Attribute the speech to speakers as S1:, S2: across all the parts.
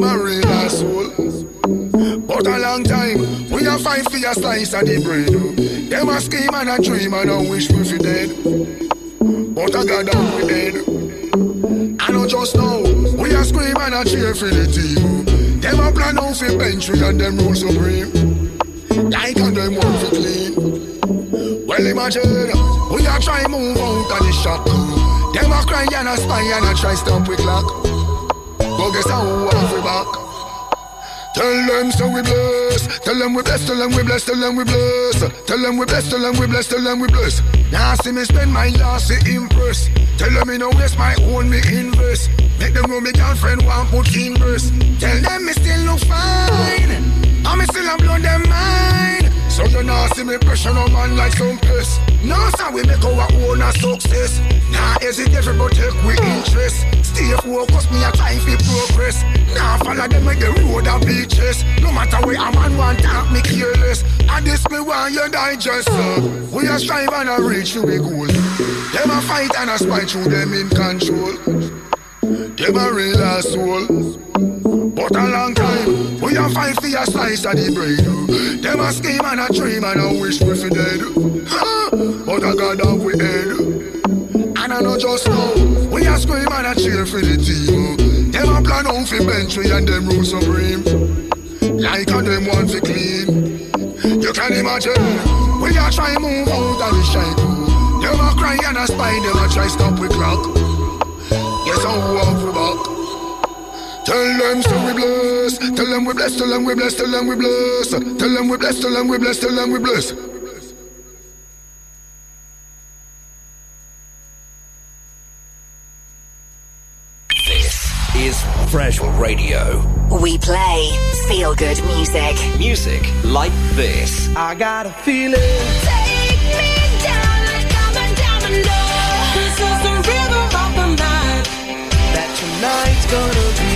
S1: them a real asshole.
S2: But a long time, we a fight for your slice of the bread. Them a scheme and a dream and a wish we fi dead. But a god and we dead. I know just now, we a scream and a cheer for the team. Them a plan out fi bench we and them rule supreme. Like and them want fi clean. Well imagine, we a try move out of the shop. Them a cry and a spy and a try stop with clock guess how we back? Tell them so we bless. Tell them we bless. Tell them we bless. Tell them we bless. Tell them we bless. Tell them we bless. Tell them we bless. Now see me spend my last to impress. Tell them me no waste my own me invest. Make them know me girlfriend want put in verse. Tell them me still look fine. i me still a blow them mind. So you nah see me pressure no man like some piss. Nah sir, we make our own a success. Nah, hesitate but take we interest. Stay focused, me a time for progress. Nah, follow them make the road and beaches. No matter where a man want, talk me careless. And this me want you digest. Uh. We a strive and a reach to be goals. Them a fight and a spite through them in control. Them a real asshole. But a long time, we are fight for a slice of the bread. Them a scheme and a dream and a wish we fi dead. but I God have we head. And I know just now, we are scream and a cheer for the team. Them a plan on fi bench we and them rule supreme. Like a them want fi clean. You can imagine, we are trying move out of the shackle. Them a cry and a spy, them a try stop we clock. Yes, I walk for back. Tell them so we bless. Tell them we bless. Tell them we bless. Tell them we bless. Tell them we bless. Tell them we bless. Tell them we bless.
S3: This is Fresh Radio.
S2: We play
S4: feel good music. Music like this. I got a feeling. Take
S5: me down like I'm a domino. This is the rhythm of the night. That tonight's gonna be.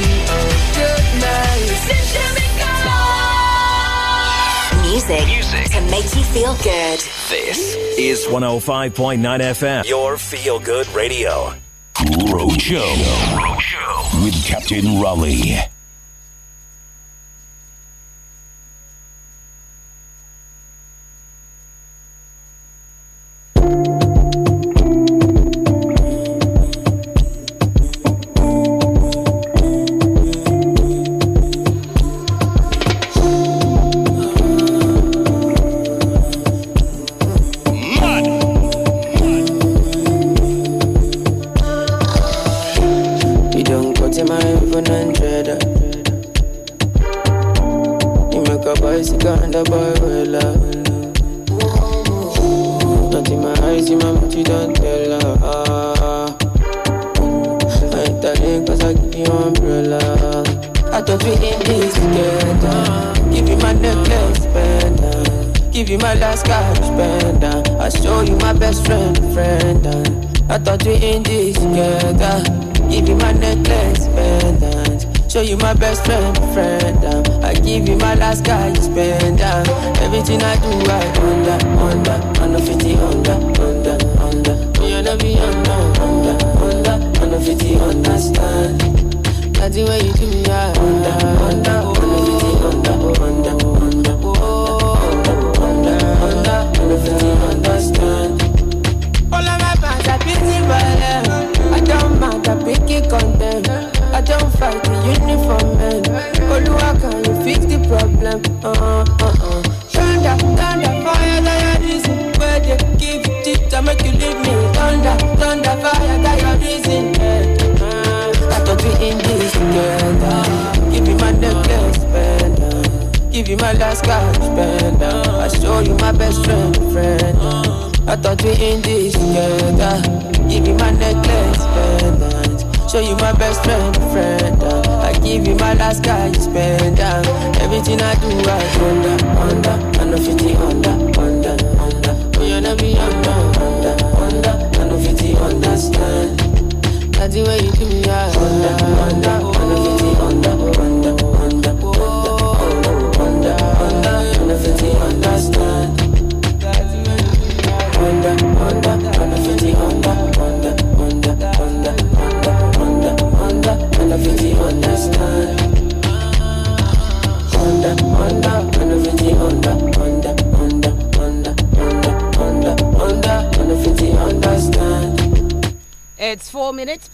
S5: Music, Music to make you feel good.
S3: This is 105.9 FM, your feel good radio. Roadshow. Roadshow. With Captain Raleigh.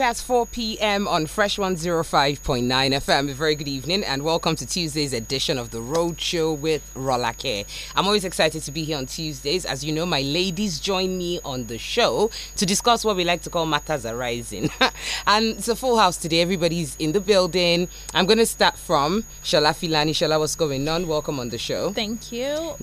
S6: At 4 p.m. on Fresh 105.9 FM. very good evening and welcome to Tuesday's edition of The Road Show with Rolake. I'm always excited to be here on Tuesdays. As you know, my ladies join me on the show to discuss what we like to call matters arising. and it's a full house today. Everybody's in the building. I'm going to start from Shala Filani. Shala, what's going on? Welcome on the show.
S7: Thank you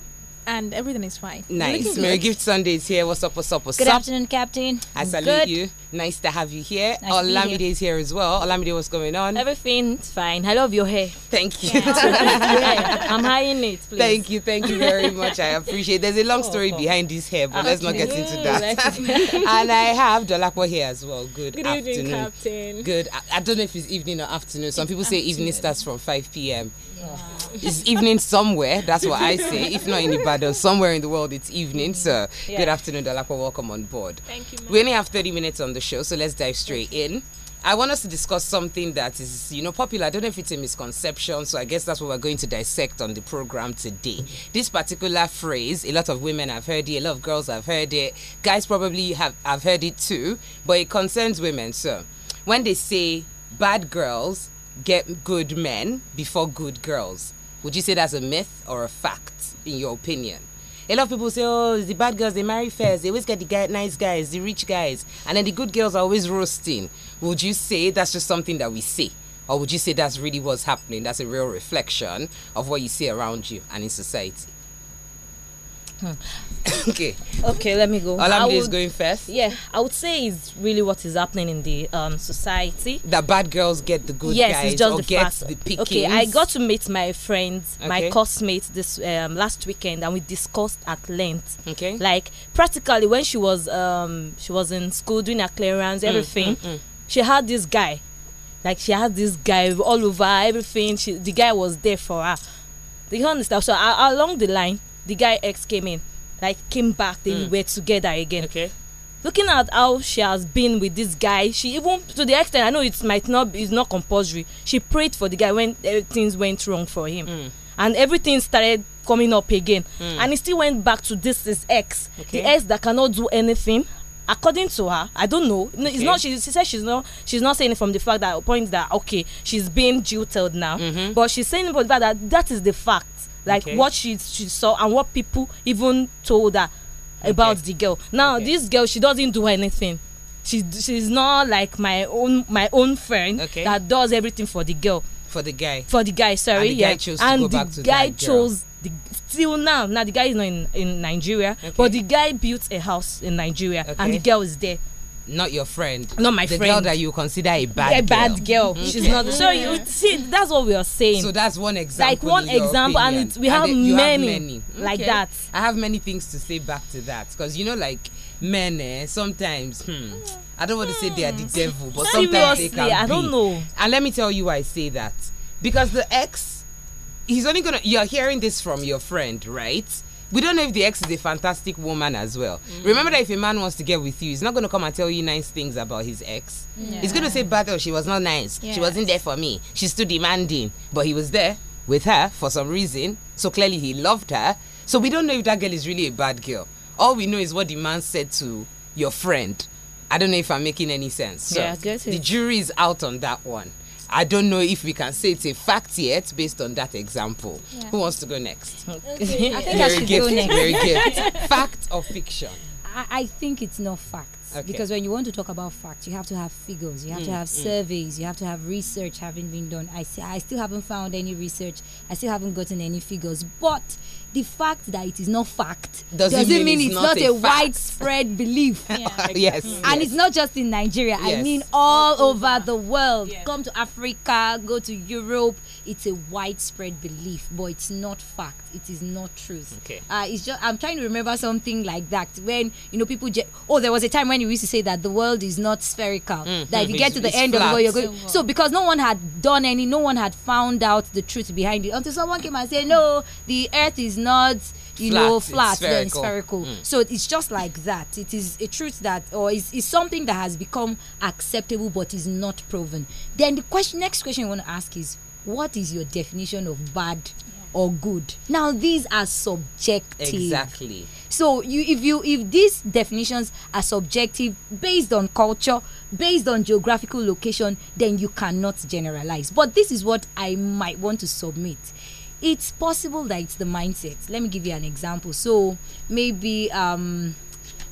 S7: and everything is fine. Nice. Merry
S6: Gift Sunday is here. What's up? What's up? What's good up? Good afternoon, Captain. I salute good. you. Nice to have you here. Nice Olamide here. is here as well. Olamide, what's going on? Everything's fine. I love your hair. Thank you. Yeah. I'm hiding it, please. Thank you. Thank you very much. I appreciate it. There's a long oh, story oh, oh. behind this hair, but okay. let's not get into that. and I have Dolapo here as well. Good, good afternoon. Evening, Captain. Good. I, I, don't know if it's evening or afternoon. Some people say afternoon. evening starts from 5 p.m. Yeah it's evening somewhere. That's what I say. If not in Ibadan, somewhere in the world, it's evening. So yeah. good afternoon, Dalakwa. Welcome on board. Thank you. Ma'am. We only have 30 minutes on the show, so let's dive straight in. I want us to discuss something that is, you know, popular. I don't know if it's a misconception, so I guess that's what we're going to dissect on the program today. This particular phrase, a lot of women have heard it, a lot of girls have heard it, guys probably have, have heard it too, but it concerns women. So when they say bad girls get good men before good girls, would you say that's a myth or a fact, in your opinion? A lot of people say, oh, the bad girls, they marry first. They always get the guy, nice guys, the rich guys. And then the good girls are always roasting. Would you say that's just something that we say? Or would you say that's really what's happening? That's a real reflection of what you see around you and in society? Hmm. okay. Okay, let me go. Olamide is going first. Yeah,
S7: I would say it's really what is happening in the um, society.
S6: That bad girls get the good yes, guys it's just or the get the pickings. Okay, I got to meet
S7: my friends, okay. my classmates this um, last weekend, and we discussed at length. Okay. Like practically when she was um, she was in school doing her clearance, mm, everything. Mm, mm. She had this guy, like she had this guy all over everything. She, the guy was there for her. Do you understand? So uh, along the line the guy ex came in, like came back, they mm. were together again. Okay. Looking at how she has been with this guy, she even to the extent I know it might not it's not compulsory. She prayed for the guy when eh, things went wrong for him, mm. and everything started coming up again. Mm. And he still went back to this his ex, okay. the ex that cannot do anything. According to her, I don't know. No, okay. It's not. She, she says she's not. She's not saying it from the fact that points that okay, she's being jilted now. Mm -hmm. But she's saying about that that is the fact like okay. what she she saw and what people even told her about okay. the girl. Now okay. this girl she doesn't do anything. She she's not like my own my own friend that does everything for the girl. For the guy. For the guy, sorry. And the yeah. guy chose and the guy chose the, still now. Now the guy is not in, in Nigeria, but the guy built a house in Nigeria and the girl is there
S6: not your friend. Not my the friend. The girl that you consider a bad a bad girl. Okay. Mm-hmm. She's not. So you see, that's what we are saying. So that's one example. Like one example, and it, we and have, it, many have, many like okay. that. I have many things to say back to that because you know, like men, eh, sometimes. Hmm, I don't want to say they are the hmm. devil, but sometimes they can be. I don't know. And let me tell you why I say that because the ex, he's only gonna. You're hearing this from your friend, right? we don't know if the ex is a fantastic woman as well. Mm. Remember that if a man wants to get with you, he's not going to come and tell you nice things about his ex. Yeah. He's going to say, "Battle, oh, she was not nice. Yes. She wasn't there for me. She's too demanding. But he was there with her for some reason. So clearly he loved her. So we don't know if that girl is really a bad girl. All we know is what the man said to your friend. I don't know if I'm making any sense. So yeah, the jury is out on that one. I don't know if we can say it's a fact yet based on that example. Yeah. Who wants to go next? Okay. I think I should go next. Very good. fact or fiction?
S8: I, I think it's not fact. Okay. Because when you want to talk about facts, you have to have figures, you have mm, to have mm. surveys, you have to have research having been done. I, I still haven't found any research, I still haven't gotten any figures. But the fact that it is not fact doesn't, doesn't mean, mean, it's not, not a, fact. widespread belief. yeah. yes. And yes. it's not just in Nigeria. Yes. I mean all over the world. Come to Africa, go to Europe, it's a widespread belief, but it's not fact. It is not truth. Okay. Uh, it's just I'm trying to remember something like that when you know people. Je- oh, there was a time when you used to say that the world is not spherical. Mm-hmm. That if you get to the end flat. of the world, you're going. So, because no one had done any, no one had found out the truth behind it until someone came and said, "No, the Earth is not." You flat, know, flat, it's spherical. Then spherical. Mm. So it's just like that. It is a truth that, or is, is something that has become acceptable but is not proven. Then the question, next question I want to ask is what is your definition of bad or good now these are subjective exactly so you if you if these definitions are subjective based on culture based on geographical location then you cannot generalize but this is what i might want to submit it's possible that it's the mindset let me give you an example so maybe um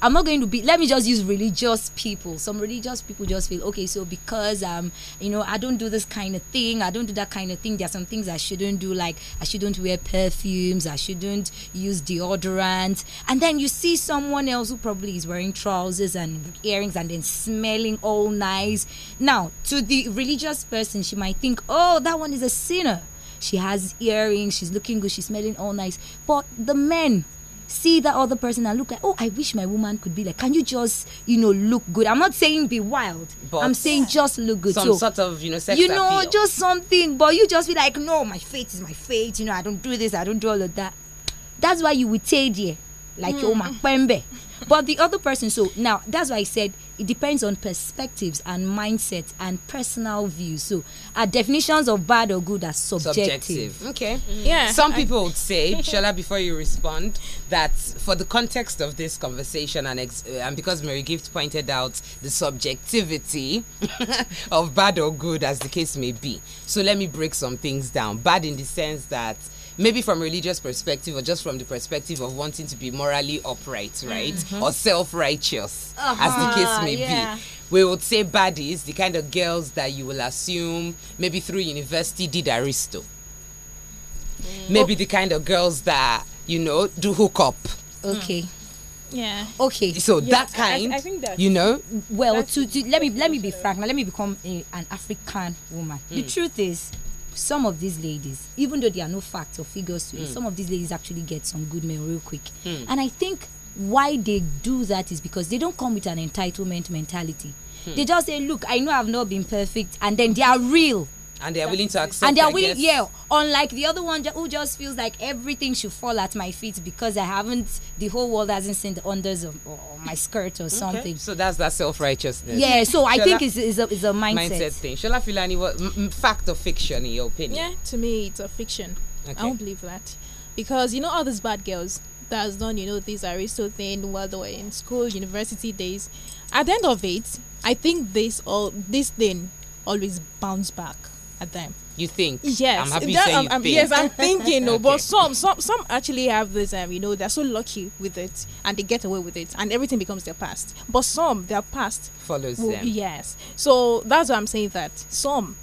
S8: I'm not going to be. Let me just use religious people. Some religious people just feel okay. So because um, you know, I don't do this kind of thing. I don't do that kind of thing. There are some things I shouldn't do. Like I shouldn't wear perfumes. I shouldn't use deodorant. And then you see someone else who probably is wearing trousers and earrings and then smelling all nice. Now to the religious person, she might think, oh, that one is a sinner she has earrings, she's looking good, she's smelling all nice. But the men, see that other person and look like, oh, I wish my woman could be like. Can you just, you know, look good? I'm not saying be wild. But I'm saying just look good. Some so, sort of, you know, sex You know, appeal. just something. But you just be like, no, my fate is my fate. You know, I don't do this. I don't do all of that. That's why you would say dear like mm. oh my pembe. But the other person, so now that's why I said it depends on perspectives and mindsets and personal views. So our definitions of bad or good are subjective. subjective.
S6: Okay. Mm. Yeah. Some people would say, Shola, before you respond, that for the context of this conversation and uh, and because Mary Gift pointed out the subjectivity of bad or good as the case may be. So let me break some things down. Bad in the sense that maybe from religious perspective or just from the perspective of wanting to be morally upright, right? Mm -hmm. Or self-righteous, uh -huh. as the case uh-huh, may yeah. be. We would say baddies, the kind of girls that you will assume maybe through university did Aristo. Mm. Maybe oh. the kind of girls that, you know, do hook up. Okay. Mm.
S8: Yeah. Okay. So yeah, that kind, I, I think that you know. Well, to, to, let me let me be frank. Now, let me become a, an African woman. Mm. The truth is, some of these ladies, even though there are no facts or figures to it, mm. some of these ladies actually get some good men real quick. Mm. And I think why they do that is because they don't come with an entitlement mentality. Mm. They just say, Look, I know I've not been perfect, and then they are real
S6: and they are willing to accept. And they are willing, yeah.
S8: Unlike the other one who just feels like everything should fall at my feet because I haven't, the whole world hasn't seen the unders of or, my skirt or something. Okay.
S6: So that's that self righteousness. Yeah. So I think it's,
S8: it's, a, it's a mindset. mindset
S6: thing. Shola Filani, what fact or fiction in your opinion? Yeah,
S7: to me it's a fiction. Okay. I don't believe that because you know all these bad girls that has done you know this aristo thing while they were in school university days at the end of it i think this all this thing always bounce back at
S6: You think? Yes. I'm happy that, um, you I'm, um, you I'm, think. Yes, I'm
S7: thinking. no, okay. but some, some, some actually have this. Um, you know, they're so lucky with it, and they get away with it, and everything becomes their past. But some, their past follows will, them. Yes. So that's why I'm saying that some,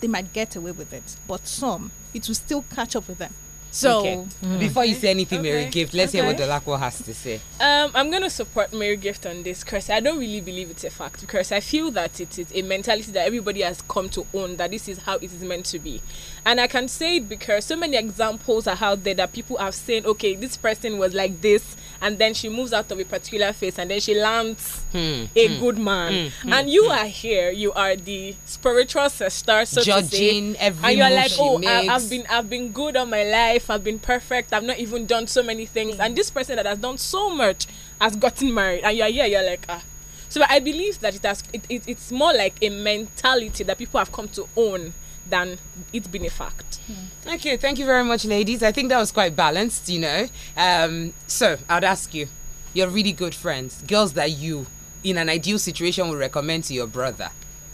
S7: they might get away with it, but some, it will still catch up with them. So okay. Mm-hmm.
S6: before you say anything, okay. Mary Gift, let's okay. hear what Dolapo has to say.
S9: Um,
S7: I'm gonna support Mary Gift on this because I don't really believe it's a fact because I feel that it is a mentality that everybody has come to own that this is how it is meant to be, and I can say it because so many examples are out there that people have seen. Okay, this person was like this and then she moves out of a particular phase and then she lands
S10: mm, a mm, good
S7: man. Mm, and you hmm. are here, you are the spiritual sister, so judging to say, every and you're like, oh, I, have been I've been good all my life, I've been perfect, I've not even done so many things, hmm. and this person that has done so much has gotten married, and you're here, you're like, ah. So I believe that it has it, it, it's more like a mentality that people have come to own than it being a fact.
S1: Mm.
S6: Okay, thank you very much, ladies. I think that was quite balanced, you know. Um, so I'd ask you, you're really good friends, girls that you, in an ideal situation, would recommend to your brother.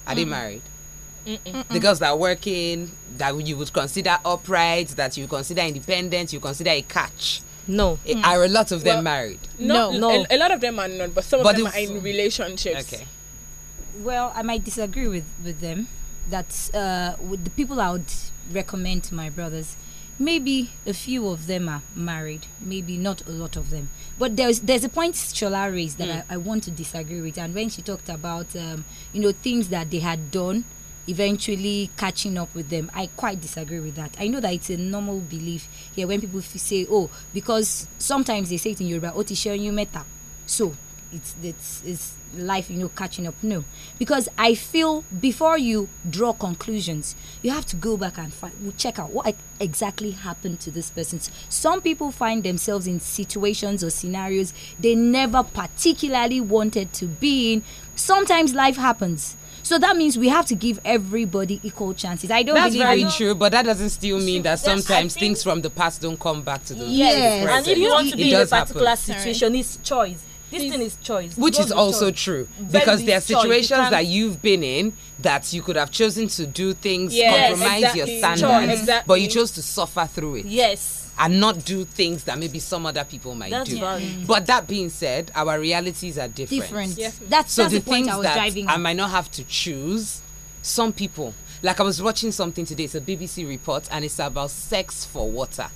S6: Are mm. they hmm. married?
S1: Mm -mm. The girls
S6: that are working, that you would consider upright, that you consider independent, you consider a catch. No. A, eh, are a lot of them married? No, no. no. A, a,
S7: lot of them are not, but some but of them are in relationships. Okay. Well, I might disagree with,
S8: with them that uh, the people I would recommend to my brothers, maybe a few of them are married, maybe not a lot of them. But there's there's a point Shola raised that mm. I, I, want to disagree with, and when she talked about um, you know things that they had done, eventually catching up with them, I quite disagree with that. I know that it's a normal belief here when people say, oh, because sometimes they say it in Yoruba, "Otishen you meta," so it's, it's, it's life, you know, catching up. No. Because I feel before you draw conclusions, you have to go back and find, check out what exactly happened to this person. Some people find themselves in situations or scenarios they never particularly wanted to be in. Sometimes life happens. So that means we have to give everybody equal chances. I don't. That's very true,
S6: but that doesn't still mean that sometimes things from the past don't come back to the yes. and if you want to be in a particular happen. situation,
S7: it's choice this thing is choice. Which is also choice. true because there are situations choice. that
S6: you've been in that you could have chosen to do things, yes, compromise exactly. your standards, but you chose to suffer through it. Yes. And not do things that maybe some other people might that's do. But that being said, our realities are different. Different. Yes.
S8: That's, so that's the, the things I that I
S6: might not have to choose. Some people, like I was watching something today. It's a BBC report, and it's about sex for water.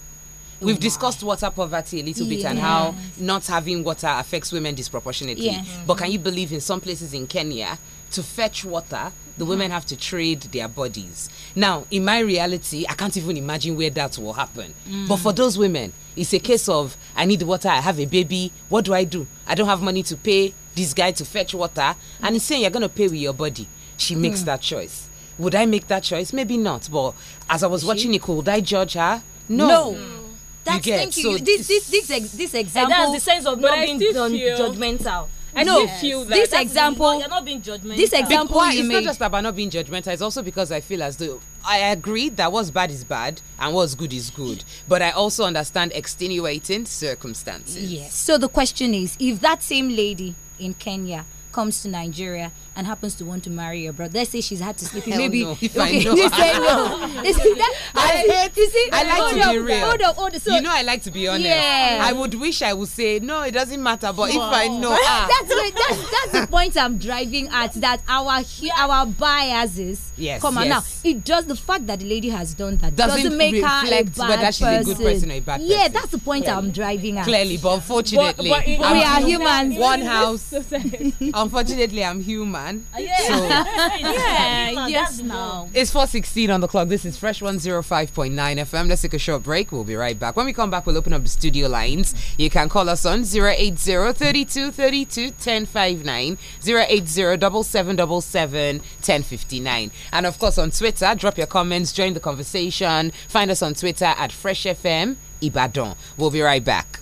S6: We've discussed water poverty a little yes. bit and how not having water affects women disproportionately. Yes. Mm -hmm. But mm-hmm. can you believe in some places in Kenya, to fetch water, the mm-hmm. women have to trade their bodies. Now, in my reality, I can't even imagine where that will happen. Mm. But for those women, it's a case of I need water, I have a baby, what do I do? I don't have money to pay this guy to fetch water. And he's saying you're going to pay with your body. She mm. makes mm. that choice. Would I make that choice? Maybe not. But as I was watching it, would I judge her? No. no. That's you thank you, so you this
S7: this this, this
S6: example and that's the sense of not being judgmental
S7: I know feel that this example you're not being judgmental. This example because, it's made. not just
S6: about not being judgmental. It's also because I feel as though I agree that what's bad is bad and what's good is good, but I also understand extenuating circumstances. Yes.
S8: So the question is, if that same lady in Kenya comes to Nigeria and happens to want to marry your brother. Let's say
S6: she's had to sleep. Maybe no, if okay, I know. you say no. You that? I hate. You see, I like to be real. Hold up, hold up. So, you know, I like to be honest. Yeah. I would wish I would say no. It doesn't matter. But wow. if I know, ah.
S8: that's, where, that's that's the point I'm driving at. That our our biases. Yes. Come on yes. now. It does the fact that the lady has done that doesn't, doesn't make her a bad whether she's person. a good person or a bad yeah, person. Yeah, that's the point Clearly. I'm driving at. Clearly, but unfortunately,
S6: but, but we are humans. One house. unfortunately, I'm human man. Uh, yeah.
S5: So, yeah. Yes.
S6: it's four sixteen on the clock. This is Fresh One Zero Five Point Nine FM. Let's take a short break. We'll be right back. When we come back, we'll open up the studio lines. You can call us on 080-3232-1059, 80 1059 and of course on Twitter. Drop your comments. Join the conversation. Find us on Twitter at Fresh FM Ibadan. We'll be right back.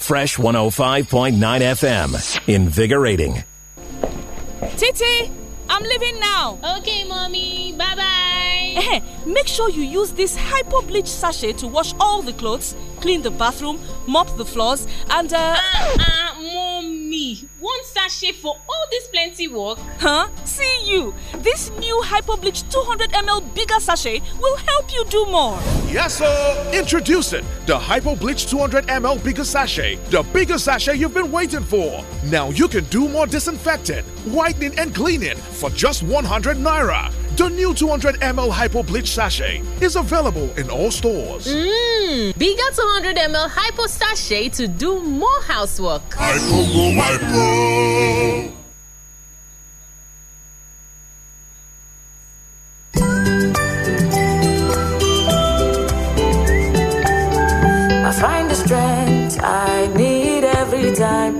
S3: Fresh 105.9 FM. Invigorating.
S9: Titi, I'm leaving now. Okay, mommy. Bye bye. Eh,
S7: make sure you use this hypo bleach sachet to wash all the clothes, clean the bathroom, mop the floors, and uh. uh, uh one sachet for all this plenty work? Huh? See you. This new Hyperbleach 200ml bigger sachet will help you do more.
S11: Yes, sir. Introducing the Hyperbleach 200ml bigger sachet. The bigger sachet you've been waiting for. Now you can do more disinfecting, whitening, and cleaning for just 100 naira. The new 200 ml Hypo Bleach Sachet is available in all stores.
S9: Mmm, bigger 200 ml Hypo Sachet to do more housework. Hypo go Hypo!
S12: I find the strength I need every time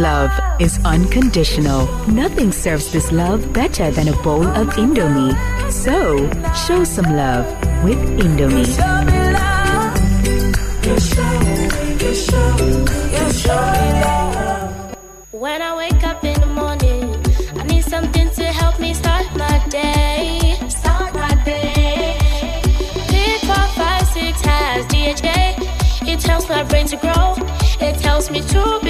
S8: love is unconditional. Nothing serves this love better than a bowl of Indomie. So, show some love with Indomie.
S9: When I wake up in the morning, I need something to help me start my day. Start my day. Pick four, five, six has DHA. It helps my brain to grow. It helps me to be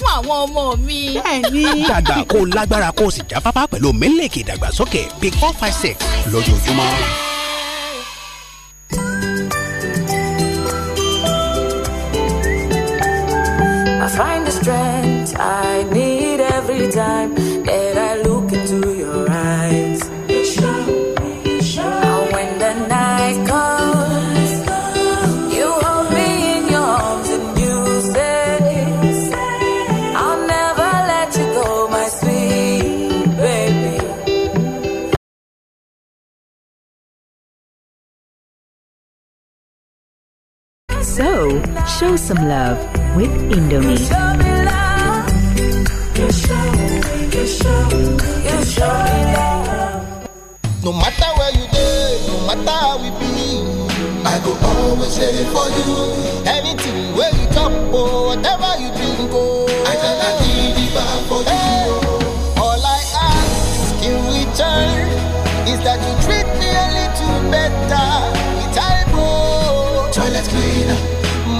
S13: fún àwọn ọmọ mi. bẹ́ẹ̀ni. dàgbà kó lágbára kó
S14: pẹ̀lú mílíkì ìdàgbàsókè big four five six lójoojúmọ́.
S12: I find the strength I need every time.
S1: Show some love with Indomie.
S4: No matter where you no matter how we
S14: be, I go always ready for you.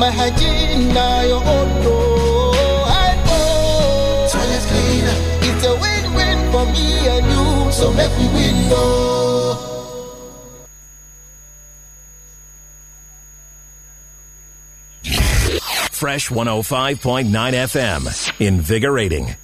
S4: I know oh. It's a win-win for
S1: me and you So win oh.
S3: Fresh 105.9 FM. Invigorating.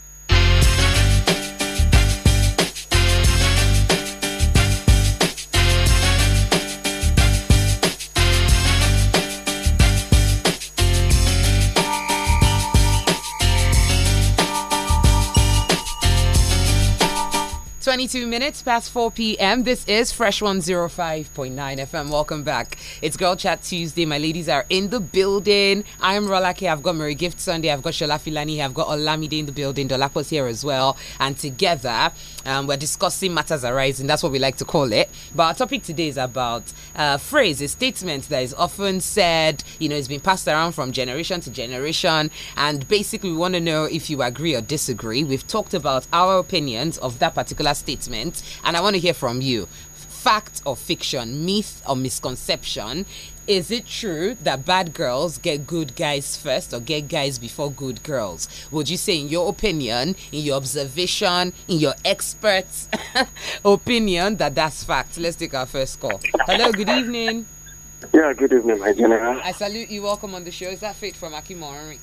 S6: 22 minutes past 4 p.m. This is Fresh 105.9 FM. Welcome back. It's Girl Chat Tuesday. My ladies are in the building. I'm Rolake. I've got Mary Gift Sunday. I've got Shola Filani. I've got Olamide in the building. Dolapo's here as well. And together, um, we're discussing matters arising. That's what we like to call it. But our topic today is about a uh, phrase, a statement that is often said, you know, it's been passed around from generation to generation. And basically, we want to know if you agree or disagree. We've talked about our opinions of that particular statement statement, and I want to hear from you. Fact or fiction, myth or misconception, is it true that bad girls get good guys first or get guys before good girls? Would you say, in your opinion, in your observation, in your expert's opinion, that that's fact? Let's take our first call. Hello, good evening.
S15: Yeah, good evening, my general.
S6: I salute you. Welcome on the show. Is that Faith from Akimori?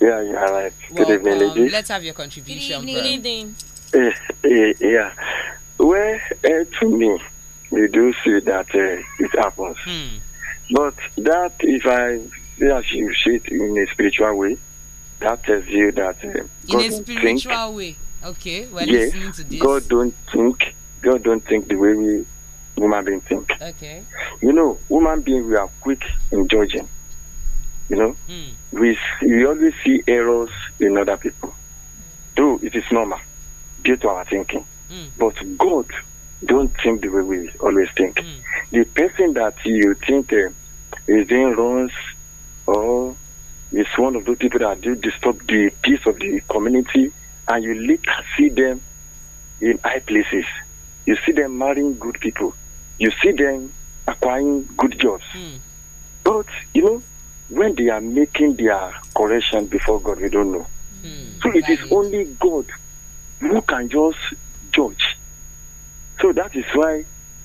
S15: Yeah, you are right. Good well, evening, um, ladies. Let's
S6: have your contribution. Good evening. Bro. Good evening.
S15: Eh, eh, eh, yeah. Well, to me, we do see that it happens. Hmm. But that, if I as you see it in a spiritual way, that tells you that uh, in a spiritual
S6: think. way. Okay, we're yes, listening to this. God
S15: don't think. God don't think the way we human being think. Okay. You know, human being we are quick in judging. You know, hmm. we we always see errors in other people. Do Though it is normal due to our thinking. Mm. But God don't think the way we always think. Mm. The person that you think uh, is doing wrongs or is one of those people that do disturb the peace of the community, and you later see them in high places. You see them marrying good people. You see them acquiring good jobs. Mm. But, you know, when they are making their correction before God, we don't know. Mm, so it is only God who can just judge. So that is why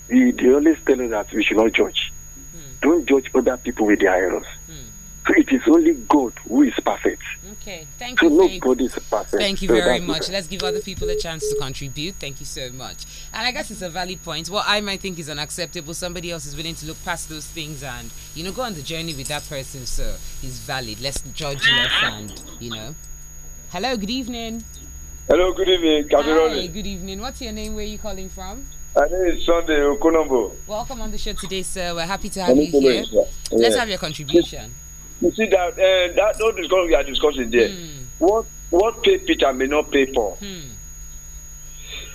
S15: we, they always tell us that we should not judge. Mm. Don't judge other people with their errors. Mm. So it is only God who is perfect.
S1: Okay,
S6: thank you. So
S15: nobody is perfect. Thank you so very much.
S6: Let's give other people a chance to contribute. Thank you so much. And I guess it's a valid point. What I might think is unacceptable, somebody else is willing to look past those things and you know go on the journey with that person. So it's valid. Let's judge less
S15: and you know.
S6: Hello. Good evening.
S15: Hello, good evening. Kabiroli. Hi, good
S6: evening. What's your name? Where are you calling from?
S15: My name is Sunday Okunombo.
S6: Welcome on the show today, sir. We're happy to have you here. Yeah. Let's have your contribution.
S16: You see that uh, that all discussion
S15: we are discussing there. Hmm. What what pay Peter may not pay for. Hmm.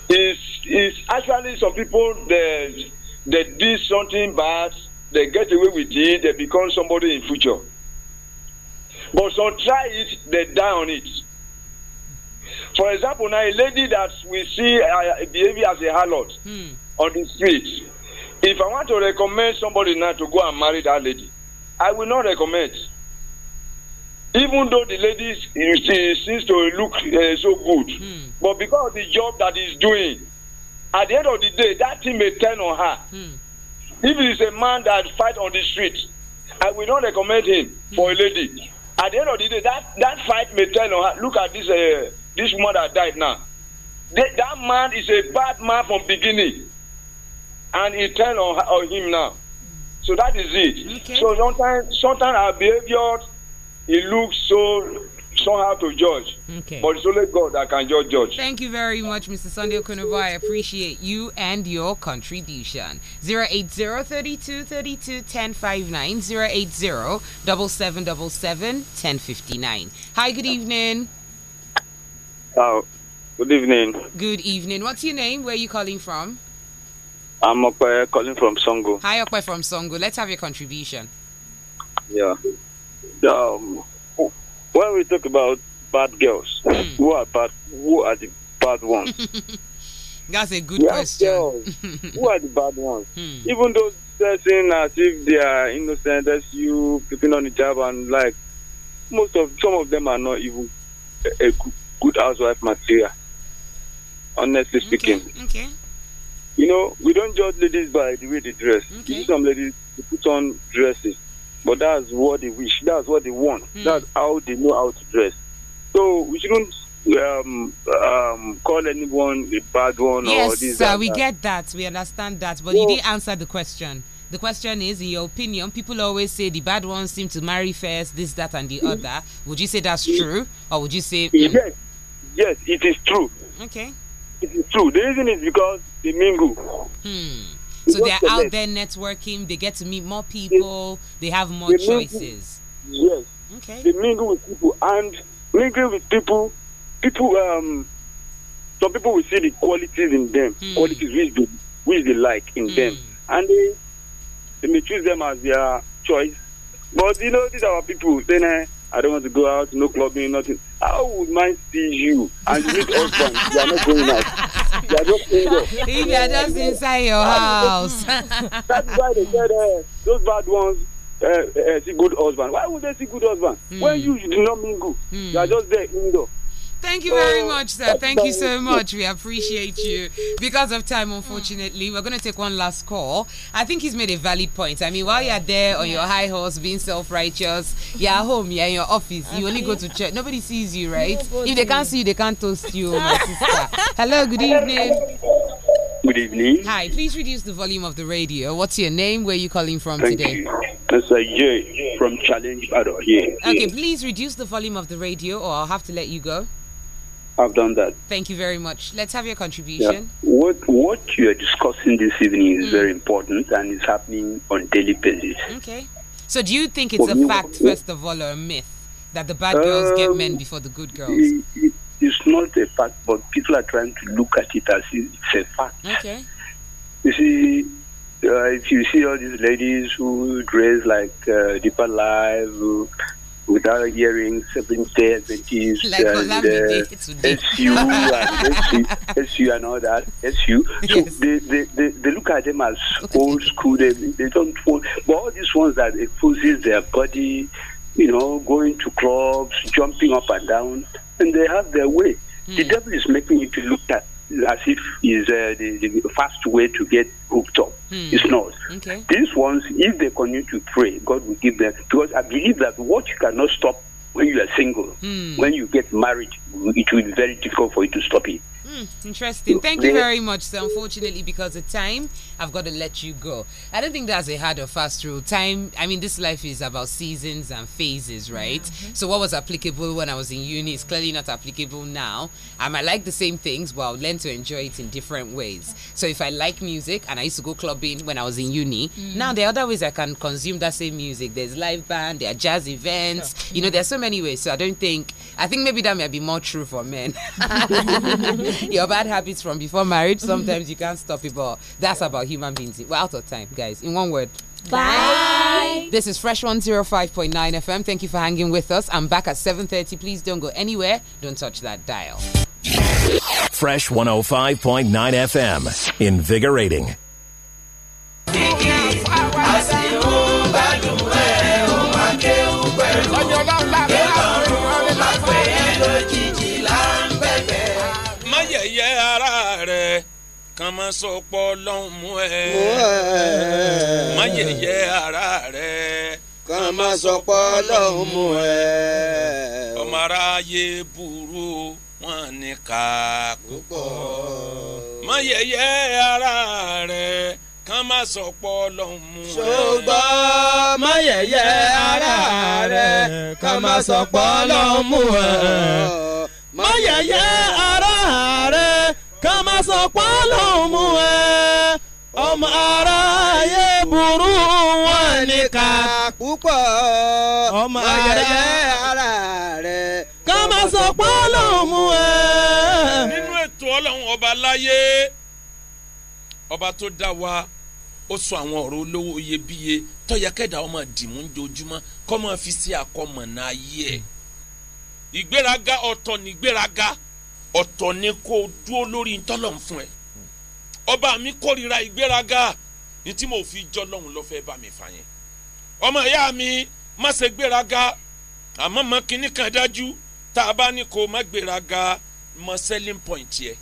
S15: Is is actually some people that they did something bad, they get away with it, they become somebody in future. But some try it, they die on it. For example, now a lady that we see uh, behaving as a harlot hmm. on the street, if I want to recommend somebody now to go and marry that lady, I will not recommend.
S17: Even though the lady seems to look uh, so good, hmm. but because of the job that he's doing, at the end of the day, that thing may turn on her. Hmm. If it is a man that fight on the street, I will not recommend him for a lady. At the end of the day, that, that fight may turn on her. Look at this. Uh, this woman that died now, that, that
S15: man is a bad man from beginning, and he turned on, on him now. So that is it.
S6: Okay. So
S17: sometimes, sometimes our behavior,
S15: it looks
S16: so somehow to judge. Okay. But it's only God that can judge judge.
S6: Thank you very much, Mr. Sunday Okunova. I appreciate you and your contribution. 080-3232-1059, 080-7777-1059. Hi, good evening.
S15: Oh, good evening.
S6: Good evening. What's your name? Where are you calling from?
S16: I'm Okwe calling from Songo.
S6: Hi, Okwe from Songo. Let's have your contribution.
S16: Yeah. Um, when we talk about bad girls, mm. who are bad? Who are the bad ones?
S15: That's a good yeah, question. Girls, who are the bad ones? Mm. Even those dressing as if they are innocent, as you picking on the job and like most of some of them are not even a, a good housewife material. Honestly
S1: okay. speaking. Okay.
S15: You know, we don't judge ladies by the way they dress. Okay. Some ladies
S16: they put on dresses, but that's what they wish. That's what they want. Mm. That's how they know how to dress. So we shouldn't um, um, call anyone a bad one. Yes, sir, we that. get
S6: that. We understand that. But well, you didn't answer the question. The question is, in your opinion, people always say the bad ones seem to marry first, this, that, and the mm. other. Would you say that's mm. true, or would you say? Mm, yes, Yes, it is
S15: true. Okay.
S6: It is true. The reason is because they mingle. Hmm.
S16: So they are out there
S6: networking. They get to meet more people. They, have more they choices. Mingle, yes. Okay. They mingle with people
S16: and mingle with people. People. Um. Some people will see the qualities in them, hmm. qualities which they which they like in hmm. them, and they they may choose them as their choice. But you know, these are our people. Then eh, I don't want to go out, no clubbing, nothing. how would man see you and you meet oh, husband you are not going out you are just in
S6: if you are just inside your house. that's why they said uh,
S16: those bad ones uh, uh, see good husband why would they see good husband. Mm. when you, you do not
S17: mingle. Mm. you are just there indoor.
S6: Thank you very oh, much, sir. Thank you so much. We appreciate you. Because of time, unfortunately, we're going to take one last call. I think he's made a valid point. I mean, while you're there on your high horse, being self righteous, you're at home, you're in your office, you only go to church. Nobody sees you, right? If they can't see you, they can't toast you, my sister. Hello, good evening. Good evening. Hi, please reduce the volume of the radio. What's your name? Where are you calling from
S1: Thank today?
S16: You. Mr. J from Challenge Battle. Yeah. Okay,
S6: please reduce the volume of the radio or I'll have to let you go. I've done that. Thank you very much. Let's have your contribution.
S16: Yeah. What what you are discussing this evening is mm. very important and it's happening on daily basis.
S1: Okay.
S6: So do you think it's For a me, fact, what, first of all, or a myth that the bad um, girls get um, men before the good girls? It,
S16: it, it's not a fact, but people are trying to look at it as it's a fact. Okay. You see, uh, if you see all these ladies who dress like uh, Deeper Live, without hearing Seventh Day
S1: Adventists like and
S16: uh, SU and SU, and all that SU. So yes. they, they, they, they, look at them as old school. They, they don't want, but all these ones that exposes their body, you know, going to clubs, jumping up and down, and they have their way. Mm. The hmm. devil is making it look at as if is uh, the, the, fast way to get hooked up. Hmm. It's not. Okay. These ones, if they continue to pray, God will give them. Because I believe that what you cannot stop when you are single, hmm. when you get married, it will be very difficult for you to stop it.
S6: Hmm, interesting. Thank you very much. So unfortunately, because of time, I've got to let you go. I don't think that's a hard or fast rule. Time, I mean, this life is about seasons and phases, right? Mm -hmm. So, what was applicable when I was in uni is clearly not applicable now. I might like the same things, but I'll learn to enjoy it in different ways. So, if I like music and I used to go clubbing when I was in uni, mm. now there are other ways I can consume that same music. There's live band, there are jazz events, sure. you know, there's so many ways. So, I don't think, I think maybe that may be more true for men. Your bad habits from before marriage, sometimes you can't stop it, but that's about human beings. We're out of time, guys. In one word. Bye. Bye. This is Fresh 105.9 FM. Thank you for hanging with us. I'm back at 7:30. Please don't go anywhere. Don't touch that dial.
S3: Fresh 105.9 FM. Invigorating.
S18: kan mọ sọpọ lọ́hùn mú ẹ má yẹ̀yẹ́ ara rẹ
S4: kan mọ sọpọ lọ́hùn mú ye
S18: ọmọ aráyé burú wọn ní ká púpọ̀ má yẹ̀yẹ́ ara rẹ kan má sọpọ lọ́hùn mú ẹ.
S4: ara rẹ kan má sọpọ lọ́hùn mú ara ká má sọ pálọ̀ mú ẹ ọmọ aráyé burú wọn níkà púpọ̀ ọmọ aráyé
S18: rẹ̀ ká má sọ
S4: pálọ̀ mú ẹ. nínú
S18: ètò ọlọ́run ọba láyé ọba tó dá wa ó sọ àwọn ọ̀rọ̀ olówó iyebíye tọ́yà kẹ́dà ọmọ dìmú kọ́ fi sí ìgbéraga ọ̀tọ̀ ọ̀tọ̀ ni kó o dúró lórí ntọ́lọ̀ ń fún ẹ ọba mi kórìíra ìgbéraga ní tí mo fi jọ́ lọ́hùn lọ́fẹ́ bá mi fà yẹn ọmọ ìyá mi má ṣe gbéraga àmọ́ mọ kínní kan dájú tá a bá ní kó o má gbéraga mọ selling point yẹ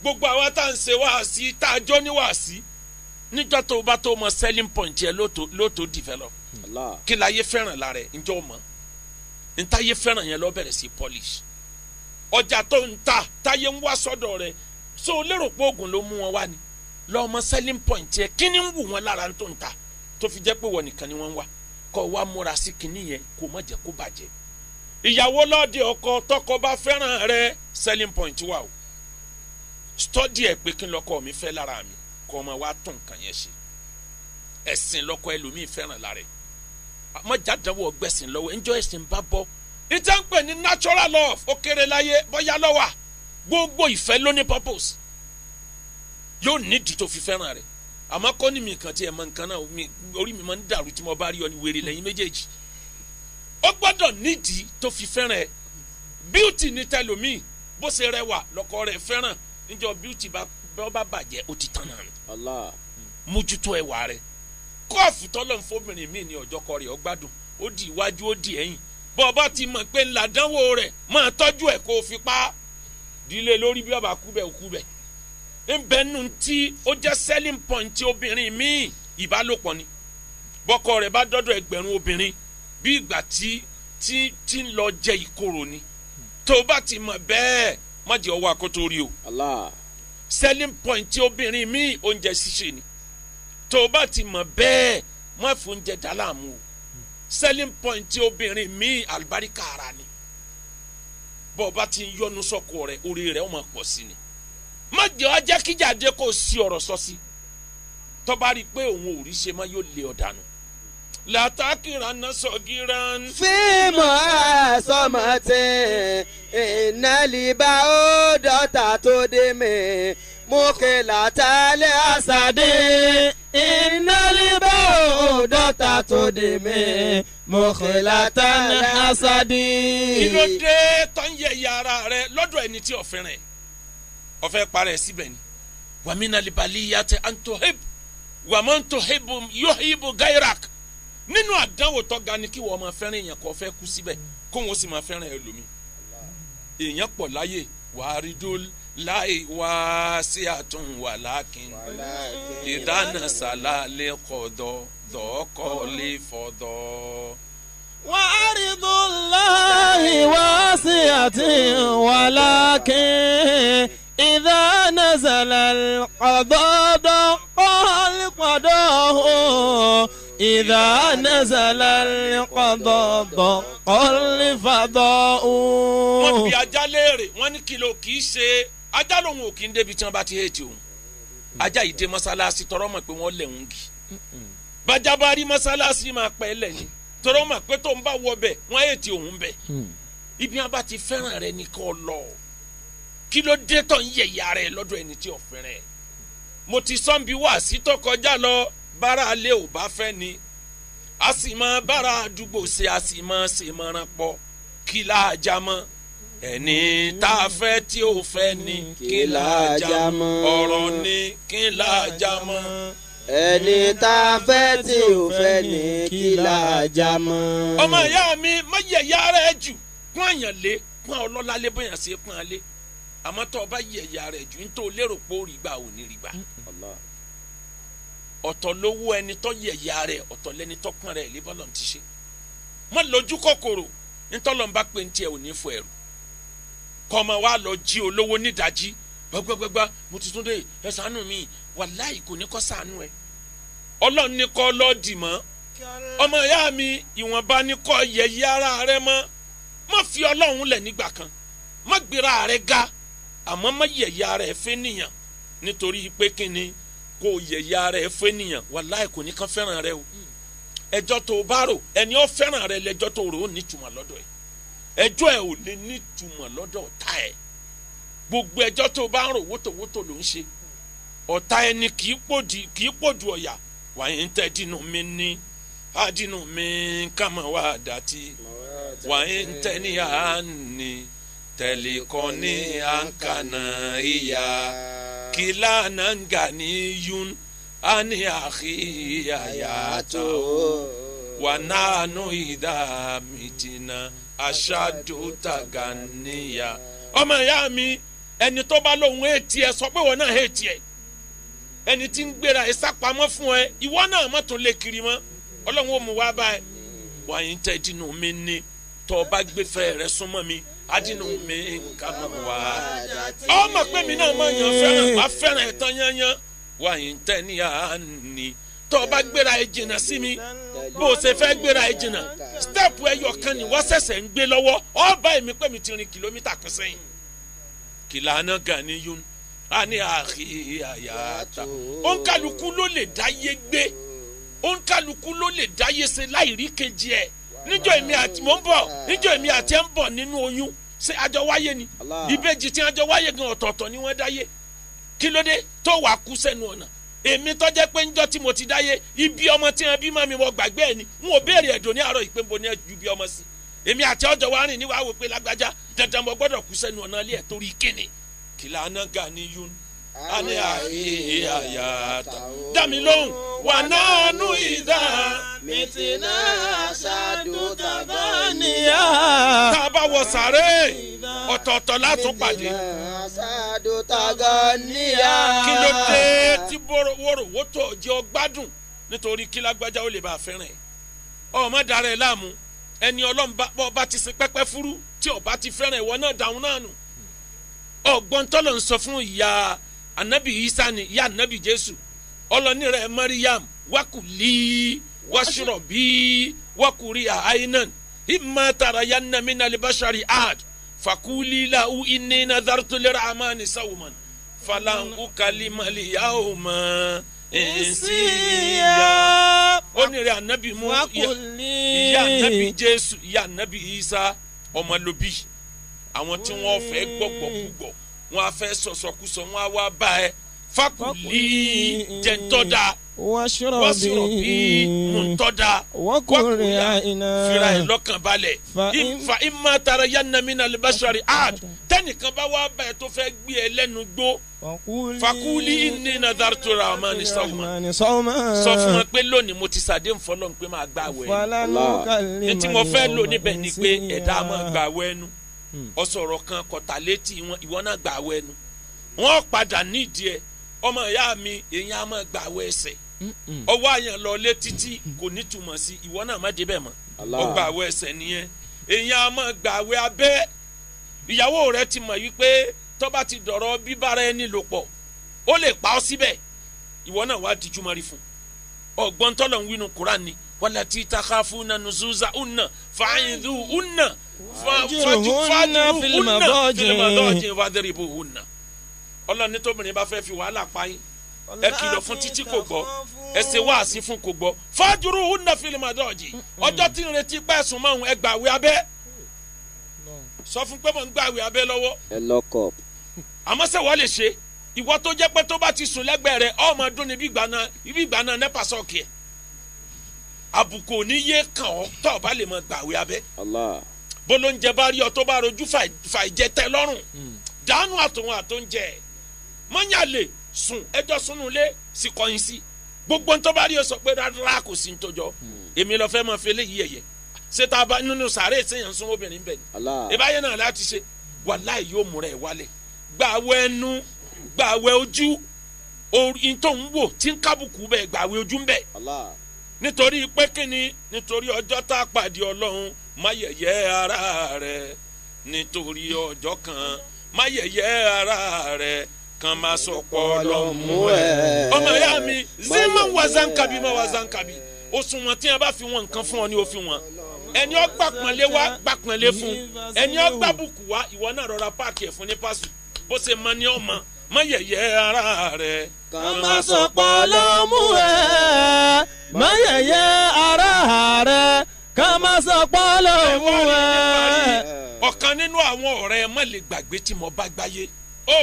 S18: gbogbo àwa tá à ń ṣe wáàsí tá a jọ ní wáàsí níjọ́ tó o bá tó o mọ selling point yẹ ló develop kí la yẹ fẹ́ràn lára ẹ njọ́ mọ́ ntá yẹ fẹ́ràn yẹn lọ bẹ̀rẹ̀ sí polish ọjà tó ń ta táyé ń wá sọ́dọ̀ rẹ̀ so lérò pé oògùn ló mú wọn wá ni lọ́mọ selling point yẹ kí ni ń wù wọn lára tó ń ta tó fi jẹ́ pé wọ́n nìkan ni wọ́n wá kọ́ wa múra sí kinní yẹn kó má jẹ́ kó bàjẹ́ ìyàwó lọ́ọ̀dẹ ọkọ tọkọ bá fẹ́ràn rẹ selling point wa o study ẹ̀ pé kí n lọ́kọ mi fẹ́ lára mi kọ́ ọmọ wa tún nǹkan yẹn ṣe ẹ̀sìn lọkọ ẹlòmíì fẹ́ràn lára ẹ̀ mọ̀jáde wọ gbẹ̀sìn lọ́wọ́ ẹ̀ńjọ́ ẹ̀sìn bá bọ́ ìtẹ́ ń pè natural love ó kéré láyé bóyá ló gbogbo ìfẹ́ ló purpose yóò nídìí tó fi fẹ́ràn rẹ̀ àmọ́ kọ́ ni mi kàn tiẹ̀ mọ nǹkan náà orí mi máa ń dàrú tí mo bá rí ọ ní wèrè lẹ́yìn méjèèjì ó gbọ́dọ̀ nídìí tó fi fẹ́ràn beauty ni tẹlomi bó ṣe rẹwà lọkọ rẹ fẹ́ràn beauty bá bá bàjẹ́ ó ti tán náà mójútó ẹwà mi ní ọjọ́ ó di iwájú ó di ẹ̀yìn bọ́ ti mọ̀ pé ńlá dánwò rẹ̀ máa tọ́jú ẹ̀ kó o fi pa dílé lórí bí ọba kú bẹ̀ kú bẹ̀ ńbẹ nù tí ó jẹ́ selling point ti obìnrin míì ìbálòpọ̀ ni bọ́kọ rẹ̀ bá dọ́dọ̀ ẹgbẹ̀rún obìnrin bí ìgbà tí tí tí ń lọ jẹ ìkorò ni tó o bá ti mọ̀ bẹ́ẹ̀ má jẹ́ ọwọ́ akótó rí o Allah selling point ti obìnrin míì oúnjẹ ṣíṣe ni tó o bá ti mọ̀ bẹ́ẹ̀ má fún oúnjẹ dá o selling point obìnrin mi àlùbáríkà ara ni bọ́ ọ bá ti ń yọnu sọ́kọ rẹ̀ orí rẹ̀ ó máa pọ̀ sí ni má jẹ́ ọ jẹ́ kíjàdé kó o sí ọ̀rọ̀ sọ sí tó bá rí i pé òun ò rí ṣe mọ́ yóò lé ọ dànù látàkìrà náà sọ̀gìrà. fíìmù
S4: àsọmọtẹ ìnálíbà ó dọ́ta tó dé mi mú kí látàlẹ́ àṣàdé ìnálíbẹ̀ òdọ́ta tó dè mí mọ̀kìlátà ní asadi.
S1: ìlòdè
S18: tó ń yẹ yàrá rẹ lọ́dọ̀ ẹni tí ọ̀fẹ́ rẹ̀ ọ̀fẹ́ parẹ́ síbẹ̀ ni wàmínà libali yàtẹ antohib wàmọ́ntohib yóhìbù gairak nínú àdánwò tó ga ni kí wọ́n máa fẹ́ràn èèyàn kó fẹ́ kú síbẹ̀ kó wọ́n sì máa fẹ́ràn ẹlòmíì èèyàn pọ̀ láyè wàá rí dóòlù láì wá sí àtúnwà lákin ìdáná sàlá lè kọ̀dọ̀ dọ́kọ̀ lè fọ̀dọ̀.
S4: wà á rí tó láì wá sí àtúnwà lákin ìdáná sàlá kọ̀dọ̀ dọ́kọ̀ lè fọ̀dọ̀. إذا نزل القضاء ضاق الفضاء. wọ́n fi ajá léèrè wọ́n ní kí ló kìí ṣe ajá lòun
S18: ò kí ń débi tí bá ti hẹ́ẹ̀tì òun ajá yìí dé mọ́sálásí tọrọ mọ̀ pé wọ́n ń gì bàjá bá rí mọ́sálásí máa pẹ́ lẹ̀ ni tọrọ mọ̀ pé tó ń bá wọ bẹ̀ wọ́n hẹ́ẹ̀tì òun bẹ̀ ibi wọn bá ti fẹ́ràn rẹ n'i lọ kí ló dé tọ̀ ń rẹ lọ́dọ̀ ẹni tí ò mo ti ni a sì máa bára àdúgbò ṣe a sì máa ṣe ẹni tá a fẹ́ tí ó fẹ́ ni kí láàjà mọ́ ọ̀rọ̀ ni kí láàjà mọ́.
S4: ẹni tá a fẹ́ tí ó fẹ́ ni kí láàjà mọ́. ọmọ ìyá
S18: mi má yẹ̀yà rẹ̀ jù kún àyàn lé kún ọlọ́lá lé bóyá ṣe kún alé àmọ́ tó o bá yẹ̀yà rẹ̀ jù nítorí o lérò pé ó rí gbà ò ní rí gbà. ọ̀tọ̀ lówó ẹni tó yẹ̀yà rẹ̀ ọ̀tọ̀ lẹni tó kún rẹ̀ lébọ́lọ̀ ti ṣe. mọ́ lójú kòkòrò ní tiẹ̀ kọ́mọ wa lọ jí olówó nídàjí gbàgbàgbàgbà mo ti tún dé ẹ ṣàánú mi wàláì kò ní kọ́ ṣàánú ẹ ọlọ́run ní kọ́ lọ́ọ̀dì mọ́ ọmọ ìyá mi ìwọ̀nba ní kọ́ yẹ̀yẹ́ ara rẹ mọ́ má fi ọlọ́run lẹ̀ nígbà kan má gbéra rẹ ga àmọ́ má yẹ̀yẹ́ ara ẹ fẹ́ nìyàn nítorí pé kíni kò yẹ̀yẹ́ ara ẹ fẹ́ nìyàn wàláì kò ní kàn fẹ́ràn rẹ o ẹjọ́ tó o bá rò ẹni ó fẹ́ràn rẹ lẹ́jọ́ tó o rò ó nítumọ̀ lọ́dọ̀ ẹ̀ ẹjọ́ ẹ ò ní nítumọ̀ lọ́dọ̀ ọ̀tá ẹ gbogbo ẹjọ́ tó bá ń rò wótòwótò ló ń ṣe ọ̀tá ẹni kì í pòdì kì í pòdù ọ̀yà wàyí ń tẹ́ dínú mi ní adínú mi kàmọ́ wà dàtí wàyí ń tẹ́ ní àánì tẹ̀lékọ́ni àǹkànà ìyá kìlànà ń ní yún ani àkìyà yàtọ̀ wà nánú ìdá mìtìnà. aṣáájú tàgàníyà ọmọ ìyá mi ẹni tó bá lóun ètì ẹ sọ pé wọn náà ètì ẹ ẹni tí ń gbéra ẹ sápamọ́ fún ẹ ìwọ náà má tún lè kiri mọ́ ọlọ́run ó mú wá bá ẹ yín tẹ́ dínú mi ní tó bá gbéfẹ́ rẹ mi adínú mi nǹkan mọ̀ wá. ọmọ mi náà máa yàn fẹ́ràn wá fẹ́ràn ẹ̀ yányán yín ní tó o bá gbéra ẹ jìnnà sí mi bó o ṣe fẹ́ gbéra ẹ jìnnà stẹ́ẹ̀pù ẹyọ kan ni wọ́n ṣẹ̀ṣẹ̀ ń gbé lọ́wọ́ ọ bá èmi pé mi ti rin kìlómítà kan sẹ́yìn kìlànà gani yun a ní àhí àyàtà ònkàlùkù ló lè dáyé gbé ònkàlùkù ló lè dáyé ṣe láì rí kejì ẹ̀ níjọ́ èmi àti mò ń bọ̀ níjọ́ èmi àti ẹ̀ ń bọ̀ nínú oyún ṣe àjọ wáyé ni ìbejì tí àjọ wáyé gan ọ̀tọ̀ọ̀tọ̀ ni wọ́n dáyé kí ló dé tó wàá kú sẹ́nu ọ̀nà èmi tó jẹ́ pé ńjọ́ tí mo ti dáyé ibi ọmọ tí wọn bí mọ́ mi wọ gbàgbé ẹ̀ ni n ò béèrè ẹ̀dùn ní àárọ̀ ìpéǹbo ní ju bí ọmọ sí èmi àti ọjọ́ wa rìn níwáwó pé lágbájá dandan mo gbọ́dọ̀ kú sẹ́nu ọ̀nà ilé torí kíni kìlà anága ni yún ani ayi ayata dami lóhùn
S4: wà náà nù ìdá. mìtìnà ṣáàdù tàbá níyà.
S18: tá a bá wọ sàré ọ̀tọ̀ọ̀tọ̀ látún pàdé. mìtìnà
S4: ṣáàdù tàbá
S11: níyà.
S18: kí ló dé tí wọ́rọ̀wọ́ tó jẹ́ ọ gbádùn nítorí kí lágbájá ó lè bá a fẹ́ràn ẹ̀. ọmọ dara ẹ láàmú ẹni ọlọ́mùbá bá ti sin pẹ́pẹ́ fúrú tí ọba ti fẹ́ràn ìwọ náà dàrún náà nù. ọ̀gbọ́n tọ́lọ̀ ń sọ fún ìyá anabi isa ni ya anabi jésù ọlọ́ni rẹ̀ mariam wakuli wasurobi wakuri ahainan ima tarayanna min alibashari ahad fakuli lahu inni nadartu lirahmani sawman falan ukalimali yawma nsiya. ó ní rẹ̀ anabi mú ìyá anabi jésù ìyá anabi isa ọmọlóbi àwọn tí wọ́n fẹ́ gbọ́gbọ́ wọn á fẹ́ sọ̀sọ̀kúsọ wọn á wá bá ẹ fakuli jẹ ntọ́da
S4: wọ́sọ̀rọ̀bì
S18: mùtọ́da
S4: ina. fira ẹ̀
S18: lọ́kàn balẹ̀ fa ima tara yanamina libasari ad tẹnìkan bá wà bá ẹ tó fẹ́ gbé ẹ lẹ́nu gbó fakuli ní nazaratura amani
S4: sọ́ọ̀mà sọ fún wọn
S18: pé lónìí mo ti sàdé nfọlọ́n pé máa gbà wẹ̀ ẹ ní mo fẹ́ lò níbẹ̀ ni pé ẹ̀dá máa gbà wẹ̀ Hmm. ọsọ̀rọ̀ kan kọ̀tà létí ìwọ náà gbà wọ ẹnu wọn padà nídìí ẹ ọmọ ìyá mi èyí á máa gbà wọ ẹsẹ̀ ọwọ́ àyàn lọ lé títí kò ní túmọ̀ sí ìwọ náà má débẹ̀ mọ́ ọgbà wọ ẹsẹ̀ nìyẹn èyí á máa gbà wọ abẹ́ ìyàwó rẹ ti mọ̀ wípé tọ́ba ti dọ̀rọ̀ bíbára ẹni lò pọ̀ ó lè pa ọ́ síbẹ̀ ìwọ náà wá díjú mọ́rí fún ọgbọ́n tọ́lọ̀ ń wínú Kúránì wàlàtí takafuna nuzuza unna fàáyìndú unna fàjúròhùnà fìlìmọ̀dọ́jìn fàdérìbòhùnà ọlọ́run ní tóbìnrin bá fẹ́ fi wàhálà pa yín ẹ kìlọ̀ fún títí kò gbọ́ ẹ ṣe wáàsí fún kò gbọ́ fàjúròhùnà fìlìmọ̀dọ́jìn ọjọ́ tí ń retí pẹ̀sùn mọ́hún ẹ gbàwé abẹ́ sọ fún pé mò ń gbàwé abẹ́ lọ́wọ́. ẹ lọkọ. àmọ́ ṣé wọ́n lè ṣe ìwọ tó jẹ́ pé tó bá ti sùn lẹ́gbẹ̀ẹ́ rẹ̀ ọmọ dún ní ibi ìgbà náà nẹ́pà sọ̀kì ẹ̀ àbùkù ò ní yé kàn ọ́ tó o bá lè mọ gbàwé abẹ́. Allah bólóúnjẹ bá rí ọ tó bá rojú fàìjẹ tẹ lọ́rùn hmm. dànù àtòun àtòúnjẹ mọ́nyàlè sùn ẹjọ́ sunu lé sí kọyìn sí gbogbo ń tó bá rí ọ sọ pé rárá kò sí ń tọjọ́ hmm. èmi lọ fẹ́ máa fi eléyìí ẹ̀yẹ ṣé tá a bá nínú sàárè sèyàn sún obìnrin bẹ̀ ni ìbáyé náà láti ṣe wàláì yóò mú rẹ̀ wálẹ̀ gbàwé ẹnu gbàwé ojú orin tó ń wò tí ń kábùkù bẹ́ẹ̀ gbàwé ojú ń bẹ̀ nítorí pé kíni nítorí ọjọ́ tá a pàdé ọlọ́run má yẹ̀yẹ́ ara rẹ nítorí ọjọ́ kan má ara rẹ kan máa sọ pọ̀ lọ́mú ẹ̀. ọmọ ìyá mi ṣé máa ń wá zankabi máa wá zankabi òṣùwọ̀n tí a bá fi wọn nǹkan fún ọ ni o fi wọn ẹni ọ gbàpọ̀nlé wá gbàpọ̀nlé fún ẹni ọ gbàbùkù wá ìwọ náà rọra páàkì ẹ̀ fún ní pásù bó ṣe mọ ni ọ mọ má yẹ̀yẹ́ ara rẹ. kàn má sọ pọ̀ ló ẹ
S4: má ara rẹ kàn má sọ pọ̀ ló
S18: ọ̀rẹ́ má lè gbàgbé tí mo bá gbáyé ó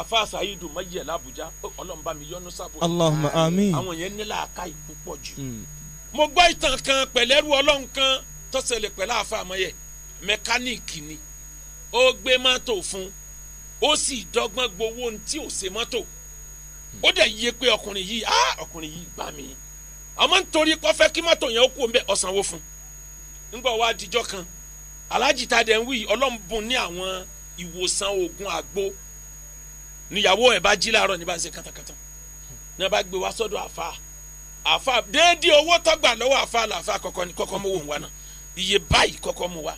S18: afa sayidu mayi ẹ̀ làbújá ọlọ́run mi yọ́nú sábò Allahumma àmín àwọn yẹn nílà aka ìkú pọ̀ jù hmm. mo gbọ́ ìtàn kan pẹ̀lẹ́rú ọlọ́run kan tó pẹ̀lú àfa mẹkáníìkì ni ó gbé mọ́tò fún ó sì dọ́gbọ́n gbowó tí ò ṣe mọ́tò ó dẹ̀ yé pé ọkùnrin yìí á ọkùnrin yìí gbà mí àmọ́ nítorí kọ́fẹ́ kí mọ́tò yẹn ó kú ọ̀sánwó fún un ńgbọ́ wa dijọ́ kan aláàjì tá a dẹ̀ ń wí ọlọ́run bùn ní àwọn ìwòsàn oògùn àgbo níyàwó ẹ̀ bá jí láàárọ̀ ní bá ń ṣe kàtàkàtà ní bá gbé wá sọ́dọ̀ àfa àfa déédéé owó tọ́gbà lọ́wọ́ àfa làfa kọ̀kọ́ ni kọ́kọ́ mú wò wá náà iye báyìí kọ́kọ́ mú wá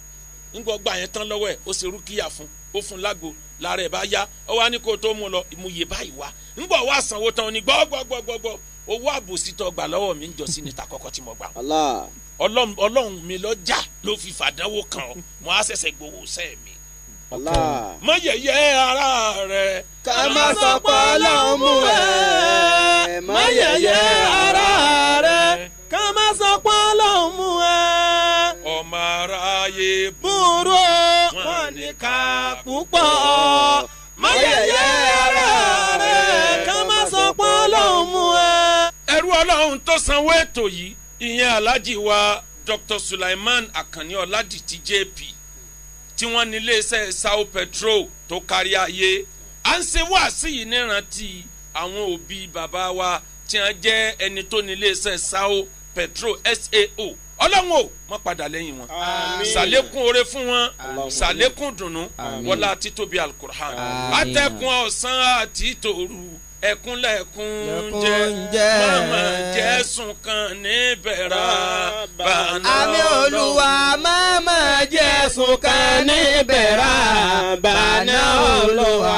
S18: ńgbọ́ gbà yẹn tán lọ́wọ́ ẹ̀ ó ṣe rúkìyà fún ó fún lágbo lára ẹ̀ bá yá ó wá ní kó tó mú lọ mú iye báyìí wá ńgbọ́ wá sanwó tán ní gbọ́gbọ́gbọ́gbọ́ owó àbòsítọ́ gbà lọ́wọ́ mi ń jọ sí níta kọ́kọ́ tí mo gbà. Allah ọlọ́run mi lọ́jà ló fi fàdánwò kan ọ mo á
S4: ṣẹ̀ṣẹ̀ gbowó sẹ́ mi. má yẹ̀yẹ́ ara rẹ̀. ká má sọ pé ọlọ́run mú ẹ. má yẹ̀yẹ́ ara rẹ̀. ká má sọ pé ọlọ́run mú ẹ. ọmọ aráyé búrò wọn ní ká púpọ̀. má yẹ̀yẹ́ ara
S18: rẹ̀. ká má sọ pé ọlọ́run mú ẹ. ẹrú ọlọ́run tó sanwó ètò yìí ìyẹn aláàjì wa dr suleiman akànni ọ̀làdìtì jp tí wọ́n ní iléeṣẹ́ sao petrol tó kárí ayé à ń ṣe wáàsí yìí nírántí àwọn òbí bàbá wa tí wọ́n jẹ́ ẹni tó ní iléeṣẹ́ sao petrol sao ọlọ́run ò mọ́ padà lẹ́yìn wọn ṣàlékún oore fún wọn ṣàlékún dùnú wọlá títóbi alukur'an atẹ́kùn ọ̀sán àti tòru ẹkúnlẹ̀kún jẹ́ màmá jẹ́sùn kan níbẹ̀rà bàánà ọlọ́run. àmì olúwa Mama jẹ́sùn
S4: kan níbẹ̀rà bàánà olúwa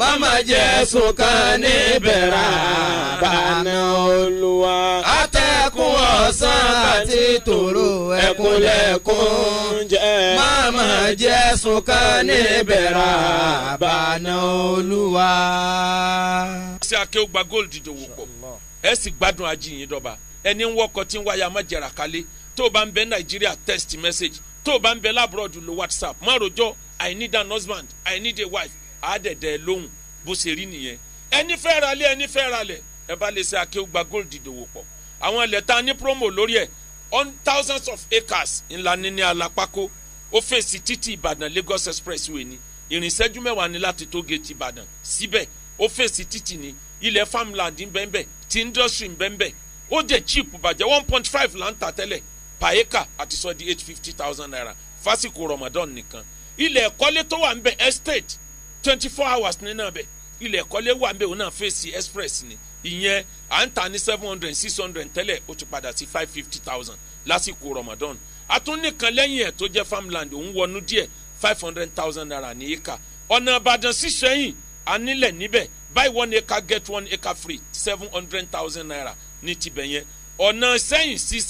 S4: Mama jẹ́sùn kan níbẹ̀rà bàánà olúwa ẹkún ọ̀sán àti tòró ẹkúnlẹ̀kún jẹ́ máàmá jẹ́ sunkan níbẹ̀rẹ̀ àbànà olúwa.
S18: ṣé akéwò gba góòlù ìdòwò pọ̀ ẹ sì gbádùn ajínyìn dọ́ba ẹni ń wọkọ̀ tí ń wáyà má jẹ̀rà kálé tó o bá ń bẹ nàìjíríà text message tó o bá ń bẹ lábúròdù lo whatsapp má rojọ́ i need an husband i need a wife àádẹ́dẹ́ lóhùn bó ṣe rí nìyẹn ẹni fẹ́ ralẹ̀ ẹni fẹ́ ralẹ̀ ẹ bá lè ṣe akéwò gba góòlù ìdòwò pọ̀ àwọn ilẹ̀ tá a ní promo lórí ẹ̀ on thousands of acres ńlá ní ní alápákó ó fèsì títí ìbàdàn lagos expressway ni ìrìnsẹ́jú mẹ́wàá ni láti tó géètì ìbàdàn síbẹ̀ ó fèsì títì ni ilẹ̀ farmland ń bẹ́ńbẹ́ ti industry ń bẹ́ńbẹ́ ó jẹ́ cheap bàjẹ́ one point five là ń tà tẹ́lẹ̀ per acre àti sọ di eight fifty thousand naira fásìkò ramadan nìkan ilẹ̀ ẹ̀kọ́lé tó wà ń bẹ estate twenty four hours nínú abẹ́ ilẹ̀ kọ́lé wà nbẹ̀ òun náà fèsì express ni ìyẹn à ń ta ní seven hundred six hundred tẹ́lẹ̀ ó ti padà sí five fifty thousand lásìkò Ramadan àtúnìkan lẹ́yìn ẹ̀ tó jẹ́ farmland òun wọnú díẹ̀ five hundred thousand naira ní eka ọ̀nà Ìbàdàn sí anílẹ̀ níbẹ̀ buy one acre get one acre free seven hundred thousand naira ní tibẹ̀ yẹn ọ̀nà Ìṣẹ̀yìn sí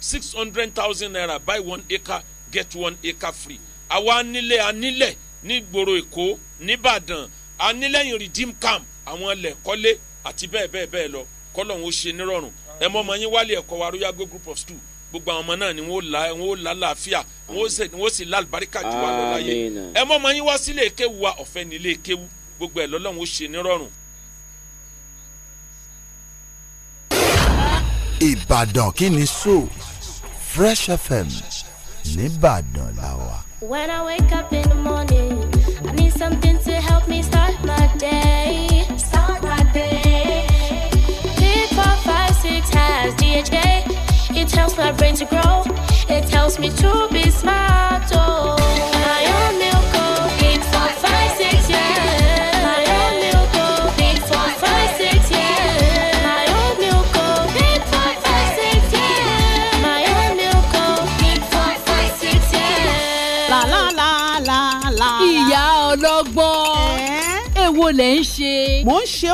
S18: six hundred thousand naira buy one acre get one acre free àwa anílẹ̀ anílẹ̀ nígboro Èkó níbàdàn a ní lẹ́yìn redeem camp àwọn ilẹ̀ kọ́lé àti bẹ́ẹ̀ bẹ́ẹ̀ bẹ́ẹ̀ lọ kọ́lọ̀ wọn ó ṣe nírọ̀rùn ẹ mọ́ ọmọ yín wálé ẹ̀kọ́ wa royago group of school gbogbo àwọn ọmọ náà ni wọn ó la wọn ó la láàfíà wọn ó sì la àlùbáríkà jù wá lọ láyé ẹ mọ́ ọmọ yín wá sílé èkéwu wa ọ̀fẹ́ ní ilé èkéwu gbogbo ẹ̀ lọ́lọ́run ó ṣe nírọ̀rùn.
S14: Ìbàdàn kí ni so Fresh FM nìbàdàn làwà.
S9: When I wake up in the morning, I need something. It helps my brain to grow. It helps me to be smart. Oh. my milk, oh. yeah. My milk,
S5: oh. yeah. My milk, yeah. My milk, yeah. La
S10: la la la la. Ìyá Mo ń ṣe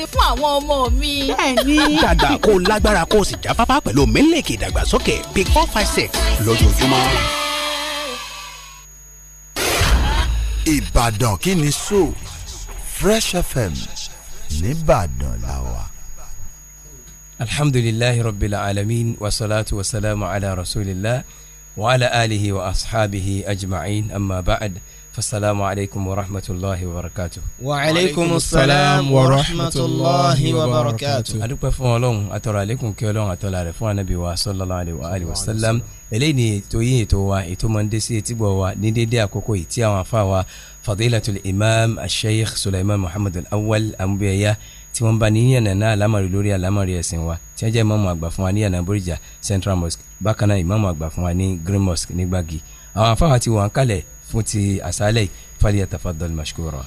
S13: oore fún àwọn ọmọ mi. bẹ́ẹ̀ni. dàgbà kó
S14: lágbára kó o sì jáfáfá pẹ̀lú mílíkì ìdàgbàsókè big four five six lójoojúmọ́. ìbàdàn kí ni so fresh fm
S12: nìbàdàn la wà. alhamdulilayi rabbil alamin wasalaatu wasalaamu ala rasulillah wa ala alihi wa ashabihi ajma'in amma ba'd. فالسلام عليكم ورحمة الله وبركاته وعليكم السلام
S4: ورحمة الله وبركاته adúpẹ́
S12: fún ọlọ́run atọrọ àlékún kí ọlọ́run atọ́lá rẹ̀ fún anabi wa sallallahu alayhi wa alihi wa sallam eléyìí ni ètò yín ètò wa ètò máa ń dé sí etígbọ̀ wa ní dédé àkókò yìí tí àwọn afa wa fadilatul imam asheikh suleiman muhammad awal amubiyaya tí wọ́n bá ní yànnà náà alámàrí lórí alámàrí ẹ̀sìn wa tí wọ́n jẹ́ ìmáàmù àgbà fún wa ní yànnà Bóríjà Central Mosque bákan náà ìmáàmù àgbà fún wa ní Green Mosque ní Gbági àwọn afáwa ti wọ́n kalẹ̀ فوتي أسالي فليتفضل مشكورا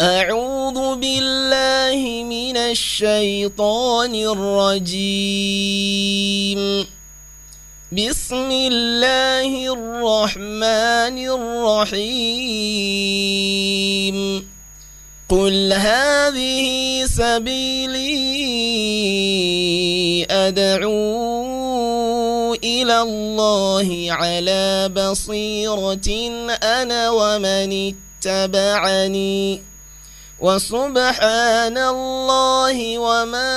S4: أعوذ بالله من الشيطان الرجيم بسم الله الرحمن الرحيم قل هذه سبيلي أدعو إلى الله على بصيرة أنا ومن اتبعني وسبحان الله وما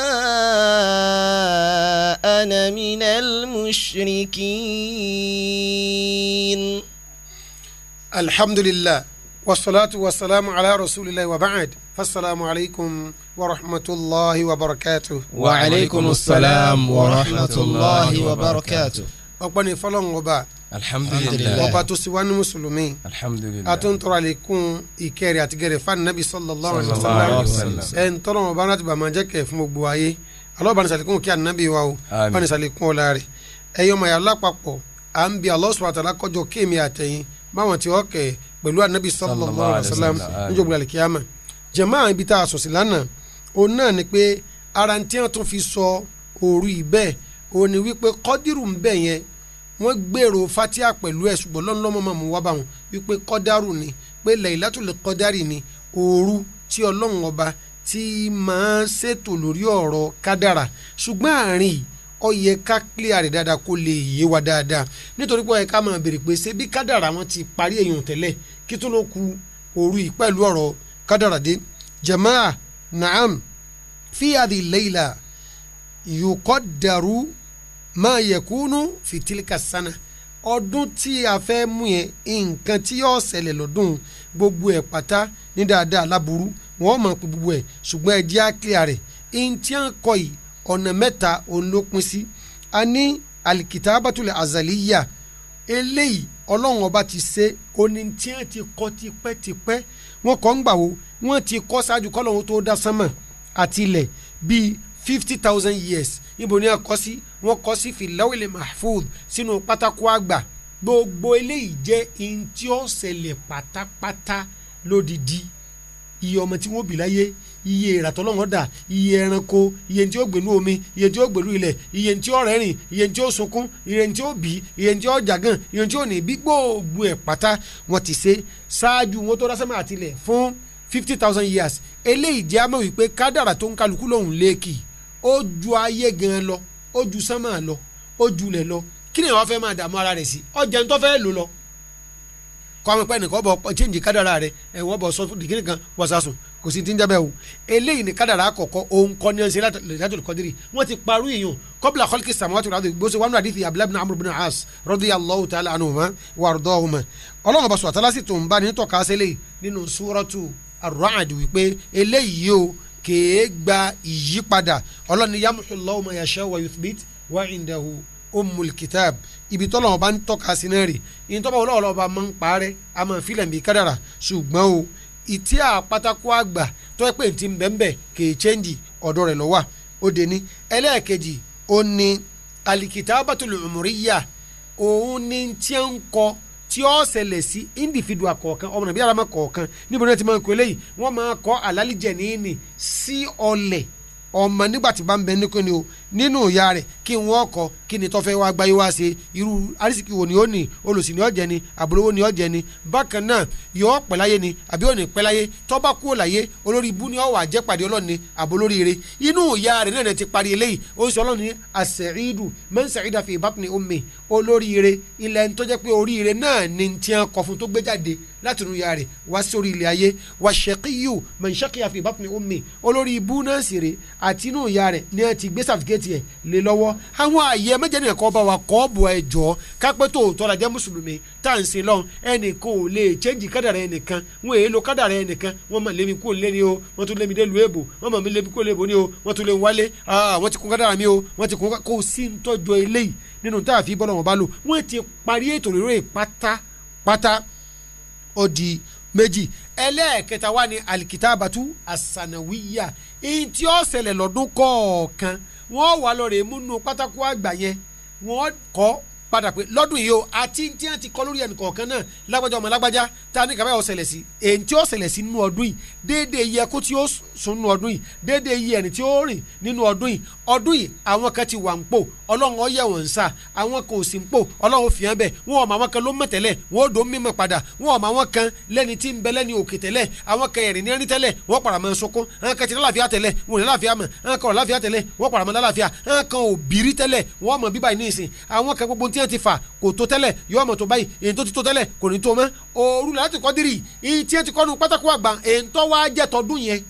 S4: أنا من
S19: المشركين الحمد لله wasalatu wasalamu ala rasulillahi wa ba'ad fasalaamu alaykum wa rahmatulahi wa barakatu. wa aleykum salaam
S4: wa rahmatulahi wa barakatu.
S19: ọ̀pọ̀ ní fọlọ́n ọba. alhamdulilayi ọba tó ṣì wá ní mùsùlùmí. alhamdulilayi àtún tọrọ àlékún ìkẹrẹ àti gẹrẹ fún anabi sallallahu alayhi wa sallam. ẹ̀ ń tọrọ ọba láti bàmà jẹ́ kẹ̀ fún gbogbo ayé alọ́ bá ní sàlékún kí anabi wa o bá ní sàlékún ọ̀la rẹ̀ ẹ̀yọ́ mọ̀ yà lápapọ̀ à ń bi alọ́sùn àtàlákọ́jọ́ kéèmí àtẹ̀yìn báwọn ti ọ̀kẹ́ pẹ̀lú anabi sallallahu alayhi wa sallam níjọba alikiyama jẹ̀mọ́ ibi tá a sọ̀sì lánàá òun náà ni pé ara tí wọ́n tún fi sọ òru ìbẹ́ òun ni wípé kọ́dírù ń bẹ̀ yẹn wọ́n gbèrò fatia pẹ̀lú ẹ̀ ṣùgbọ́n lọ́nlọ́mọ́ mọ̀ wá bá wọn wípé kọ́dárù ni pé lẹ́yìnlátùlẹ̀ kọ́dárì ni òru tí ọlọ́run ọba tí máa ń ṣètò lórí ọ̀rọ̀ kádàrà ṣùgbọ́n àárín yìí ó yẹ ká clear rẹ̀ dáadáa kó lè yé wa dáadáa nítorí pé ó yẹ ká máa béèrè pé ṣé bí kádàrà wọn ti parí èèyàn tẹ́lẹ̀ kí tó ló ku òru yìí pẹ̀lú ọ̀rọ̀ kádàrà dé jamaa naam fi adi leila yuqaddaru ma yakunu fi tilka sana ọdún tí a fẹ́ mú yẹn nǹkan tí yóò ṣẹlẹ̀ lọ́dún gbogbo ẹ̀ pátá ní dáadáa láburú wọ́n mọ̀ pé gbogbo ẹ̀ ṣùgbọ́n ẹ jẹ́ àkíyà rẹ̀ ẹni tí wọ́n kọ yìí ọ̀nà mẹ́ta òun ló pín sí a ní alikitabatulẹ̀ azaliya eléyìí ọlọ́run ọba ti ṣe oní tí wọ́n ti kọ́ tipẹ́tipẹ́ wọ́n kọ́ ń gbà wo wọ́n ti kọ́ ṣáájú kọ́lọ́run tó dá sánmọ̀ àti ilẹ̀ bíi fifty thousand years níbo ni wọ́n kọ́ sí wọ́n kọ́ sí filawele mahfud sínú pátákó àgbà gbogbo eléyìí jẹ́ ihun tí ó ṣẹlẹ̀ pátápátá lódìdí iye ọmọ tí wọ́n bí láyé iye ìràtọ́ lọ́wọ́ dà iye ẹranko iye tí ó gbèlú omi iye tí ó gbèlú ilẹ̀ iye tí ó rẹ́rìn iye tí ó sunkún iye tí ó bì iye tí ó jàgàn iye tí ó ní bí gbòògbò ẹ̀ pátá wọn ti ṣe ṣáájú wọn tó dásẹ́mọ̀ àtìlẹ̀ fún fifty thousand years eléyìí jẹ́ àmọ́ wípé kádàrà tó ń kálukú lòun léèkì ó ju ayé gan lọ ó ju sánmà lọ ó ju ilẹ̀ lọ kí ni wọ́n fẹ́ máa dààmú ara rẹ̀ sí ọjà ń tọ́ fẹ́ lò lọ kọ́ àwọn ìpẹ́ nìkan bọ̀ change kádàrà rẹ̀ ẹ̀ wọ́n bọ̀ sọ dìgírí kan wọ́n sá sùn kò sí ti ń jábẹ́ o eléyìí ni kádàrá àkọ́kọ́ òun kọ́ ní ọ̀sẹ̀ Lailatul Qadri wọ́n ti parú èèyàn qabla khalqi samawati wal ardi gbósè wánú àdìsí Abdullah ibn Amr ibn As radiyallahu ta'ala anhuma wa ardahuma ọlọ́run ọba sọ̀tàlá sì tún bá nítọ̀ kásẹ́lẹ̀ nínú suratu ar wípé eléyìí o ibi tọ́lọ́run ọba ń tọ́ka sí ìyẹn tọ́ba ọlọ́run ọba máa ń parẹ́ a máa ń filẹ̀ kádàrà ṣùgbọ́n o ìtí àpátákó àgbà tó ẹ pé ti ń bẹ́ńbẹ́ kìí chẹ́ǹdì ọ̀dọ̀ rẹ̀ lọ́wọ́ òde ní ẹlẹ́ẹ̀kejì ó ní alikitabatul umuriya òun ní tí ń kọ tí ó ṣẹlẹ̀ sí individual kọ̀ọ̀kan ọmọ nàbí aramọ kọ̀ọ̀kan níbo ni wọ́n ti máa ń kọ eléyìí wọ́n máa kọ alálìjẹ̀ níní sí ọlẹ̀ ọmọ nígbà tí bá ń bẹ níkùn ni o nínú ìyá rẹ̀ kí wọ́n kọ kí ni tọ́fẹ́ wá gbáyé wá ṣe irú arísìkí wo ni ó ní olùsìn ni ó jẹ ni àbúrò wo ni ó jẹ ni bákan náà yọ pẹ́ láyé ni àbí ò ní láyé tọ́ba kúrò láyé olórí ibú ni ó wà jẹ́pàdé ọlọ́run ni àbólórí rẹ̀ inú ìyá rẹ̀ náà ti parí eléyìí ó sọ ọlọ́run ní àṣẹ̀rídù mẹ́sàrídà fi ìbátan omi olórí rẹ̀ ilẹ̀ ń tọ́jẹ́ pé orí rẹ̀ náà ni ti ń kọ fún tó gbé jáde láti inú ya rẹ̀ wá sórí ilé ayé wà ṣèkíyù mọ̀nṣẹ́kíyà fi ìbátan omi olórí ibú náà sì rè àti inú ya rẹ̀ ní ẹ ti gbé sàfikẹ́tì ẹ̀ lé lọ́wọ́ àwọn àyè mẹ́jẹ̀ ní ẹ̀kọ́ bá wa kọ́ bọ̀ ẹ jọ kápẹ́ tó tọ́ra jẹ́ mùsùlùmí tá à ń sin lọ́hùn ẹnìkan ò lè chẹ́ǹjì kádàrà ẹnìkan wọn èèlò kádàrà ẹnìkan wọn mọ̀ lémi kúrò lẹ́ni o wọ́n tún lémi délùú èbò wọ́n mọ̀ lémi kúrò lẹ́bò ni o wọ́n tún lé wálé wọ́n ti kún kádàrà mi o wọ́n ti kún kó sí ń tọ́jú eléyìí nínú tá bọ́lọ̀ wọn bá lò wọ́n ti parí ètò ìró ìpátá pátá ó di méjì ẹlẹ́ẹ̀kẹta wá ní alikitabatu asanawiya ihun tí ó ṣẹlẹ̀ lọ́dún kọ̀ọ̀kan wọ́n wà lọ́ọ́ rè pátákó àgbà yẹn wọ́n kọ́ padà pé lọ́dún yìí o àti tí wọ́n ti kọ́ lórí ẹnì kọ̀ọ̀kan náà lágbájá ọmọ lágbájá ta ní kàbáyà ọ̀sẹ̀lẹ̀ sí èyí tí ó ṣẹlẹ̀ sí nínú ọdún yìí déédéé iye ẹkú tí ó sùn nínú ọdún yìí déédéé iye ẹni tí ó rìn nínú ọdún yìí ọdún yìí àwọn kan ti wà ń pò ọlọ́run ó yẹ̀ wọ́n sà àwọn kan ò sí ń pò ọlọ́run fi hàn bẹ́ẹ̀ wọn ò àwọn kan ló mọ̀ tẹ́lẹ̀ wọn ò dò mímọ̀ padà wọn ò àwọn kan lẹ́ni tí ń bẹ lẹ́ni òkè tẹ́lẹ̀ àwọn kan ẹ̀rìn ní ẹni tẹ́lẹ̀ wọ́n paramọ́ sunkún àwọn kan ti lálàáfíà tẹ́lẹ̀ wọn ò ní lálàáfíà mọ̀ àwọn kan ò lálàáfíà tẹ́lẹ̀ wọ́n paramọ́ lálàáfíà àwọn kan ò bìrí tẹ́lẹ̀ wọ́n mọ̀ bíbá ìníìsín àwọn kan gbogbo tí tí wọ́n ti fà kò tó tẹ́lẹ̀ yóò mọ̀ tó báyìí èyí tó ti tó tẹ́lẹ̀ kò ní tó mọ́ òru láti kọ́ dírì èyí tí wọ́n ti kọ́nu pátákó àgbà èyí tó wá jẹ́ tọdún yẹn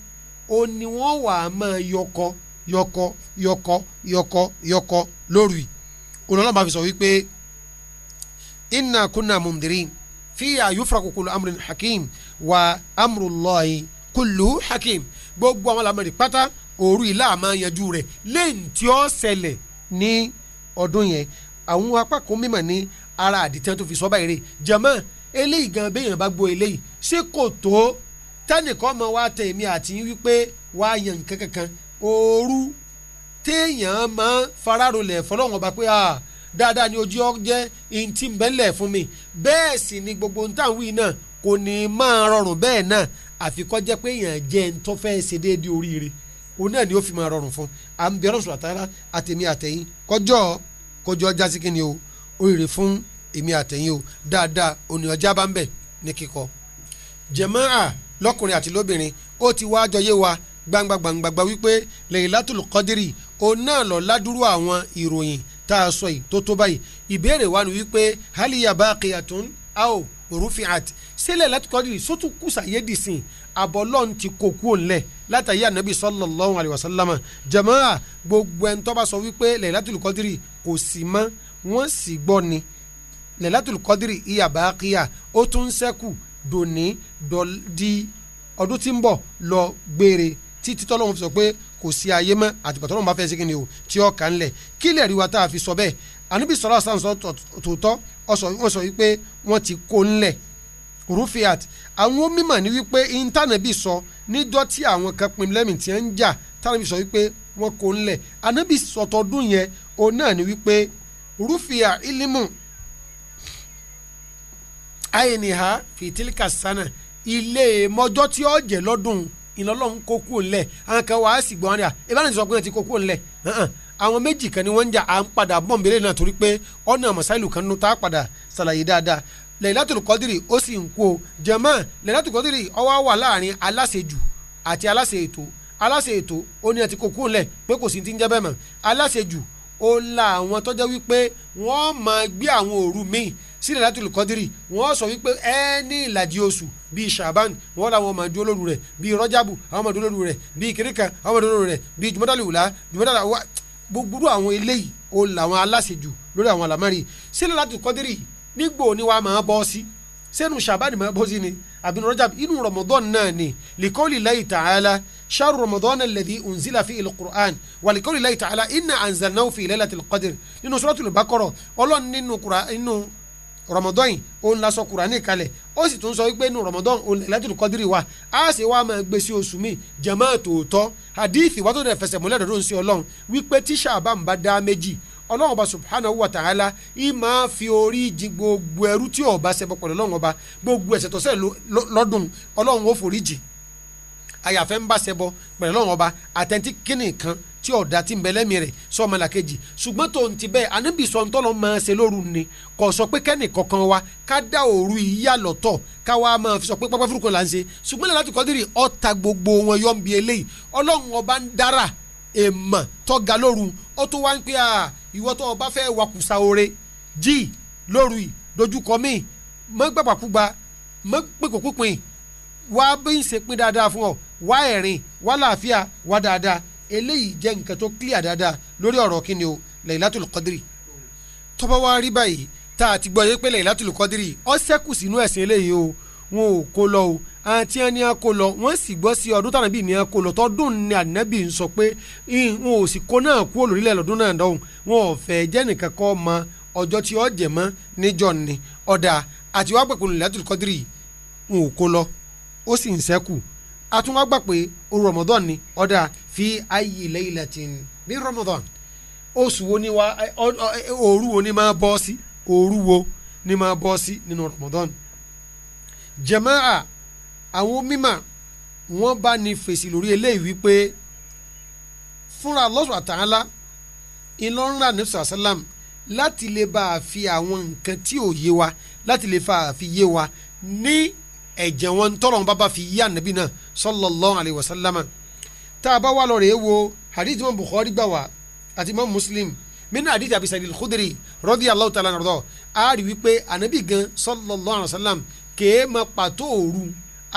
S19: ó ní wọ́n wà á máa yọkọ yọkọ yọkọ yọkọ yọkọ lóru yìí olùlọ́nà bá fi sọ wípé inna kunna mundirin fiya yufraku kullu amrin hakim wa amrullahi kullu hakim gbogbo àwọn làmọ̀rì pátá òru yìí láàmú yanjú rẹ̀ lẹ́yìn tí ó ṣẹlẹ̀ ní ọdún yẹn àwọn apá kan mímọ̀ ní ara àdìtẹ́ tó fi sọ́ba eré jẹ̀mọ́ eléyìí gan béèyàn bá gbọ́ eléyìí ṣé kò tó tẹ́nìkan ọmọ wa tẹ èmi àti wípé wà á yan nǹkan kankan ooru téèyàn máa fararolẹ̀ fọlọ́wọ́n ọba pé dáadáa ni ojú ọjẹ́ ìntì mbẹ́lẹ̀ fún mi bẹ́ẹ̀ sì ni gbogbo ntàwí náà kò ní máa rọrùn bẹ́ẹ̀ náà àfikọ́ jẹ́ pé èèyàn jẹ́ ń tọ́ fẹ́ ṣe déédéé oríire òun náà ni ó fi máa rọrùn fún àmì bí ọlọ́sùn àtàrà àtẹ̀mí àtẹ̀yìn kọjọ́ ọ kójú ọjà sí kíni o oríire fún èmi àtẹ̀yìn o dáadáa oníyanjá bá ń bẹ̀ ní kíkọ. jẹ̀mọ́ra lọ́kùnrin àti lóbìnrin ó ti wá jọyé wa gbangba gbangbangba wípé Laylatul Qadri òun náà lọ ládùúrú àwọn ìròyìn tá a sọ yìí tó tó báyìí ìbéèrè wa ni wípé haliya baqiyatun aw rufi'at ṣé Laylatul Qadri sótú kùsàyé dìsìn abọ́lọ́n ti kó kú òǹlẹ̀ látàyé ànábì sallallahu alayhi wa sallama jẹ̀mọ́ra gbogbo ẹni tó bá sọ wípé Laylatul Qadri kò sí mọ́ wọ́n sì gbọ́ ni lẹ́látùlù kọ́dírì ìyá bàákíyà ó tún sẹ́kù dòní di ọdún tí ń bọ̀ lọ gbére títí tọ́lọ́hún fi sọ pé kò sí ayé mọ́ àtìgbà tọ́lọ́hún bá fẹ́ sí kíni o tí ó kà ń lẹ̀ kí lè rí wa tá a fi sọ bẹ́ẹ̀ àníbi sọ̀rọ̀ àṣà tòótọ́ wọ́n sọ wípé wọ́n ti kó ń lẹ̀ rufiat àwọn mímọ̀ ni wípé intanẹ̀bì sọ níjọ́ tí àwọn kan pinnu lẹ́mìí tí ń jà tánàbì sọ wípé wọ́n kó ń lẹ̀ ànábì sọtọdún yẹn òun náà ni wípé rúfìà ilimu àyìnìhà fìtílíkà sánà ilé mọ́jọ́ tí ó jẹ́ lọ́dún ìlọ́lọ́run kó kú àwọn kan wàá sì sọ ti àwọn méjì kan ni wọ́n ń jà à ń padà bọ̀ nbẹ̀rẹ̀ náà torí pé ọ̀nà àmọ̀sáìlù kan nù tá a padà ṣàlàyé dáadáa ó sì ń o jẹ̀mọ́ Lailatul Qadri ọwọ́ wà láàrin àti ètò ó la àwọn tọ́jọ́ wípé wọ́n máa gbé àwọn òru míì sí Lailatul Qadri wọ́n sọ wípé ẹni ìlàjì oṣù bíi Shaban wọ́n làwọn máa dúró lóru rẹ̀ bíi Rajabu àwọn máa dúró lóru rẹ̀ bíi kirikan àwọn máa dúró lóru rẹ̀ bíi jùmọ́dàlù wùlá jùmọ́dàlù àwọn gbogbo àwọn eléyìí ó làwọn aláṣejù lórí àwọn àlámárì sí Lailatul Qadri nígbò ni wàá máa bọ́ sí sẹ́nu Shaban máa bọ́ sí ni àbí Rajab inú Ramadan náà ni likoli layi ta'ala شهر رمضان الذي أنزل فيه القرآن ولقول الله تعالى إنا أنزلناه في ليلة القدر nínú Suratul Baqarah Ọlọ́run nínú Kùránì nínú Ramadan yìí òun la sọ Kùránì kalẹ̀ ó sì tún sọ wípé nínú Ramadan òun Lailatul Qadri wa á sì wá máa gbé sí oṣù mi jẹ̀mọ́ tòótọ́ hadith wa tó dẹ̀ fẹsẹ̀ múlẹ̀ dọ̀dọ̀ ń sí Ọlọ́run wípé tíṣà bá ń bá dá méjì ọlọ́run ọba subhanahu wa ta'ala yìí máa fi orí jì gbogbo ẹrú tí ọba ṣẹbọ pẹ̀lú ọlọ́run ọba gbogbo ẹ̀ṣẹ̀ tó ṣẹ̀ lọ́dún ọlọ́run ó forí jì àyàfẹ́ ń bá ṣẹbọ pẹ̀lú ọ̀rọ̀ ọba àtẹ̀ntì kínní kan tí ọ̀dà ti ń bẹ lẹ́mìí rẹ̀ sọ́mọ làkejì ṣùgbọ́n tó ń ti bẹ́ẹ̀ ànábì sọ ntọ́lọ́ máa ṣe lóru ni kò sọ pé kẹ́nì kankan wa ká dá òru ìyá lọ́tọ̀ ká wá máa sọ pé pápá fúrukọ là ń ṣe ṣùgbọ́n láti kọ́dírì ọ̀tá gbogbo wọn yọ̀ ń bi eléyìí ọlọ́run ọba ń dára èèmọ̀ tọ́ga lóru ó tó wá ń pè à ìwọ tó ọba fẹ́ wakùsà oore jí lóru dojúkọ míì mọ́ gbàgbàkúgba mọ́ pẹ́kọ̀pípin wá bí ń ṣe pín dáadáa fún ọ wá ẹ̀rín wá làáfíà wá dáadáa eléyìí jẹ́ nǹkan tó clear dáadáa lórí ọ̀rọ̀ kíni o Laylatul Qadri tó bá wá rí báyìí tá a ti gbọ́ yé pé Laylatul Qadri ó ṣẹ́kù sínú ẹ̀sìn eléyìí o wọn ò kó lọ o àti ẹni a kó lọ wọ́n sì gbọ́ sí ọdún tànàbí ni a kó lọ tọdún ni ànábì ń sọ pé wọn ò sì kó náà kú olórílẹ̀ lọ́dún náà dọ̀hún wọn ò fẹ́ jẹ́ nìkan kọ́ mọ ọjọ́ tí ó jẹ̀ mọ́ níjọ́ ni ọ̀dà àti wàá pẹ̀kùn Laylatul Qadri wọn ò kó lọ ó sì ń sẹ́kù àtúnwá gbà pé òru Ramadan ni ọ̀dà fi ayyi laylatin ní Ramadan oṣù wo ni wa òru wo ni máa bọ́ sí òru wo ni máa bọ́ sí nínú Ramadan jẹ̀máà àwọn mímà wọ́n bá ní fèsì lórí eléyìí wípé fúnra lọ́sùn àtàlá ìlọrin àníṣà sálàm láti lè bá a fi àwọn nǹkan tí ò yé wa láti lè fa àfi yé wa ní ẹ̀jẹ̀ wọn ń tọrọ bàbá fi yí ànábì náà sallallahu alayhi wa sallam tá a bá wà lọ rèé wo hadith imam bukhari gbà wá àti imam muslim min hadith abi sa'id al-khudri radiyallahu ta'ala anhu a rí wípé ànábì gan sallallahu alayhi wa sallam kèé ma pàtó òru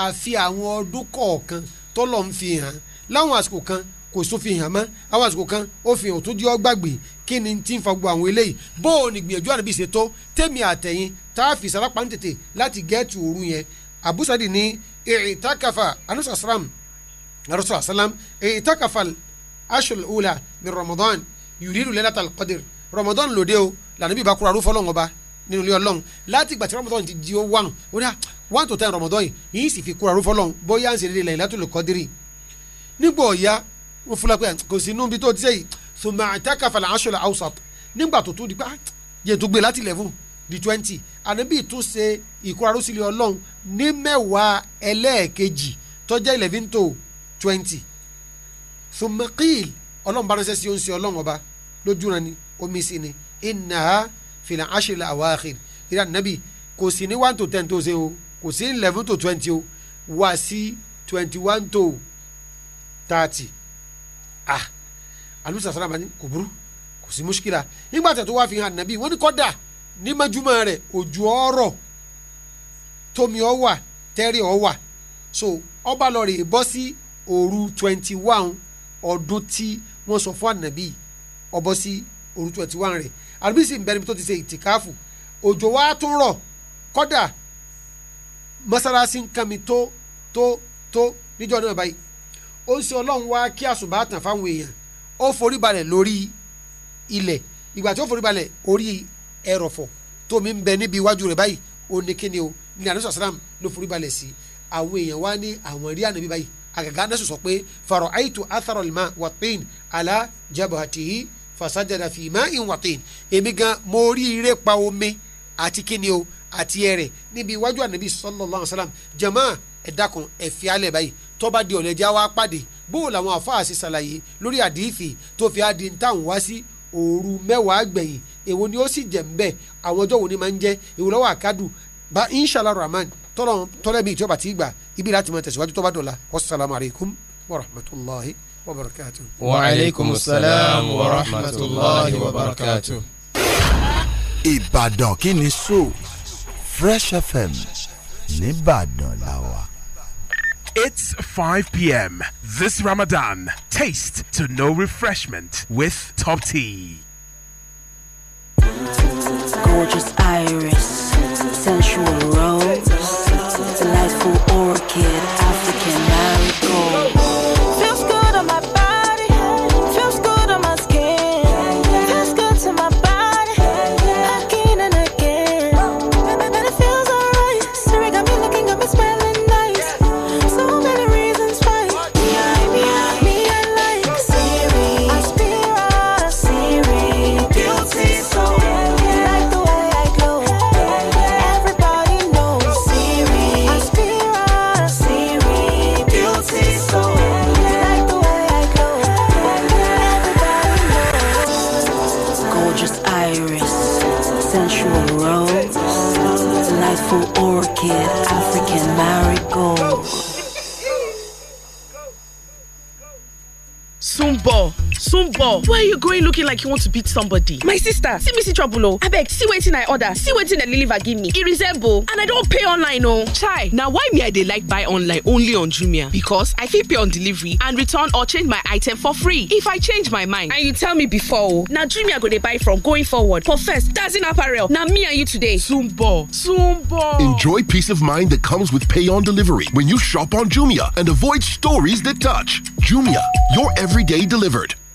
S19: àfi àwọn ọdún kọ̀ọ̀kan tọ́lọ̀ ń fi hàn láwọn àsìkò kan kò sófin hàn mọ́ àwọn àsìkò kan ó fi hàn tó jẹ́ ọ́ gbàgbé kí ni ti ń fa gbogbo àwọn eléyìí bó ní gbìyànjú ànábì ṣe tèmi àtẹ̀yìn tá a fi sárápá ń tètè láti gẹ́ẹ̀tì òru yẹn abusadi ní ìtakafa anusa salam anusa salam ìtakafa ashul ula min ramadan yuridu lẹ́lẹ́ta alqadir ramadan lòde o lànà bí ibakura arúfọ́ lọ́wọ́ ba nínú ilé ọlọ́run láti ìgbà tí ramadan ti di ó wàn ó dá one to ten ramadan yìí yìí sì fi kura arúfọ́ lọ́wọ́ bóyá ń ṣe dédé Laylatul Qadri nígbà ọ̀ya wọ́n fúnra pé ah, kò sí inú bí tó ti sẹ́yìn thumma ìtakafa al ashul awsat nígbà tó tó di pé yẹn ah, tó gbé láti lẹ́fún di twenty ànábì tún ṣe ìkóraró sílẹ̀ ọlọ́run ní mẹ́wàá ẹlẹ́ẹ̀kejì tó jẹ́ eleven to twenty sumaqil ọlọ́run bá ránṣẹ́ sí oúnjẹ ọlọ́run ọba lójú rẹ ni omi sí ni innaha fil ashri al-awakhir ìrẹ́ ànábì kò sí ní one to ten tó ṣe o kò sí eleven to twenty o wá sí twenty one to thirty ah alusa ni kò burú kò sí mushkila nígbà tẹ̀ tó wá fi hàn ànábì wọ́n ní kọ́ dáa ní mọ́júmọ́ rẹ̀ òjò ọ̀rọ̀ tómi ọ wà tẹ́rì ọ wà so ọba lọ rèé bọ́ sí òru twenty one ọdún tí wọ́n sọ fún ànàbí ọbọ̀ sí òru twenty one rẹ̀ àdúgbò sì ń bẹ́ẹ̀ níbi tó ti ṣe ìtìkáfù òjò wa tún rọ̀ kọ́dà mọ́sálásí ń kan mi tó tó tó níjọ́ náà báyìí ó ń ṣe ọlọ́run wá kí àsùbá tàn fáwọn èèyàn ó forí balẹ̀ lórí ilẹ̀ ìgbà tí ó forí balẹ̀ orí ẹrọ̀fọ̀ tómi ń bẹ níbi iwájú rẹ̀ báyìí ó ní kíni o ní àdéhùn sàlám ló forí balẹ̀ sí àwọn èèyàn wá ní àwọn rí ànábì báyìí àgàgà anásù sọ pé farao aitu atharolma watin ala jabahatihi fasajada fìmá ìwàtin èmi gan mo rí ire pa omi àti kíni o àti ẹrẹ̀ níbi iwájú ànábì sallallahu alaihi wasallam jamaa ẹ̀dàkùn ẹ̀fì báyìí tọ́ba di ọ̀lẹ́jà wa pàdé bóò làwọn àfáà sì lórí àdìífì tó fi á ń táwọn wá sí òru mẹ́wàá gbẹ̀yìn èwo ni ó sì jẹ́ ń bẹ̀ àwọn ọjọ́ wo ni máa ń jẹ́ èwo lọ́wọ́ àkádù bá inshallah rahman tọ́lẹ̀ mi ìjọba ti gbà ibi láti máa tẹ̀síwájú tó bá dọ̀la wassalamu alaikum wa rahmatulahi wa barakatuh.
S1: wa aleykum salaam wa rahmatulahi wa barakatuh.
S11: ìbàdàn kí ni so fresh fm nìbàdàn làwà. It's 5 p.m. This Ramadan, taste to no refreshment with Top Tea.
S5: Gorgeous iris, sensual rose, delightful
S10: where are you going looking like you want to beat somebody my sister see me see trouble I oh. beg, see wetin i order see wetin dem deliver give me it resemble oh. and i don't pay online oh. chai Now why me i dey like buy online only on jumia because i fit pay on delivery and return or change my item for free if i change my mind. and you tell me before oh. Now jumia go dey buy from going forward for first in apparel Now me and you today. Zumbo. Zumbo.
S11: enjoy peace of mind that comes with pay on delivery when you shop on jumia and avoid stories that touch jumia your everyday delivered.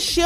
S10: do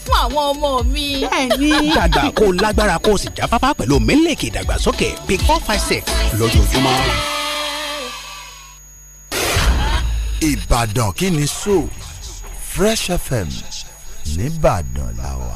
S13: fún àwọn ọmọ mi. bẹ́ẹ̀ni.
S14: dàgbà kó lágbára kó o sì jáfáfá pẹ̀lú mílíkì ìdàgbàsókè big four five six lójoojúmọ́. ìbàdàn kí ni so fresh fm nìbàdàn làwà.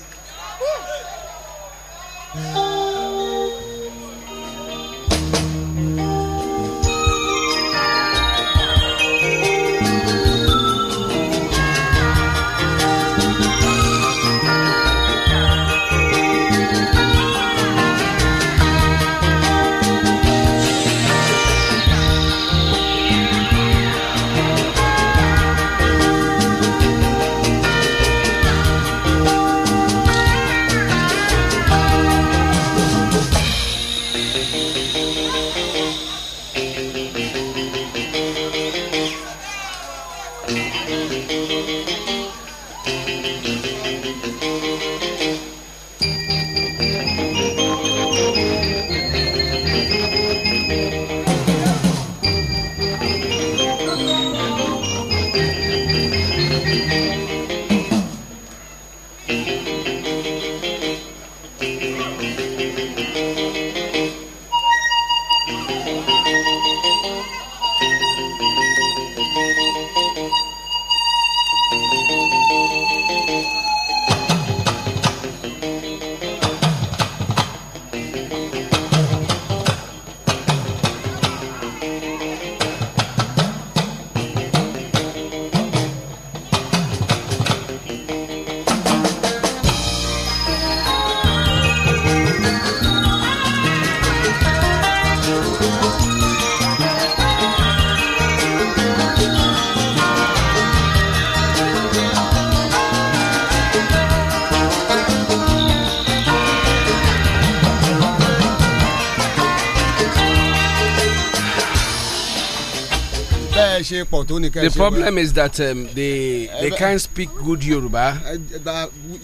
S17: pọ̀ tó ní kẹ́ ẹ ṣe. the problem is that um, they they can't speak good Yoruba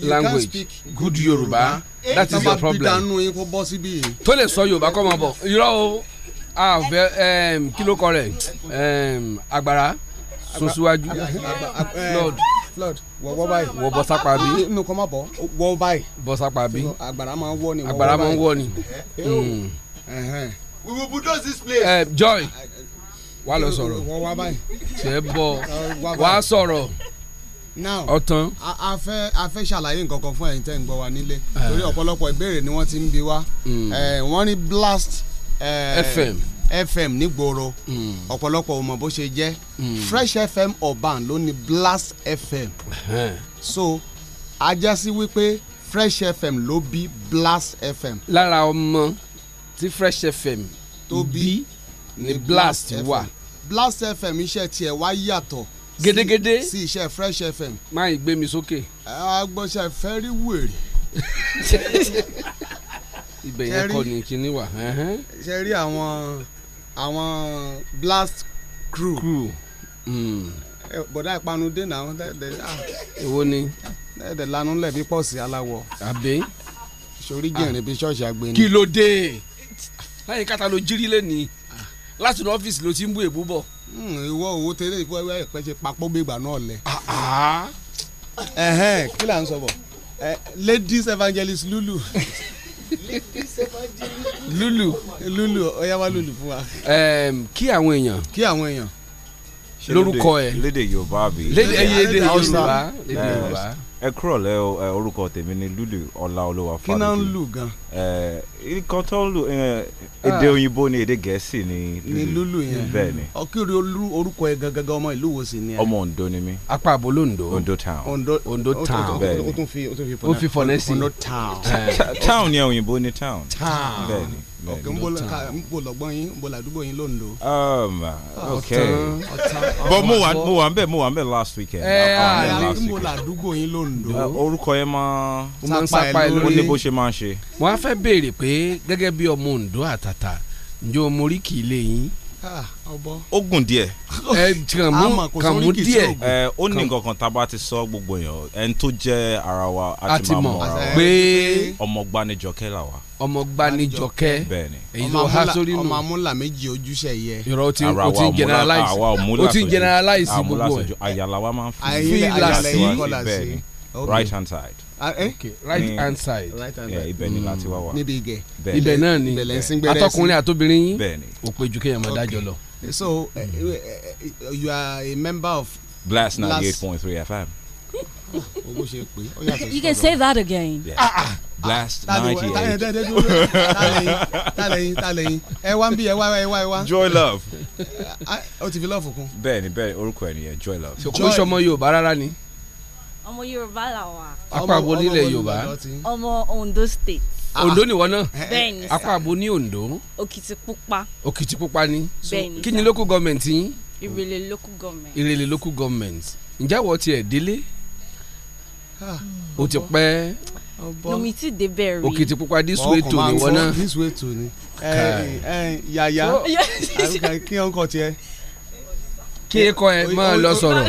S17: language good Yoruba that is your problem. tó lè sọ Yorùbá kọ́ mọ́ bọ̀ irọ́ o um, kí ló kọ rẹ̀ um, agbára sún síwájú flood wọ wọ báyìí. wọ bọ sápá bí. Ah, inú kọ́ máa bọ̀ wọ báyìí. bọ sápá bí. àgbàrá máa ń wọ ni. àgbàrá máa ń wọ ni. Eh, eh, oh. hmm. we will bulldoze this place. Uh, joy wà lọ sọ̀rọ̀ wọ́n wá báyìí ṣe é bọ̀ wà á sọ̀rọ̀ ọ̀tàn. a fẹ́ a fẹ́ ṣàlàyé nǹkan kan fún ẹ̀yin tẹ́ ń gbọ́ wa nílé eh. torí ọ̀pọ̀lọpọ̀ ìbéèrè ni wọ́n ti ń bi wá hmm. eh, wọ́n ní blast eh, fm fm nígboro hmm. ọ̀pọ̀lọpọ̀ ò mọ̀ bó ṣe jẹ́ hmm. fresh fm urban ló ní blast fm so ajásí wípé fresh fm ló bí blast fm. lára ọmọ tí fresh fm tó bí. bí ni blast wà. blast fm iṣẹ́ tiẹ̀ wá yàtọ̀ gédégédé sí iṣẹ́ fresh fm. máa ń gbé mi sókè. agbọ́sẹ̀ fẹ́ rí wèrè. ibẹ̀ yẹn kọ́ ni kinní wà. ṣe rí àwọn àwọn blast crew. crew. Hmm. bọ̀dá ìpanu dènà àwọn tẹ̀lé. Ah. èwo ni. tẹ̀lé lanu lẹ́bi pọ́ọ̀sì aláwọ̀. àbí. sori jẹ̀rin ah. bí ṣọ́ọ̀ṣì àgbẹ̀ ni. kí ló dé láyé kátà ló jírí lẹ́nìí láti ní ọ́fíìsì ló ti ń bú èbú bọ̀. Hmm, ìwọ owó tẹ́lẹ̀ ìfọ ẹwẹ́ ẹ̀pẹ́ ṣe papọ̀ gbégbà náà lẹ̀. Ah, ah. kí là ń sọ bọ̀ ladies evangelist lulu lulu lulu ọyá wa lulu fún wa. kí àwọn èèyàn. kí àwọn èèyàn. lórúkọ ẹ lédè yorùbá bi. lédè yorùbá lédè yorùbá
S3: ẹ kúrọ̀ lẹ́ orúkọ tèmi ni lulu ọláolúwa fàdúkì. kí
S17: náà ń lù gan.
S3: nǹkan tó ń lù èdè ah. òyìnbó ni èdè gẹ̀ẹ́sì ni lulu. ni lulu yẹn bẹ́ẹ̀ ni.
S17: ọkùnrin olú orúkọ yẹn gangan ọmọ ìlú wo sì ni. ọmọ Ondo ni mí. apá àbólò Ondo. Ondo town. Ondo town. bẹ́ẹ̀ ni fi o tún fi fọnẹ́sì. Ondo town. town ni
S3: òyìnbó ni town. town bẹ́ẹ̀ ni ọkẹ ń bọ ń
S17: bọ lọgbọn bọ but mo wà mo wà ń bẹ mo wà ń bẹ last weekend. Eh, ah, ah, ẹ ẹ ń bọ ládùúgbò yín lóńdó. Ah,
S18: orúkọ yẹn máa
S17: ń sapa ẹ lórí bó ṣe máa ń ṣe. wọ́n á fẹ́ béèrè pé gẹ́gẹ́ bí ọmọ Oǹdó àtàtà ǹjẹ́ o kì í lé yín Ah, ó gùn
S1: kàmú kàmú ó ní
S3: nǹkan kan ti sọ gbogbo èèyàn ẹni tó jẹ́ ara wa a ti ara wa pé ọmọ wa. ọmọ ọmọ
S17: amúlà méjì ojúṣe yẹ. ìrọ̀ o ti o o ti generalize gbogbo ẹ̀. ayala máa ń fi ìlà sí right hand side. Ah, eh? right eh. hand side. right eh, ni láti wá wa. níbi igẹ̀ ibẹ̀ náà ni atọkùnrin àtobìnrin yín òpèjú kéèyàn máa dájọ lọ. so you are a member of. blast ninety eight point three fm. owó oh, ṣe pé you can say that again. Ah, blast ninety eight. tálẹ̀yìn tálẹ̀yìn ẹ wá ń bí ẹ wá ẹ wá ẹ wá. joy love. o ah, ti fi lọ́ọ̀fù kún. bẹ́ẹ̀ni bẹ́ẹ̀ni orúkọ ẹ nìyẹn joy love. kò sọmọ Yorùbá rárá ni
S7: ọmọ yorùbá la wa.
S17: apá abo nílẹ̀ yorùbá.
S7: ọmọ ondo state. Ah, ondo nìwọ náà. Eh, eh, bẹ́ẹ̀ni sá apá
S17: abo ní ondo.
S7: òkìtìpupa.
S17: òkìtìpupa ni. bẹ́ẹ̀ni sá kí ni local government yín.
S7: ìrèlè local government.
S17: ìrèlè local government ǹjẹ́ àwọ̀ tiẹ̀ délé. o ah. ti pẹ́
S7: lomi ti de bẹ̀rẹ̀.
S17: òkìtìpupa this way to ni wọ́n náà. this way to ni. yàyà kí ọkọ tiẹ̀
S1: kí ikọ ẹ máa lọ sọ̀rọ̀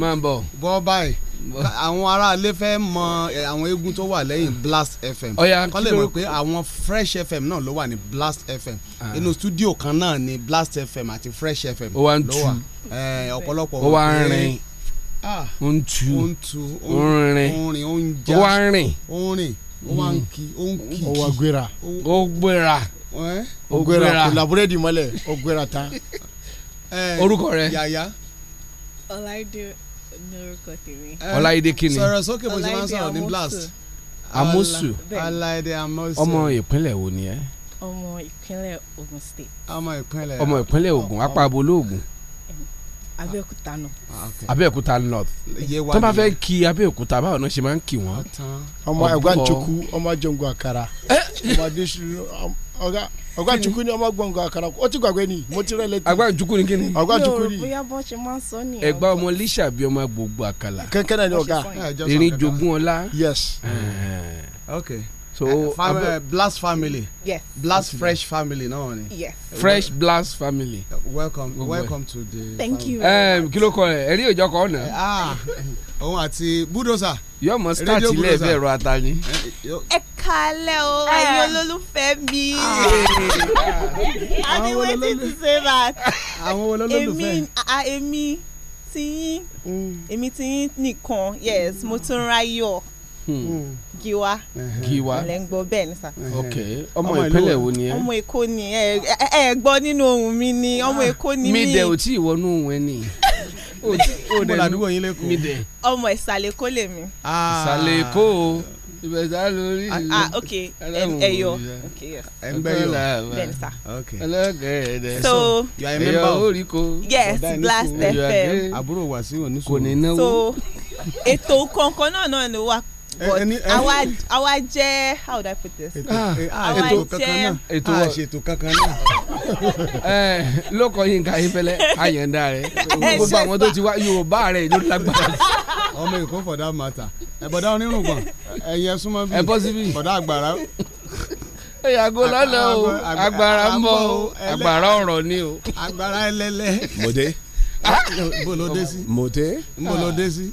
S17: máa bọ̀. bọ́ báyìí àwọn aráalé fẹ́ mọ àwọn eégún tó wà lẹ́yìn Blast FM kọ́ lè mọ̀ pé àwọn Fresh FM náà ló wà ní Blast FM ah. inú stúdíò kan náà ni Blast FM àti Fresh FM ló wà ọ̀pọ̀lọpọ̀ wọn. ó wá ń rìn ah. ó ń tu ó ń tu ó ń rìn ó ń já ó wá ń rìn ó ń rìn ó wá ń kí ó ń kí ó wá gbéra ó gbéra ó gbéra kò làbúrẹ́dì mọ́lẹ̀ ó gbéra tán orúkọ rẹ. yàyà.
S1: ọláìdé
S10: lórúkọ tèmi.
S17: ọláìdé kí ni. sọ̀rọ̀ sókè bó ṣe máa ń sọ̀rọ̀ ní blast. amosu
S10: ọláìdé amosu. ọmọ
S17: ìpínlẹ̀ wo ni ẹ.
S10: ọmọ ìpínlẹ̀ Ògùn state. ọmọ
S17: ìpínlẹ̀ ọmọ ìpínlẹ̀ ogun. apá abolo Ògùn.
S10: Ah, Abẹ́òkúta north.
S17: Abẹ́òkúta north. tó bá fẹ́ kí Abẹ́òkúta báwo náà ṣe máa ń kí wọn. ọmọ ẹ̀gbọ́n chukwu ọmọ jọ̀ngọ̀ àkàrà ọmọ adéṣu ọgá ọgbà jukú ni ọmọ gbọǹgàn àkàrà ó ti gbàgbé ni mo ti rẹ létí. àgbà ni kíni. àgbà jukú ni.
S10: bóyá bọ́ ṣe máa ń sọ nìyẹn. ẹgbà
S17: ọmọ lisa bí ọmọ gbogbo àkàlà. kẹ́kẹ́ náà ni ọ̀gá. erin jogun ọlá. yes. Eh. ok so eh, eh, blast family. blast fresh family náà ni. fresh blast family. welcome welcome to the. thank you. kí ló kọ ẹ ẹrí òjọ kọ ọ̀nà. Ah, òun àti bulldozer. yọmọ start ilé ẹ̀fẹ̀ ẹ̀rọ ata ni.
S10: ẹ kálẹ̀ o ah. ẹ̀yin olólùfẹ́ mi. Ah.
S20: I been waiting to say that. àwọn olólùfẹ́.
S10: èmi tiyín èmi tiyín mm. nìkan yes mo tún ráyọ̀ giwa giwa lẹ ń gbọ́ bẹ́ẹ̀ ni sa. ok
S17: ọmọ ìpínlẹ̀ wo ni ẹ. ọmọ
S10: èkó ni ẹ ẹ gbọ́ nínú
S17: ohùn mi ni ọmọ ah. èkó ni mí. mi dẹ̀ ò tí ì wọnú ohùn ẹ nìyí
S10: o dẹ mi ọmọ ìsàlẹ̀ kó lè mi.
S17: ìsàlẹ̀ kó o ìbẹ̀sà lórí ah, ìlú ah, Okay.
S1: ẹyọ ok yes
S17: ẹgbẹ́yọ then sir okay ẹlẹ́gẹ̀ẹ́dẹ̀ so ẹyọ oríko yes Blast FM àbúrò wàsíù oníṣòwò kò ní náwó so
S10: ètò kankan náà náà ló wà but our àwa jẹ́ how would I put this. ètò ah, eh, ah, kankan náà ètò ah, a
S17: ṣètò kankan náà. ẹ eh, lóko yín ká yín fẹlẹ àyẹ̀ndà rẹ gbogbo àwọn tó ti wá yorùbá rẹ ló lágbára. ọmọ èkó for that matter ẹ̀bọ̀dá eh, onírùngbọ̀n ẹ̀yẹ súnmọ́ bíi ẹ̀bọ̀dá àgbàrá ìyàgò lọ́lọ́ o agbára ń bọ̀ o agbára ọ̀rọ̀ ni o. agbára ẹlẹ́lẹ́. mòde. mbolode si. mòde. mbolode si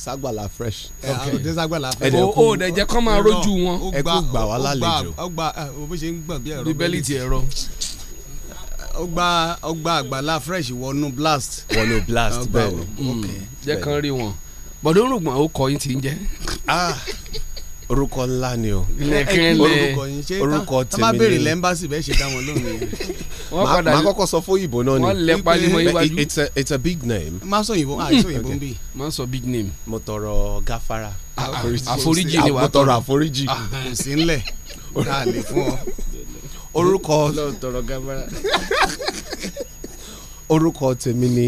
S17: sagbala fresh. Eh, ẹ àròdé fresh. o ò dẹ̀ jẹ́ kó máa rojú wọn. ẹ kò gbà wá lálejò. ó gba eh, bó ṣe ń gbọ̀n bí ẹ̀rọ. bíbélì ti ẹ̀rọ. ó gba ó gba àgbàlá fresh wọnú blast. wọnú blast bẹ́ẹ̀ ni jẹ́ kán rí wọn bọ̀dọ̀ rògbòn ó kọ yín ti ń jẹ́. Ah orúkọ ńlá ni o orúkọ yín ṣe orúkọ tèmi ni tá bá béèrè lẹ́ńbàṣì bẹ́ẹ̀ ṣe dáwọn lónìí.
S19: màá kọ́kọ́ sọ fún òyìnbó náà ni it's a it's a big name. má sọ òyìnbó má sọ òyìnbó bí.
S17: má sọ big name. mo tọrọ gáfárà. Ah, àforíjì ni ah, wàá tọrọ àforíjì. Ah, kò sí ńlẹ̀ fún ọ. orúkọ orúkọ tèmi ni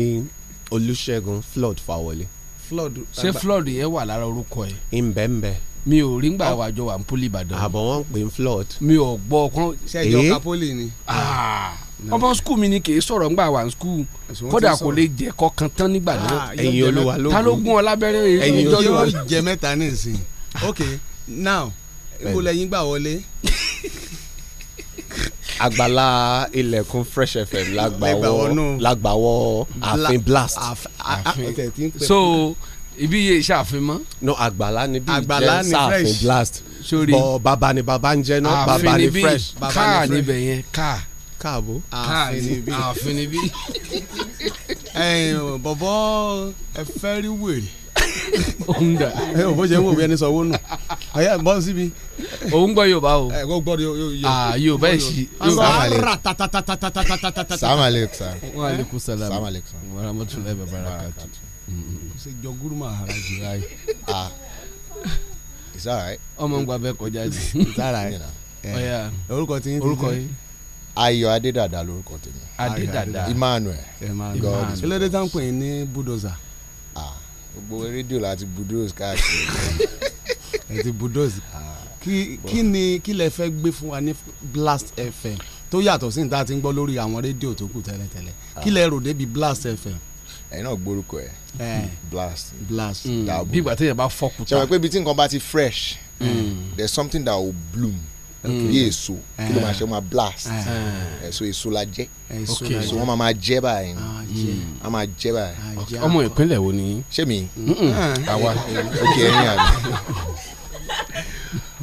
S17: Olúṣẹ́gun Flood Fáwọlé. Flood ṣé Flood yẹn wà lára orúkọ yẹn. ìmbẹ̀ǹbẹ̀ mi ò rí ngbà wàjọ ah. wà ń poli ìbàdàn. àbọ̀ ah, wọn ń pè ń flood. mi ò gbọ́ ọkàn. sẹ́jọ́ eh? kapoli ni. Ah. ọmọ skul mi ni kì í sọ̀rọ̀ ngbà wà skul kódà kò lè jẹ́ kọkàn tán nígbà náà. ẹ̀yin olúwa ló gùn ta ló gún ọ lábẹ́rẹ́ ẹ̀yin olúwa yóò jẹ mẹ́ta ní ìsìn. ok now ibo lẹ́yìn gbà wọlé. àgbàlá ilẹ̀kùn fresh fm lágbàwọ́ lágbàwọ́ àfin blast. so ibi yẹ ṣàfin mọ́. no àgbàlá ni bí jẹ ṣàfin blast bọ baba ni baba ń jẹ náà baba ni fresh. káà níbẹ̀ yẹn káà. káàbọ̀ àfin ni bí. bọ̀bọ̀ ẹ fẹ́ rí wèrè òun dà. ẹ ò bó ṣe ń wò bí ẹni sanwó nù. ọyá bọ́ síbi. òun gbọ́ Yorùbá o. ẹ kò gbọ́ Yorùbá. Yorùbá ẹ̀ sí. sàmàlẹ́kùsà. sàmàlẹ́kùsà. sàmàlẹ́kùsà. wàhámàtúlẹ̀ bàbá rà kàtó ṣe jọ gúrú maharaj báyìí. ah it's alright. ọmọ ń gba bẹ́ẹ̀ kọjá jù. it's alright. ọ̀ya eh, orúkọ tí ń tí orúkọ yìí. ayọ̀ adédàdà lórúkọ tèmi. adédàdà emmanuel. emmanuel elédè tá n pè é ní budoza. ah gbogbo rédíò láti budoza káàkiri. ẹ ti budoza. Ah. kí ni kí lẹ fẹ́ gbé fún wa ní blast fm tó yàtọ̀ sí ní tá ti ń gbọ́ lórí àwọn rédíò tó kù tẹ́lẹ̀tẹ́lẹ̀ ah. kí lẹ rò débi blast fm ẹ̀yin náà gbórúkọ ẹ̀ blast blast dabo hmm. bí ìgbà téèyàn bá fọ́kùtà ṣe wọ́n pé ibi tí nǹkan bá ti fresh hmm. there is something that will bloom
S14: hmm. bí èso kí ló máa ṣe
S17: eh. ó máa blast èso eh. eh, èso la
S14: jẹ so wọn máa máa jẹ báyìí wọn ah, máa jẹ báyìí. Ah, ọmọ
S17: ìpínlẹ̀ wo ni. ṣé mi ah, àwa ok ẹ̀yin àná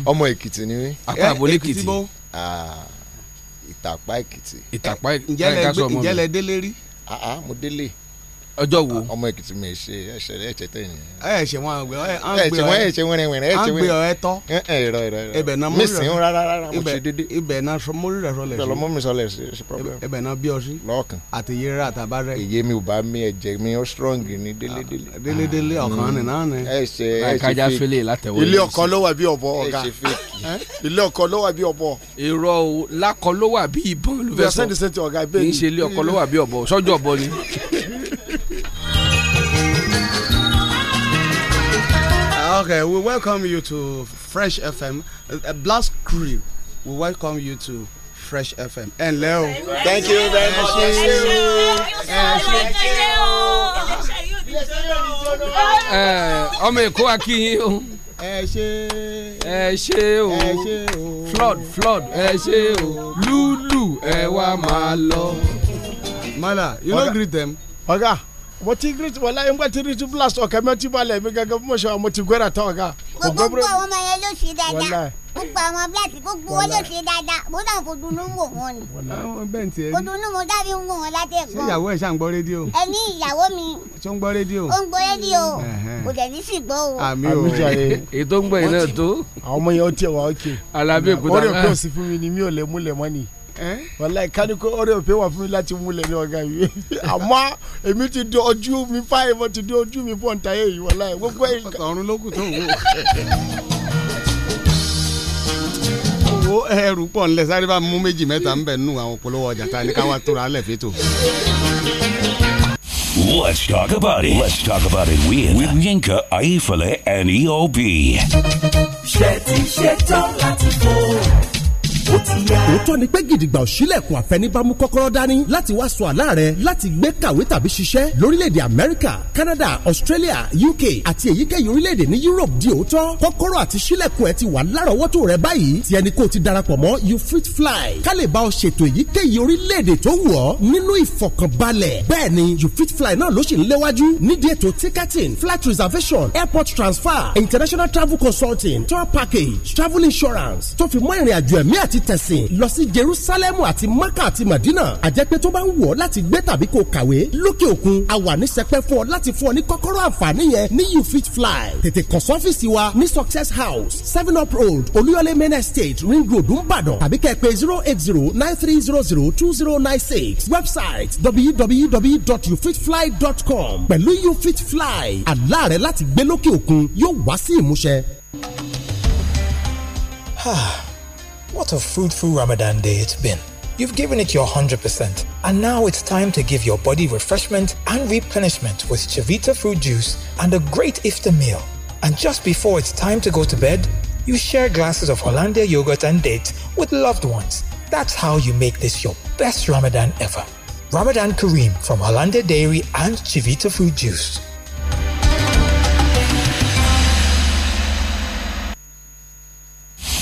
S17: ọmọ èkìtì ni mí. apá àbólé èkìtì ìtàpá èkìtì. ìtàpá ìtàpá ìkásọ ọmọ mi. ǹjẹ́ délé rí. mo délé ọjọ́ wo ọmọ èkìtì mi ṣe ẹsẹ ẹsẹ tẹyìn. ẹ ṣe wọn àgbẹ ẹ à ń gbé ọ̀rẹ́ ẹ ṣe wọn ẹwẹrẹ ẹ ṣe wọn àgbẹ ọ̀rẹ́ tọ. ẹ ẹ irọ́ irọ́ irọ́ ibẹ̀ náà mú mi sìn rárá rárá mo ṣe dédé. ibẹ̀ náà mo rí rẹ sọlẹ sí. ibẹ̀ mú mi sọlẹ sí ṣe problem. ibẹ̀ náà bí ọ sí. lọọkan àti iye rẹ àtàbá rẹ. èyí mi ò bá mi ẹ̀jẹ̀ mi ó strong ni délédélé. délédélé ah, ah. ọkàn ni náà ni. ẹ ṣe ẹ ṣe fake ilé ọkọ ló wà bí ọ̀bọ ọ̀gá ilé ọkọ ló wà bí ọ̀bọ. èrò lakọ ló wà bí ìbọn ló fẹ́ sọ kì í ṣe ilé ọkọ ló wà bí ọ̀bọ sọ́jọ́ ọ̀bọ ni. okay, we welcome you to Fresh FM. Uh, Blast Crew, we welcome you to Fresh FM. Ẹ ǹlẹ́ o. Thank you very much. Ẹ ṣé o. Ẹ ṣé o. Ọmọ Èkó wa kí yín o. Ẹ ṣé. Ẹ ṣé o. Ẹ ṣé o. Flood flood. Ẹ ṣé o. Lulu ẹ wá máa lọ. Mala, you no greet them. Ọ̀gá. Okay mo ti greet wàláyé ngbà ti reach blast ọ̀kẹ́ mi ti balẹ̀ mi gẹ́gẹ́ bí mo ṣe wà mo ti gbéra tán ọ̀gá. gbogbo àwọn ọmọ
S20: yẹn ló ṣe dáadáa gbogbo àwọn blast gbogbo wọn ló ṣe dáadáa mo náà kò dunu wò wọn ni. kò dunu mo dábì ń wò wọn láti ẹ̀kọ́. ṣé ìyàwó
S17: ẹ̀ ṣà ń gbọ́ rédíò. ẹ ní ìyàwó mi. ṣó ń gbọ́ rédíò. ó ń gbọ́
S20: rédíò kò dẹ̀ ní sì gbọ́ o. àmì o
S17: ètò ń gbọ́ yìí náà tó. àwọn ọmọ yẹn ó tiẹ̀ wá ó kè. alábẹ́ òkúta náà. ó rẹ̀ kúrò sí fún mi ni mi ò lè múlẹ̀ mọ́ ni wàlá ìkànnì kó òfin wà fún mi láti múlẹ̀ ní ọ̀gá mi àmọ́ èmi ti di ojú mi fáyé mo ti di ojú mi fún ọ̀ntayé yìí wàlá gbogbo ẹ̀yìn. ọ̀tọ̀ ọ̀run ló kù tó wò. owó ẹrù pọ̀ ńlẹ̀ sáré bá mú méjì mẹ́ta ń bẹ̀ nù àwọn polówó ọjà ta ni káwá tóra lẹ̀ fẹ́tò.
S3: Let's talk about it. Let's talk about it with, with Yinka, Aifale, and EOB
S14: ó ti yá. òótọ́ ni pé gidigba òṣìlẹ̀kùn àfẹnibámú kọ́kọ́rọ́ dání láti wá sọ àlá rẹ láti gbé kàwé tàbí ṣiṣẹ́ lórílẹ̀‐èdè Amẹ́ríkà Canada Australia UK àti èyíkéyìí orílẹ̀‐èdè ní Europe di òótọ́ kọ́kọ́rọ́ àti ṣílẹ̀kùn ẹ ti wà lárọ̀ọ́wọ́tò rẹ báyìí tí ẹni kò ti darapọ̀ mọ́ you fit fly ká lè bá ọ ṣètò èyíkéyìí orílẹ̀‐èdè tó wù ọ́ nínú you fit fly náà ló ṣì ń léwájú nídìí ticketing flight reservation airport transfer international travel consulting tour package travel insurance tó fi mọ́ àti tẹ̀sìn lọ sí Jerusalemu àti Maka àti Madina àjẹpẹ́ tó bá ń wọ̀ láti gbé tàbí kó kàwé lókè òkun a wà ní sẹpẹ́ fún ọ láti fún ọ ní kọ́kọ́rọ́ àǹfààní yẹn ní you fit fly tètè kàn sí ọ́fíìsì wa ní Success House seven up road Olúyọ̀lé main estate ring road ńbàdàn tàbí kẹ́ zero eight zero nine three zero zero two zero nine six website www.youfitfly.com pẹ̀lú you fit fly
S11: àlá rẹ láti gbé lókè òkun yóò wá sí ìmúṣẹ. Ah. What a fruitful Ramadan day it's been. You've given it your 100%, and now it's time to give your body refreshment and replenishment with Chavita fruit juice and a great iftar meal. And just before it's time to go to bed, you share glasses of Hollandia yogurt and dates with loved ones. That's how you make this your best Ramadan ever. Ramadan Kareem from Hollandia Dairy and Chivita Fruit Juice.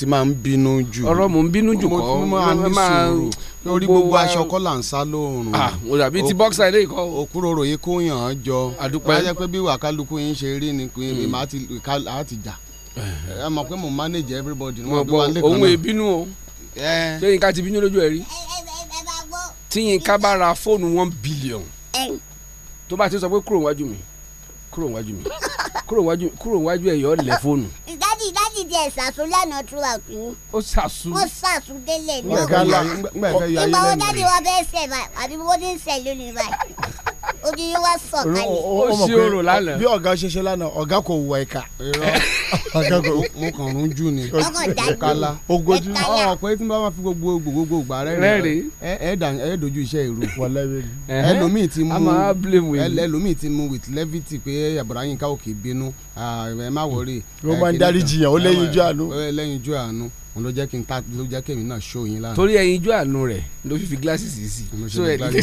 S17: ti máa ń bínú jù. ọ̀rọ̀ mò ń bínú jù kọ́ mo máa ní sùúrù lórí gbogbo aṣọ kọ́ là ń sá lóòrùn. Ah, mo rà bíi ti bọ́ksà ilé ìkọ́. òkúròrò yìí kó yàn án jọ. àdúpẹ́ wáyé pé bí wàkálùkù yín ṣe rí ni pé èmi á ti jà. Eh. ẹ mọ̀ pé mo manage everybody. mo gbọ́ òun èbínú o eh. ṣé ká ti bínú lójú ẹ rí. Eh, tí yín ká bá ra fóònù one billion tó bá ti sọ pé kúrò wájú mi kúrò wájú mi kúrò wájú ẹ yọ fóònù
S20: jẹ́ ìsàsù lánàá throughout ni.
S17: ó sàsù. ó
S20: sàsù délé ní ọkọ ìgbà wo dáàdi wa bẹ́ẹ̀ sẹ̀ báyìí àbí wọ́n ti ń sẹ̀ lónìí báyìí ojú yín wá sọ̀kalẹ̀. ó ṣe
S17: orò lánàá. bí ọ̀gá ṣe ṣe lánàá ọ̀gá kò wọ ẹ̀ka. mo kàn rún jù ní kala ogójú ọ pé tí n bá máa fi gbogbo gbogbo gbà rẹ rẹ ẹ ẹ dojú iṣẹ́ ìró ẹlòmíì ti mú ẹlòmíì ti mú with levity pé àbúrò ayínká òkè bínú ẹ má wọrí. ló máa ń dáríjì yàn ó lẹ́yìn ojú àánú. lẹ́yìn ojú àánú òun ló jẹ́ kí n ta ló jẹ́ kí èmi náà ṣó yín lánàá. torí ẹyin ijó àánú rẹ ló fi fi gíláàsì
S1: sí sí. so ẹ ní ẹ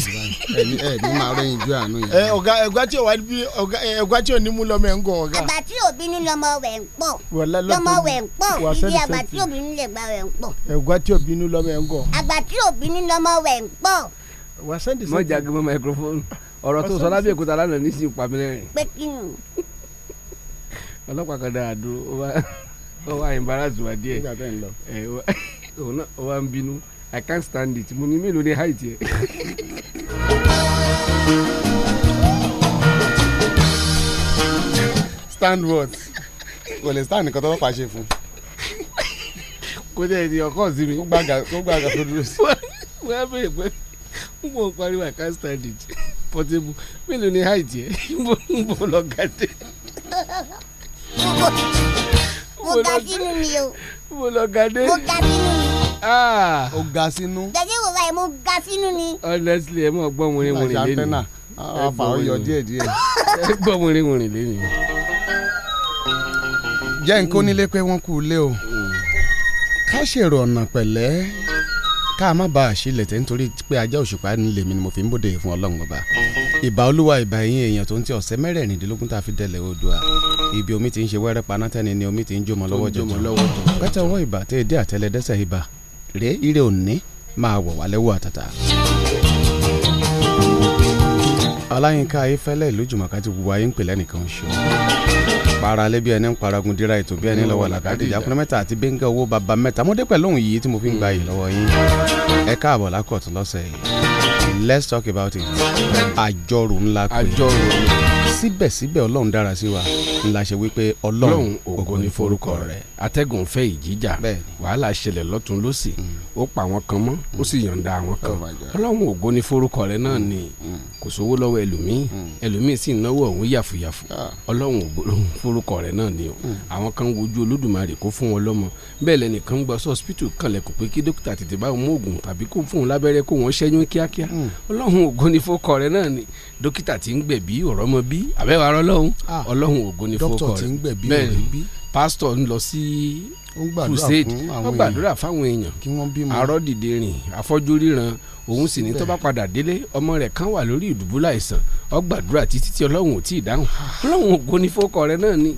S1: ní máa rẹ ijó àánú yẹn. ẹ
S17: ọ̀gá ẹ̀gbá tí òwá bí ọ̀gá ẹ̀gbá tí òní mú lọ́mọ ẹ̀ ń gọ ọ̀gá. àgbà
S20: tí òbí ní lọ́mọ rẹ̀ ń pọ̀
S17: lọ́mọ rẹ̀ ń pọ̀ ibi àgbà tí òbí ní ń pọ̀. ẹ̀gbá tí òbí ní lọ́mọ ẹ̀ ń gọ.
S20: àgbà tí òbí ní
S17: mọ jagun mọ microphone ọ̀rọ̀ tó sọ lábẹ́ òkúta lánàá ní sí ìpamẹ́rẹ́ rẹ̀. pé kí ni. ọlọ́pàá kan dára dúró ó wá embarrass wa díẹ̀ ẹ ó wá ń bínú i can't stand it mo ní mélòó ní height yẹ. stand what kò lè stand nǹkan tó wọ́n pàṣẹ fún. kò ọkọ sí mi. kó gbàgà tó dúró sí. wọ́n á pé n kò i can't stand it portable mélòó ní height yẹ n bò lọ gàdé.
S20: mo ga sínú ni o. mo lọ ga dé. mo ga sínú
S17: ni. o ah. ga sínú.
S20: jẹjẹ wo báyìí mo ga sínú ni.
S17: honestly ẹ mọ̀ gbọ́ wọrin wọrin lé ní. àfà ó yọ díẹ̀ díẹ̀. ẹ gbọ́ wọrin wọrin lé ní. jẹ́ nǹkan onílé pé wọ́n kú ilé o hmm. ká ṣèrò ọ̀nà pẹ̀lẹ́ ká má ba àṣìlẹ̀ tẹ́ nítorí pé ajá òṣùpá nílé mi ni mo fi ń bòde fún ọlọ́run ọba ìbà olúwa ìbà yín èèyàn tó ń ti ọ̀sẹ̀ mẹ́rẹ̀ẹ́rìndínlógún tá a fi dẹ̀lẹ̀ odò ibi omi ti ń ṣe wẹ́rẹ́ panátẹ́ni ni omi ti ń jómọ lọ́wọ́ jọjọ pẹ́tẹ́ ọwọ́ ìbà tẹ́ dé àtẹlẹdẹ́sẹ̀ ìbà rèé ire òní máa wọ̀ wá lẹ́wọ́ àtàtà. aláyínká ayéfẹ́lẹ́ ìlú jùmọ̀ká ti wùwá yín pèlẹ́ nìkan ṣo paralẹ́ bí ẹni ń paragun dira ètò bí ẹni lọ́wọ́ làkàdé ìjàkúnlẹ̀ mẹ́ta àti bẹ́ńgà owó baba mẹ́ta mo dé pẹ̀lú yìí tí mo fi ń gba yìí lọ́wọ́ yín ẹ káàbọ̀ lákọ̀tún lọ́sẹ̀ yìí let's talk about it àjọrò ńlá pé síbẹ̀síbẹ̀ ọlọ́run dára sí wa la ṣe wípé ọlọ́run ògo ni forúkọ rẹ̀. atẹ́gùn fẹ́ ìjíjà wàhálà ṣẹlẹ̀ lọ́tún lọ́sì mm. ó pa àwọn kan mọ́ ó sì yọ̀ǹda àwọn kan ọlọ́run ògo ni forúkọ rẹ̀ náà ni mm. Mm. kò sówó lọ́wọ́ ẹlòmíì ẹlòmíì sì náwó ọ̀hún yàfùyàfù ah. ọlọ́run ògo ni forúkọ rẹ̀ náà ni o àwọn kan wojú olódùmarè kó fún wọn lọ́mọ bẹ́ẹ̀ lẹ́nìkan ń gbọ́ sọ́ọ́sìpítù kanlẹ̀ kò pé kí dókítà tètè bá wọn mú oògùn tàbí kó fún un lábẹ́rẹ́ kó wọ́n ṣẹ́yún kíákíá ọlọ́run ògo ni forúkọ rẹ̀ náà ni dókítà ti ń gbẹ̀bí ọ̀rọ̀ mọ bí àbẹ́wàá ọlọ́run ah. ọlọ́run ni dókítà ti ń gbẹ̀bí òrè bí. pásítọ̀ ń lọ sí crusade wọ́n gbàdúrà fáwọn èèyàn kí wọ́n bímọ àárọ̀ dìde rìn afọ́jú ríran òun sì ní tó bá padà délé ọmọ rẹ̀ kan wà lórí ìdùbúlẹ̀ àìsàn ó gbàdúrà títí tí ọlọ́run ò tí ì dáhùn ah. ọlọ́run ògo ní fọ́kọ rẹ̀ náà ni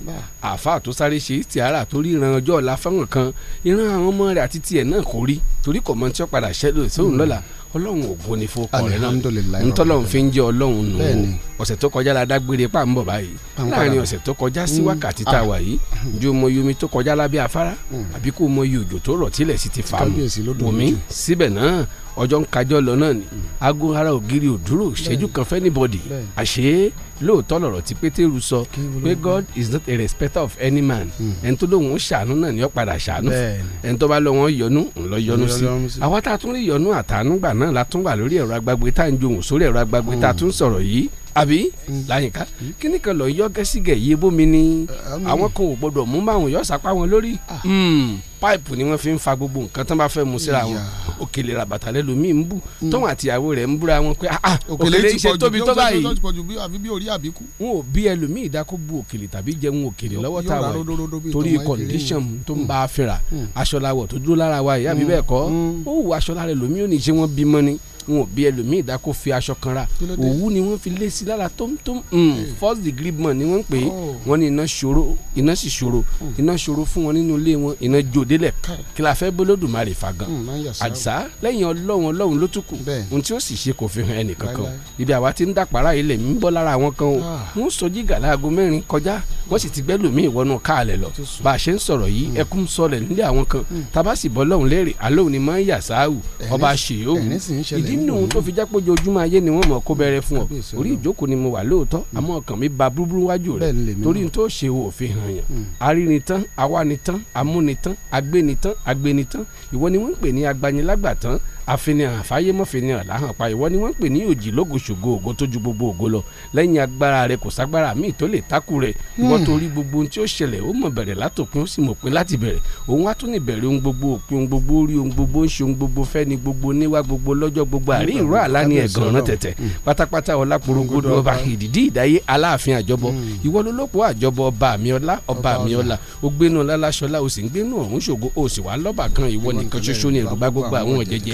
S17: àáfàá tó sáré ṣe ti ara tó ríran ọjọ́ ọ̀la fáwọn kan ìran àwọn ọmọ rẹ̀ àti tiẹ̀ náà kò rí torí kò mọ tí ó padà ṣẹlẹ̀ sóhun hmm. lọ́la ọlọ́run ògo ni fún ọkọ rẹ náà ntọ́lọ́run fi ń jẹ́ ọlọ́run nù ọ̀sẹ̀ tó kọjá la dágbére pa ń bọ̀ báyìí láàrin ọ̀sẹ̀ tó kọjá sí mm. wákàtí tá a ah. wà yìí mm. ju mọ yomi tó kọjá lábẹ́ afárá mm. àbí kó mọ iye òjò tó rọ̀ tilẹ̀ sí ti fàámu wòmí síbẹ̀ náà ọjọ́ ń kájọ́ lọ náà ni aago ara ògiri òdúró ṣẹ́jú kan fẹ́ níbọ̀dì àṣé lóòótọ́ lọ̀rọ̀ tí pétérù sọ pé God is not a respecter of any man hmm. ẹni tó lóun ṣàánú náà ni ó padà ṣàánú ẹni tó bá lọ wọn yọnu ńlọ yọnu sí àwa tá a tún rí yọnu àtànúgbà náà la tún wà lórí ẹ̀rọ agbágbé tá a ń johùn sórí ẹ̀rọ agbágbé tá a hmm. tún sọ̀rọ̀ yìí àbí láyìnká kíní kan lọ yọ gẹ́sígẹ̀ yé bómi ni àwọn kan ò gbọdọ̀ mú báwọn yọ sápá wọn lórí ah. hmm. páìpù ni wọ́n fi ń fa gbogbo nǹkan tó bá fẹ́ mu síra wọn òkèlè ràbàtà lẹ́lu mi ń bù hmm. tóun àtìyàwó rẹ̀ ń búra wọn pé ah, ah, òkèlè ṣe tóbi tó báyìí n ò bí ẹlòmíì dákó bu òkèlè tàbí jẹun òkèlè lọ́wọ́ tá a wọ̀ torí condition tó ń hmm. bá a fẹ́ra aṣọ làwọ̀ tó dúró lára wa yìí àbí bẹ́ẹ̀ kọ́ ó wù aṣọ lára ẹlòmíì ò ní ṣe wọ́n bímọ ni wọn ò bí ẹlòmíì dá kó fi aṣọ kan ra òwú ni wọ́n fi lé sí lára tómtóm um, first degree mọ̀ ni wọ́n ń pè é oh. wọ́n ní iná ṣòro iná sì ṣòro hmm. iná ṣòro fún wọn nínú ilé wọn iná jó délẹ̀ kí la fẹ́ bọ́lódùmarè fagan hmm, àdìsá lẹ́yìn ọlọ́run ọlọ́run ló tún kù ohun tí ó sì ṣe kò fi hàn ẹnì kankan ibi àwa ti ń dàpàrà ilẹ̀ mi ń bọ́ lára àwọn kan o ah. wọ́n sọ jígà láago mẹ́rin kọjá wọ́n sì ti gbẹ́lòmíì wọnú káàlẹ̀ lọ bá a ṣe ń sọ̀rọ̀ yìí hmm. ẹkún sọlẹ̀ nílé àwọn kan tabasi bọ́lọ́run lẹ́rìí alóhùn ni máa ń yà sáà wù ọba ṣèyí òwú ìd ìdí nìhun tó fi jápé ojoojúmọ́ ayé ni wọ́n mọ̀ kó bẹ̀rẹ̀ fún ọ orí ìjókòó ni mo wà lóòótọ́ mm. àmọ́ ọkàn mi ba búburú wájú rẹ̀ torí n tó ṣe wò fi hàn yàn mm. arínitán awánitán amúnitán agbénitán agbénitán ìwọ ni wọ́n ń pè ní agbanilágbàtán àfihàn àfáyémọ́fihàn làhànpá ìwọ ni wọ́n ń pè ní òjì lógoṣògo ògo tó ju gbogbo ògo lọ lẹ́yìn agbára rẹ kò ságbára míì tó lè takú rẹ ìwọ hmm. torí gbogbo ohun tí ó ṣẹlẹ̀ ó mọ̀ bẹ̀rẹ̀ látòpin ó sì mọ̀ pin láti bẹ̀rẹ̀ òun á tún ní bẹ̀rẹ̀ ohun gbogbo òpin ohun gbogbo orí ohun gbogbo ń ṣe ohun gbogbo fẹ́ni gbogbo níwá gbogbo lọ́jọ́ gbogbo àrí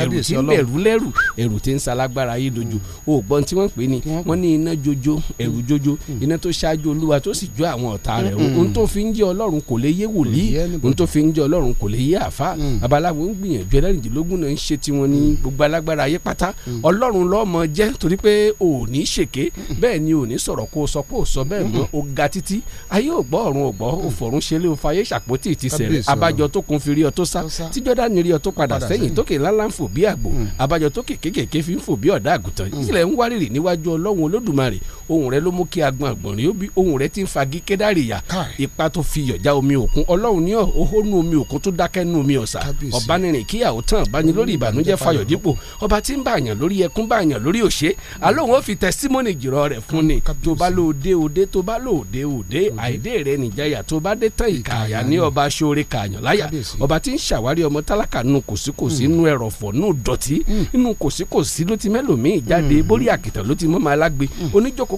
S17: ìró kábíyèsí ọlọ́run ẹ̀rù tí ń bẹ̀rù lẹ́rù ẹ̀rù tí ń salágbára yìí dojú hmm. òògbọ́n tí wọ́n pè ní wọ́n ní iná jojo hmm. ẹ̀rù jojo hmm. iná tó ṣáájú olúwa tó sì jó àwọn ọ̀tá rẹ̀ ohun tó fi ń jẹ́ ọlọ́run kò lè yé wòlíì ohun tó fi ń jẹ́ ọlọ́run kò lè yé àfa babaláwo ń gbìyànjú ẹlẹ́rìndínlógún náà ń ṣe tiwọn ní gbogbo alágbára ayé pátá ọlọ́run lọ́mọ jẹ́ torí pé ò ní ṣèké bẹ́ẹ̀ ni ò ní sọ̀rọ̀ kó sọ pé ò sọ bẹ́ẹ̀ mọ́ ó ga títí ayé ò gbọ́ ọ̀run ò gbọ́ ò fọ̀run ṣe lé o fayé ṣàpótì ìtìsẹ̀rẹ̀ abájọ tó kun fi rí ọ tó sá tíjọ́dá ni rí ọ tó padà sẹ́yìn tókè ńláńlá bí àgbò hmm. àbájọ tó kékèké fi ń fò bí ọ̀dà àgùntàn ìsìlẹ̀ hmm. ń wárìrì níwájú ọlọ́run olódùmarè ohun rẹ ló mú kí agbọn àgbọ̀nrín ó bí ohun rẹ ti ń fagi kédàríyà ipa tó fi yọ̀já omi òkun ọlọ́run ní ọ̀hó nu omi òkun tó dákẹ́ nu omi ọ̀sà ọ̀bánirin kíyàwó tán bani lórí ìbànújẹ́ fayọ̀ dípò ọba tí ń bá àyàn lórí ẹkún bá àyàn lórí òṣè alóhùn ó fi tẹsítímọ́nì jìrọ̀ rẹ̀ fún ni tó bá lò dé òde tó bá lò dé òde àìdè rẹ nìjẹyà tó bá dé tán ìkàyà ní ọba aṣọ́re kàyàn láyà ọba tí ń ṣàwárí ọmọ tálákà nù kòsíkòsí hmm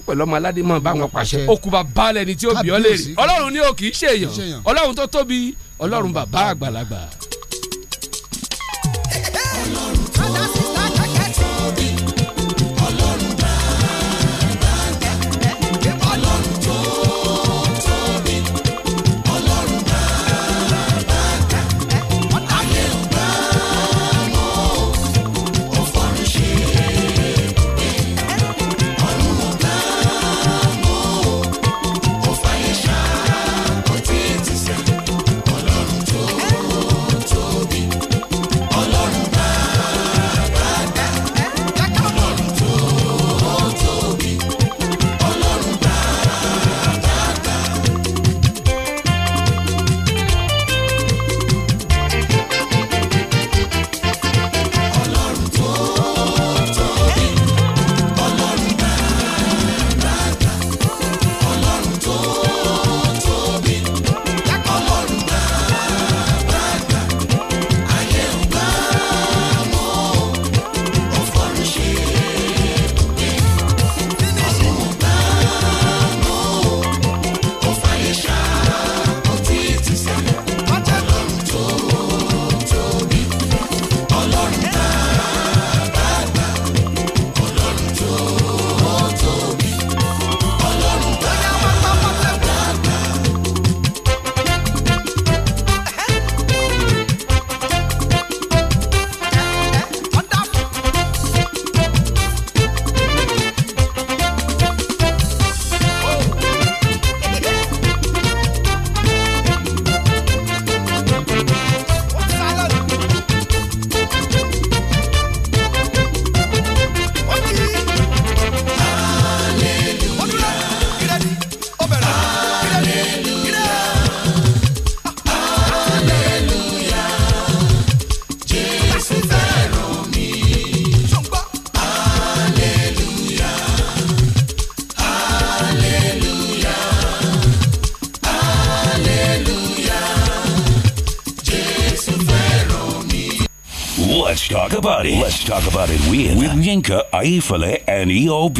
S17: jókòó pẹ̀lú ọmọ aládé mọ̀ bá wọn pàṣẹ. okùnbà balẹ̀ ni tí ó bí ọ lè rí ọlọ́run ni ó kì í ṣèyàn ọlọ́run tó tóbi ọlọ́run bàbá àgbàlagbà.
S3: E pẹ̀lú Yínká Ayífẹ̀lẹ́ and EOB.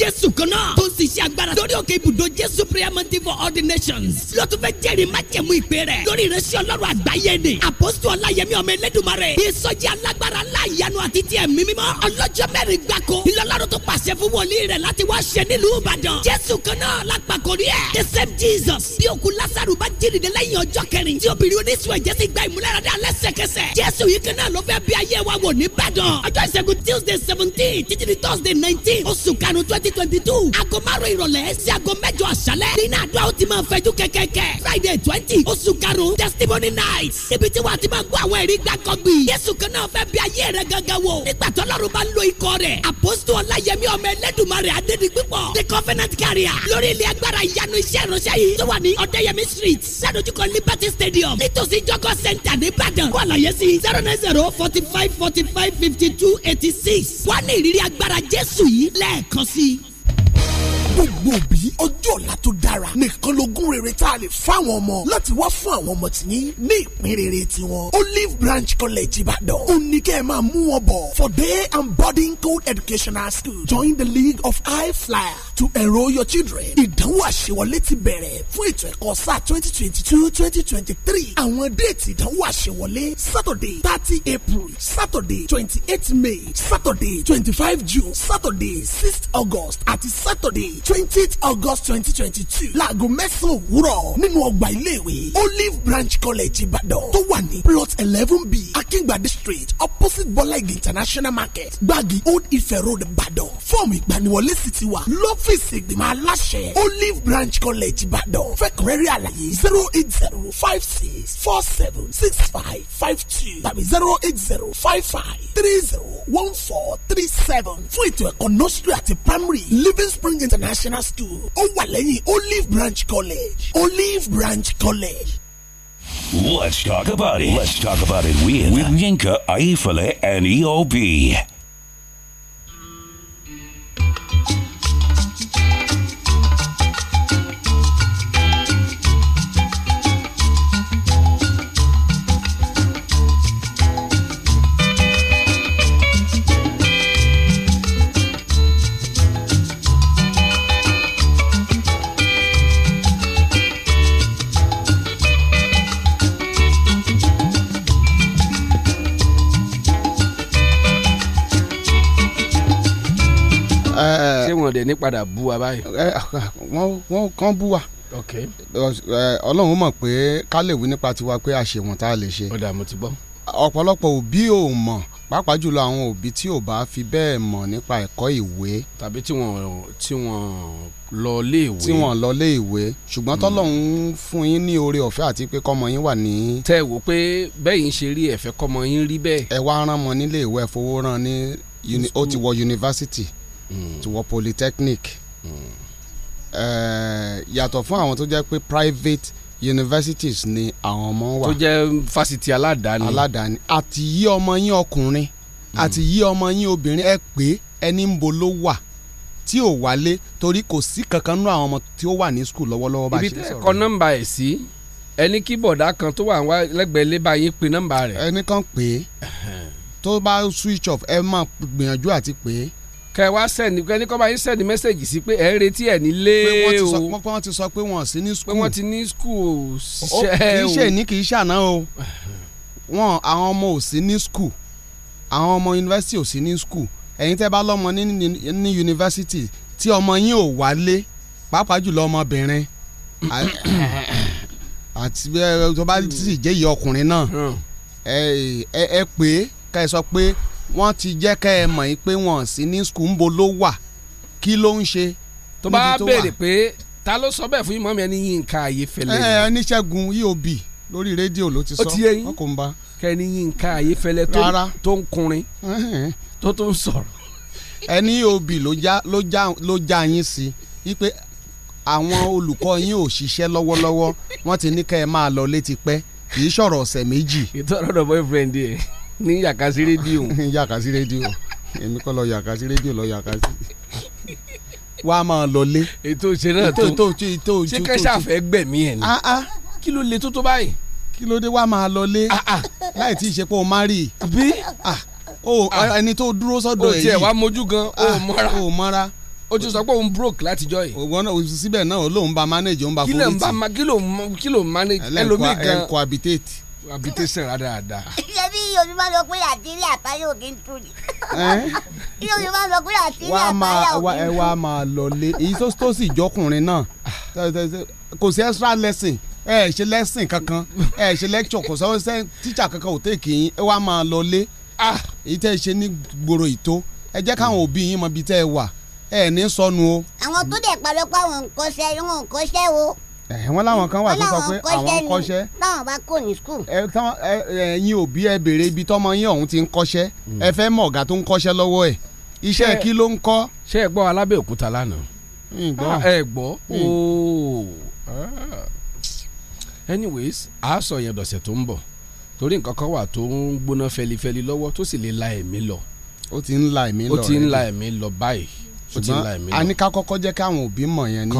S21: jésù kan tó ń ṣiṣẹ́ agbára lórí òkè ibùdó jésù prayer mountain for all the nations ló fẹ́ jẹ́rìí májẹ̀mú ìpè rẹ̀ lórí ìrẹsì ọlọ́run àgbáyé ni àpòsù ọláyẹmí ọmọ Elédùmarè ìsọjí alágbára láàyànú àti tiẹ̀ mímímọ́ ọlọ́jọ́ mẹ́rin gbáko ìlọlọ́run tó pàṣẹ fún wòlíì rẹ̀ láti wá ṣe nílùú ìbàdàn jésù kan náà rí ẹ̀ the same jesus bí òkú lásàrù bá jí dìde lẹ́yìn ọjọ́ kẹrin tí obìnrin oníṣu ẹ̀jẹ̀ sì gba ìmúláradá lẹ́sẹ̀kẹsẹ̀ jésù yìí kan náà ló fẹ́ bí ayé wa wò nìbàdàn ọjọ́ ìṣẹ́gun tuesday seventeen títí di thursday nineteen oṣù kanu twenty twenty two aago márùn ìrọ̀lẹ́ sí aago mẹ́jọ àṣálẹ́ nínú àdúrà ó ti máa fẹjú kẹ́kẹ́kẹ́ friday twenty oṣù karùn testimony night ibi tí wàá ti máa gbọ́ àwọn ẹ̀rí gbàkọ́gbì jésù kan náà fẹ́ bí ayé rẹ̀ gangan wò nígbà tọ́lọ́run bá ń lo ikọ̀ rẹ̀ àpòsù ọláyẹmí ọmọ ẹlẹ́dùnmarè níbi pípọ̀ the covenant carrier lórí ilé agbára ìyanu iṣẹ́ ìránṣẹ́ yìí tó wà ní ọ̀dẹ́yẹmí street sẹ́dójúkọ liberty stadium nítòsí jọgọ center nìbàdàn wọ́n àlàyé sí zero nine zero forty five forty five fifty two eighty six wọ́n ní ìrírí agbára jésù yìí lẹ́ẹ̀kan sí.
S11: gbogbo òbí kalẹ̀ fáwọn ọmọ láti wá fún àwọn ọmọ tí ní ní ìpín rere tiwọn Olive Branch College Ìbàdàn ó ní kẹ́ ẹ máa mú wọn bọ̀ for day and boarding co-educational school join the League of High Flyer to enrol your children ìdánwò àṣewọlé ti bẹ̀rẹ̀ fún ètò ẹ̀kọ́ sáà 2022-2023. two twenty twenty three àwọn déètì ìdánwò àṣewọlé Saturday thirty April Saturday twenty eight May Saturday twenty five June Saturday six August àti Saturday twentieth August twenty twenty two láago mẹ́sàn-án òwúrọ̀ lọ nínú ọgbà iléèwé Olive Branch College Ìbàdàn tó wà ní plot eleven b Akíngbàdé street opposite Bọ́láìgì International Market gbági Old Ife Road Ìbàdàn fọ́ọ̀mù ìgbaniwọlé sì ti wà lọ́fíìsì ìgbìmọ̀ aláṣẹ Olive Branch College Ìbàdàn fẹ́kùrẹ́rì àlàyé zero eight zero five six four seven six five five two tàbí zero eight zero five five three zero one four three seven fún ètò ẹ̀kọ́ nursery àti primary Living Spring International School ó wà lẹ́yìn Olive Branch College Olive Branch College.
S3: Let's talk about it. Let's talk about it with, with Yinka, Aifale, and EOB.
S17: ní padà bú wa báyìí. wọ́n kàn bú wa ọlọ́run mọ̀ pé ká lè wí nípa tiwa pé a ṣe wọn tá a lè ṣe. ọ̀dà mo ti gbọ́. ọ̀pọ̀lọpọ̀ òbí ò mọ̀ pàápàá jùlọ àwọn òbí tí ò bá fi bẹ́ẹ̀ mọ̀ nípa ẹ̀kọ́ ìwé. tàbí tí wọ́n tí wọ́n lọ lé ìwé. tí wọ́n lọ lé ìwé ṣùgbọ́n hmm. tọ́lọ́run fún yín ní oore ọ̀fẹ́ àti pé kọ́mọ yín wà ní. tẹ́ ẹ wò pé bẹ́ẹ̀ yín ṣe rí ẹ̀fẹ́ kọ́mọ yín rí bẹ́ẹ̀. ẹ wá rán mọ nílé ìwé ẹ rán ní ó ti wọ yunifásitì Hmm. ti wọ polytechnic hmm. eh, yàtọ̀ fún àwọn tó jẹ́ pé private universities ni àwọn ọmọ wa. tó jẹ́ fásitì aládàáni. aládàáni àti yí ọmọ yín ọkùnrin hmm. àti yí ọmọ yín obìnrin ẹ pé ẹni ń bo ló wà tí ò wálé torí kò sí kankan nínú àwọn ọmọ tí ó wà ní skul lọ́wọ́lọ́wọ́ bá ṣe sọ̀rọ̀. ibi tẹ́ ẹ kọ nọ́mbà ẹ̀ sí ẹni kí kan tó wà lẹ́gbẹ̀ẹ́ ilé bá yín pe nọ́mbà rẹ̀. ẹnì kan pè é tó bá switch off ẹ máa gbìyànjú àti pè é kẹ wá sẹ́ni kẹ ní kọ́ bá yín sẹ́ni mẹ́sẹ̀gì sí pé ẹ̀ ń retí ẹ̀ nílé o pé wọ́n ti sọ pé wọ́n sí ní skul pé wọ́n ti ní skul o kì í ṣe ní kì í ṣàná o wọn àwọn ọmọ ò sí ní skul àwọn ọmọ yunifásitì ò sí ní skul ẹ̀yin tẹ́ bá lọ́mọ ní ní yunifásitì tí ọmọ yín ò wálé pàápàá jùlọ ọmọbìnrin àti tó bá sì jẹ́ ìyá ọkùnrin náà hmm. ẹ pé ká ẹ sọ pé wọ́n ti jẹ́ kẹ́ ẹ mọ̀ pé wọ́n sì ní skul ńbo ló wà kí ló ń ṣe tó bá ti tó wà. bá béèrè pé ta ló sọ bẹ́ẹ̀ fún ìmọ̀mí ẹni Yínká Ayéfẹ́lẹ́. ẹ ẹ níṣẹ́gun eob lórí rédíò ló ti sọ ọkọ̀ ń ba. kẹ́ni Yínká Ayéfẹ́lẹ́ tó ń kunrin tó tó ń sọ̀rọ̀. ẹni eob ló já yín sí i pé àwọn olùkọ́ yín ò ṣiṣẹ́ lọ́wọ́lọ́wọ́ wọ́n ti ní kẹ́ ẹ máa lọ létí pẹ́ kì í sọ̀rọ̀ ọ̀sẹ̀ méjì. ìtọ́rọ̀ ọ̀dọ̀ boyfriend yẹn ní yàkásí rédíò. ní yàkásí rédíò èmi kọ́ lọ yàkásí rédíò lọ yàkásí wàá máa lọlé. ètò ìṣeré náà tó ṣé kẹ́sà fẹ́ gbẹ̀mí ẹ̀ ni. Ah, ah. kí ló le tó tó báyìí. kí ló dé wàá máa lọlé ah, láì tí ì ṣe pé o má rí i. bí ẹni tó dúró sọ́dọ̀ èyí. o tiẹ̀ wá mojú gan o mọ́ra. o mọ́ra o ti sọ pé òun broke látijọ́ yìí. òwò náà síbẹ̀ náà lòun bá manage òun bá politi. kí ló ń manage ẹlòmíì gan. ẹlẹ́nkọ́ habitate habitation rádaràda.
S20: ṣé bí yorùbá lọ pé àtìrí àtàyò kì í tún ni. yorùbá lọ pé àtìrí àtàyò kì í tún ni. ẹ wá
S17: máa lọ lé èyí tó sì jọkùnrin náà kò sí extra lesson ẹ ṣe lesson kankan ẹ ṣe lecture kò sọ ṣe teacher kankan ò tèkì yín ẹ wá máa lọ lé ah! èyí tẹ́ ẹ ṣe ní gbòòrò ìtó ẹ jẹ́ káwọn òbí yín mọ ibi ẹ wà ẹ ní sọnù o.
S20: àwọn tó dẹ̀ parọ́ pé àwọn nǹkan ṣe wọn nǹkan ṣe o
S17: wọn láwọn kan wà tó sọ pé àwọn kọ́ṣẹ́
S20: táwọn bá kò ní skul.
S17: ẹ̀yin òbí ẹ béèrè ibi tọ́mọ yín ọ̀hún ti ń kọ́ṣẹ́ hmm. ẹ fẹ́ mọ̀ ọ̀gá tó ń kọ́ṣẹ́ lọ́wọ́ ẹ̀ iṣẹ́ kí ló ń kọ́. ṣé ẹ gbọ́ alábẹ́òkúta lánàá. Ah, ẹ gbọ́ ooo ah. anyways a sọ yẹn dọ̀sẹ̀ tó ń bọ̀ torí nǹkan kan wà tó ń gbóná fẹlifẹli lọ́wọ́ tó sì lè la ẹ̀mí lọ. ó ti ń la ẹ̀mí lọ ó ti ń la ẹ̀mí lọ báyìí ṣùgbọ́n a jẹ́ káwọn òbí mọ̀ yẹn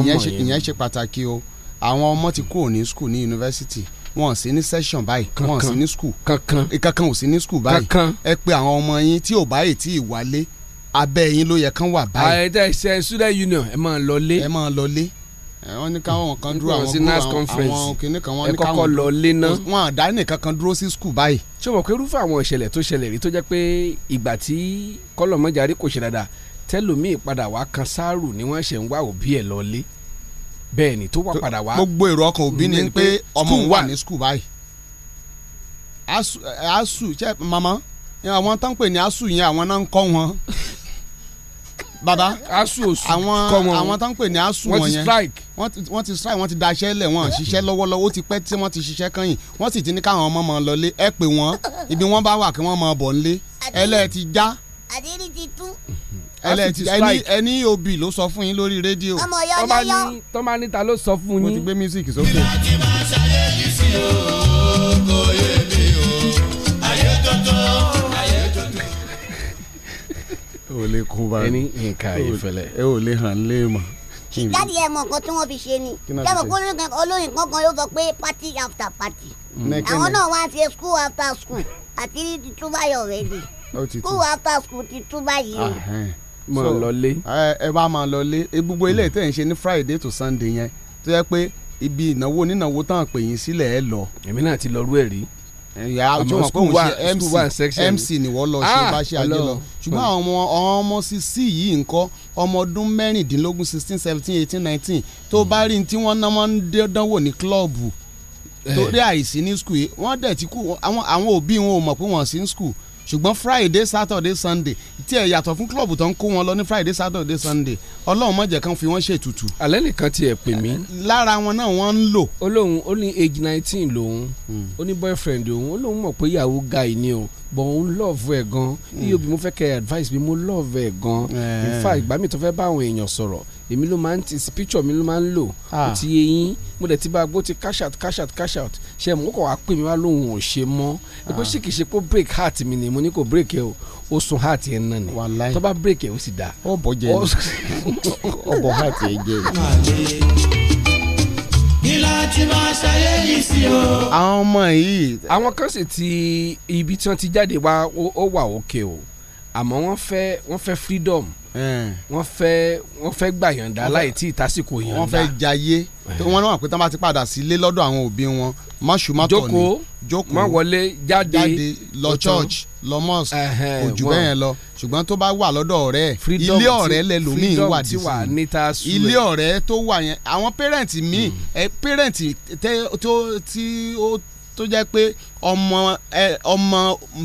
S17: ìyẹn ṣe pàtàkì o àwọn ọmọ ti kúrò ní school ní yunifásitì wọn sì ní session báyìí wọn sì ní school kankan kankan ò sí ní school báyìí ẹ pé àwọn ọmọ yín tí ò báyìí tí ì wálé abẹ́ yín ló yẹ kán wà báyìí. àyè tẹ ṣe student union ẹ máa lọ lé. ẹ máa lọ lé wọ́n ní káwọn kan dúró àwọn kúrò àwọn kìnnì kan wọ́n ní káwọn lọ lé ná. wọn àdá nìkan kan dúró sí skul báyìí. ṣé o mọ̀ pé irúfẹ́ àwọn ìṣẹ̀lẹ̀ tó ṣẹlẹ̀ rí tó jẹ́ pé ìgbà tí kọ́lọ̀mọ́jà rí kò ṣe dáadáa tẹ́lòmíì padà wá kan sáàrù ni wọ́n ṣe ń wá òbí ẹ̀ lọ lé bẹ́ẹ̀ ni tó wá padà wá. gbogbo èrò ọkàn òbí ni pé ọmọ wà ní skul báyìí asu eh, asu ṣe mama àwọn tó ń pè ní asu yẹn àwọn náà ń kọ́ wọn baba asu osu àwọn àwọn tó ń pè ní asu wọn yẹn wọ́n ti strike wọ́n ti daṣẹ́ lẹ̀ wọ́n ṣiṣẹ́ lọ́wọ́lọ́wọ́ ó ti pẹ́ tí wọ́n ti ṣiṣẹ́ kẹ́yìn wọ́n sì ti ní káwọn ọmọ máa lọlé ẹ pè wọ́n ibi wọ́n bá wà kí wọ́n máa bọ̀ ńlé ẹlẹ́ẹ̀ ti já. àdéhùn ti tú ẹni ẹni òbí ló sọ fún yín lórí rédíò. ọmọ yọyọyọ tọ́mà ní ta ló sọ fún yín. mo ti gbé music sókè. kí láti máa
S1: ṣàyẹ̀yí sí o
S5: kò yé mi
S1: o ayé tuntun
S17: ẹni nǹkan ayé ẹ ò lè hàn lé mọ láti ẹ
S20: mọ nǹkan tí wọn fi ṣe ni kẹfọ olóyìn kankan ló sọ pé party after party mm. àwọn náà wá ṣe school after school àti túbáyọ rẹ di school after school ti túbáyọ
S17: mọ lọlé. ẹ wá máa lọlé e, gbogbo ilé hmm. tẹ̀ ń ṣe ní friday to sunday yẹn tó yẹ pé ibi ìnáwó onínáwó tán pè yín sílẹ̀ ẹ lọ. èmi náà ti lọ rú ẹ̀ rí ìyá ojú ọmọ kò ń ṣe mc ni wọ́n lọ ṣe ah, bá ṣe ajé lọ ṣùgbọ́n àwọn ọmọ sisi yìí ńkọ́ ọmọ ọdún mẹ́rìndínlógún sixteen seventeen eighteen nineteen tó bá rí tí wọ́n náà máa ń dánwò ní kílọ̀bù torí eh. àìsí ní skul wọ́n dẹ̀ ti kú àwọn òbí wọn ò mọ̀ pé wọ́n sí skul ṣùgbọ́n friday saturday sunday tí ẹ yàtọ̀ fún club tó ń kó wọn lọ ní friday saturday sunday ọlọ́run má jẹ́ kán fi wọ́n ṣètùtù. alẹ́ nìkan tiẹ̀ pè mí. lára wọn náà wọ́n ń lò. ó ó ní age nineteen lòun hmm. ó ní boyfriend òun ó lóun mọ̀ pé ìyàwó guy ni o bọ̀ òun love ẹ̀ gan iye òbí hmm. mo fẹ́ kẹ́ advice mi mo love ẹ̀ gan in eh. fact ìgbà mi tó fẹ́ bá àwọn èèyàn sọ̀rọ̀ èmi ló máa ń ti picture mi ló máa ń lò ah. ó ti yé yín mo dẹ̀ ti bá a ti cash out cash out cash out ṣe mo kọ̀ wá pè mí wá lóhùn ò ṣe mọ́ ẹgbẹ́ ah. ṣé kìí ṣe kó break heart mi ni mo ní kó break ẹ o ó sun heart yẹn náà ni tó bá break ẹ ó sì dá. ọbọ jẹ ọbọ heart yẹn jẹ.
S2: ìlà tí àwọn
S17: ọmọ yìí. àwọn kan sì ti ibi tí wọ́n ti jáde wá ó wà òkè o. Okay, o àmọ́ wọ́n fẹ́ wọ́n fẹ́ freedom wọ́n fẹ́ wọ́n fẹ́ gbàyànjá láì tí ìtàsíkò yànjá wọ́n fẹ́ jayé tó wọ́n náà pé tán bá ti padà sílé lọ́dọ̀ àwọn òbí wọn máṣu má tọ̀ ni jókòó má wọlé jáde lọ church lọ mosque ojú bẹ́ẹ̀ lọ ṣùgbọ́n tó bá wà lọ́dọ̀ ọ̀rẹ́ ilé ọ̀rẹ́ lẹ́lòmíì wà dísìn ilé ọ̀rẹ́ tó wà yẹn àwọn pẹ́rẹ́ǹtì míì pẹ́rẹ́ǹtì tó tí ó tó jẹ́ pé ọmọ ọmọ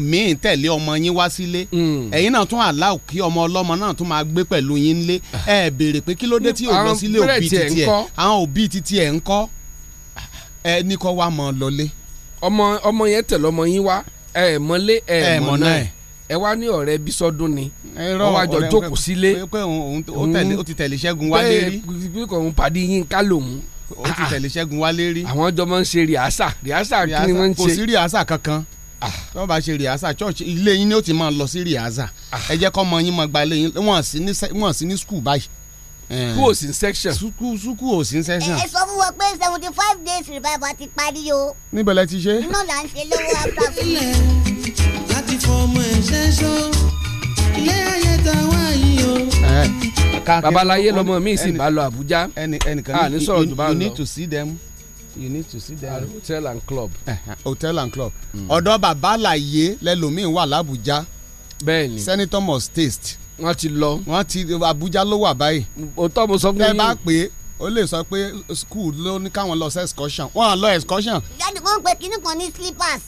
S17: míì tẹ̀lé ọmọ yín wá sílé hmm. ẹ̀yin náà tún àláò kí ọmọ ọlọ́mọ náà tún máa gbé pẹ̀lú yín lé ẹ béèrè pé kí ló dé tí ò lọ sílé òbí titi ẹ̀ àwọn òbí titi ẹ̀ ń kọ́ ẹ ní kọ́ wa mọ̀ lọlé. ọmọ ọmọ yẹn tẹ̀lé ọmọ yín wá ẹ mọ́lé ẹ mọ́ náà ẹ wá ní ọ̀rẹ́ bí sọ́dún ni wọ́n wá jọ jókòó sílé. pé ó ti tẹ̀lé Ṣẹ́gun wálé rí. pé kò pàdé yín ká lòun ó ti tẹ̀lé Ṣẹ́gun Wálé rí. àwọn jọ máa ń ṣe rìásà rìásà kí ni wọ́n ń ṣe. kò sí rìásà kankan ah. tí wọ́n bá ṣe rìásà church ilé yín ni ó ti máa lọ sí rìásà ah. ẹ jẹ́ kọ́ ọmọ yín máa gba ilé yín wọ́n sì ní school báyìí. school ò sí ní section. school ò sí ní section. ẹ sọ
S20: fún wọn pé seventy five days revival ti parí o.
S17: níbẹ̀ lẹ ti ṣe. iná
S20: là ń ṣe lówó after
S17: ilé lọmọ mi sì bá lọ Àbújá a ah, ní sọ̀rọ̀ bá lọ. you need to see them you need to see them. hotel and club. hotel and club. Hmm. ọ̀dọ̀ babaláyé lẹ́lòmíín wà l'Àbújá. bẹ́ẹ̀ni senator must taste. wọ́n ti lọ. wọ́n ti Àbújá ló wà báyìí. òótọ́ mo sọ pé. tẹ́ bá pè é lè sọ pé school ló ní káwọn lọ sí excursion wọ́n á lọ excursion.
S20: jáde kó ń pe kinní kan ní slippers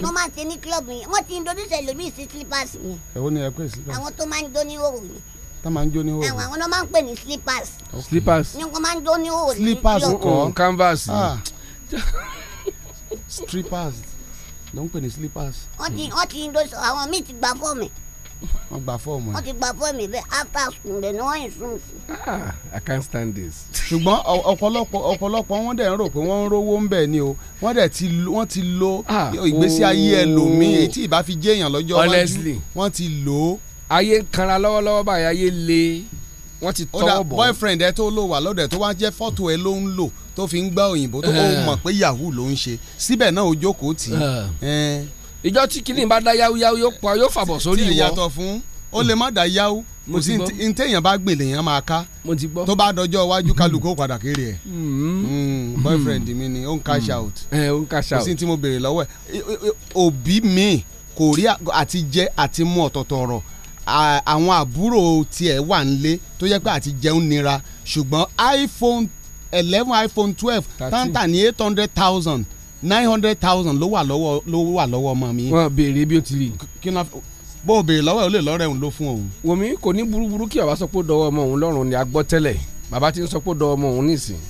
S20: tó máa ń ṣe ní club yẹn wọ́n ti ń introduce ẹlòmíì sí slippers yẹn.
S17: ẹ̀wọ́ ni ẹ pè slippers. àwọn
S20: tó máa ń jó ní òwò ni.
S17: tá máa ń jó ní òwò. àwọn àwọn
S20: náà máa ń pè ní slippers. slippers. ni wọ́n máa ń jó ní òwò. slippers
S17: kọ́ canvas. Ah. strippers ló ń pè ní slippers. wọ́n ti wọ́n
S20: ti introduce àwọn míì ti gbà fọ́ọ̀mù
S17: wọ́n gba fọ́ọ̀mù ẹ̀. wọ́n ti
S20: gba fọ́ọ̀mù ìfẹ́ after school rẹ̀ ni wọ́n yìn sùn sí.
S17: I can't stand this. ṣùgbọ́n ọ̀pọ̀lọpọ̀ ọ̀pọ̀lọpọ̀ wọ́n dẹ̀ ń rò pé wọ́n ń rówó ń bẹ̀ ni o wọ́n dẹ̀ ti lo ah, ìgbésí oh. ayé ẹlòmíì etí ìbá fi jẹ́ lọ́jọ́ iwájú wọ́n ti lò ayé ń kanra lọ́wọ́lọ́wọ́ báyìí ayé le wọ́n ti tọ́wọ́ bọ̀. boyfriend ẹ tó lò wà lọ́dẹ̀ tó wá jẹ́ fọ́tò ẹ ló ń lò tó fi ń gbá òyìnbó tó eh. mọ̀ pé yahoo ló ń ṣe síbẹ̀ náà ó jókòó tì í eh. Eh ìjọ tí kìnìún bá dá yáwó yáwó yóò pa yóò fàbọ̀ sórí ìwọ. tí ìyàtọ̀ fún ó lè má dá yáwó kò sí ntẹ̀yìn bá gbìn lèèyàn máa ká tó bá dọjọ́ iwájú kálukú padà kéré ẹ̀ mm-hmm. mm, boyfriend mi ni ó ń cash mm. out kò sí tí mo béèrè lọ́wọ́ ẹ̀ òbí mi kò rí àti jẹ àti mu ọ̀tọ̀ọ̀tọ̀ ọ̀rọ̀ àwọn àbúrò tiẹ̀ wà nílé tó yẹ pé àti jẹun nira ṣùgbọ́n iPhone eleven iPhone twelve tanta tà ní eight hundred thousand nine hundred thousand ló wà lọ́wọ́ ló wà lọ́wọ́ ọmọ mi. wọn béèrè bí o ti rí. kí n bó o béèrè lọ́wọ́ ẹ̀ o lè lọ́rẹ̀ òun ló fún òun. wòmí kò ní burúburú kí àwa sọ pé ó dọwọ́ ọmọ òun lọ́rùn ni a gbọ́ tẹ́lẹ̀ bàbá ti ń sọ pé ó dọwọ́ ọmọ òun nísìn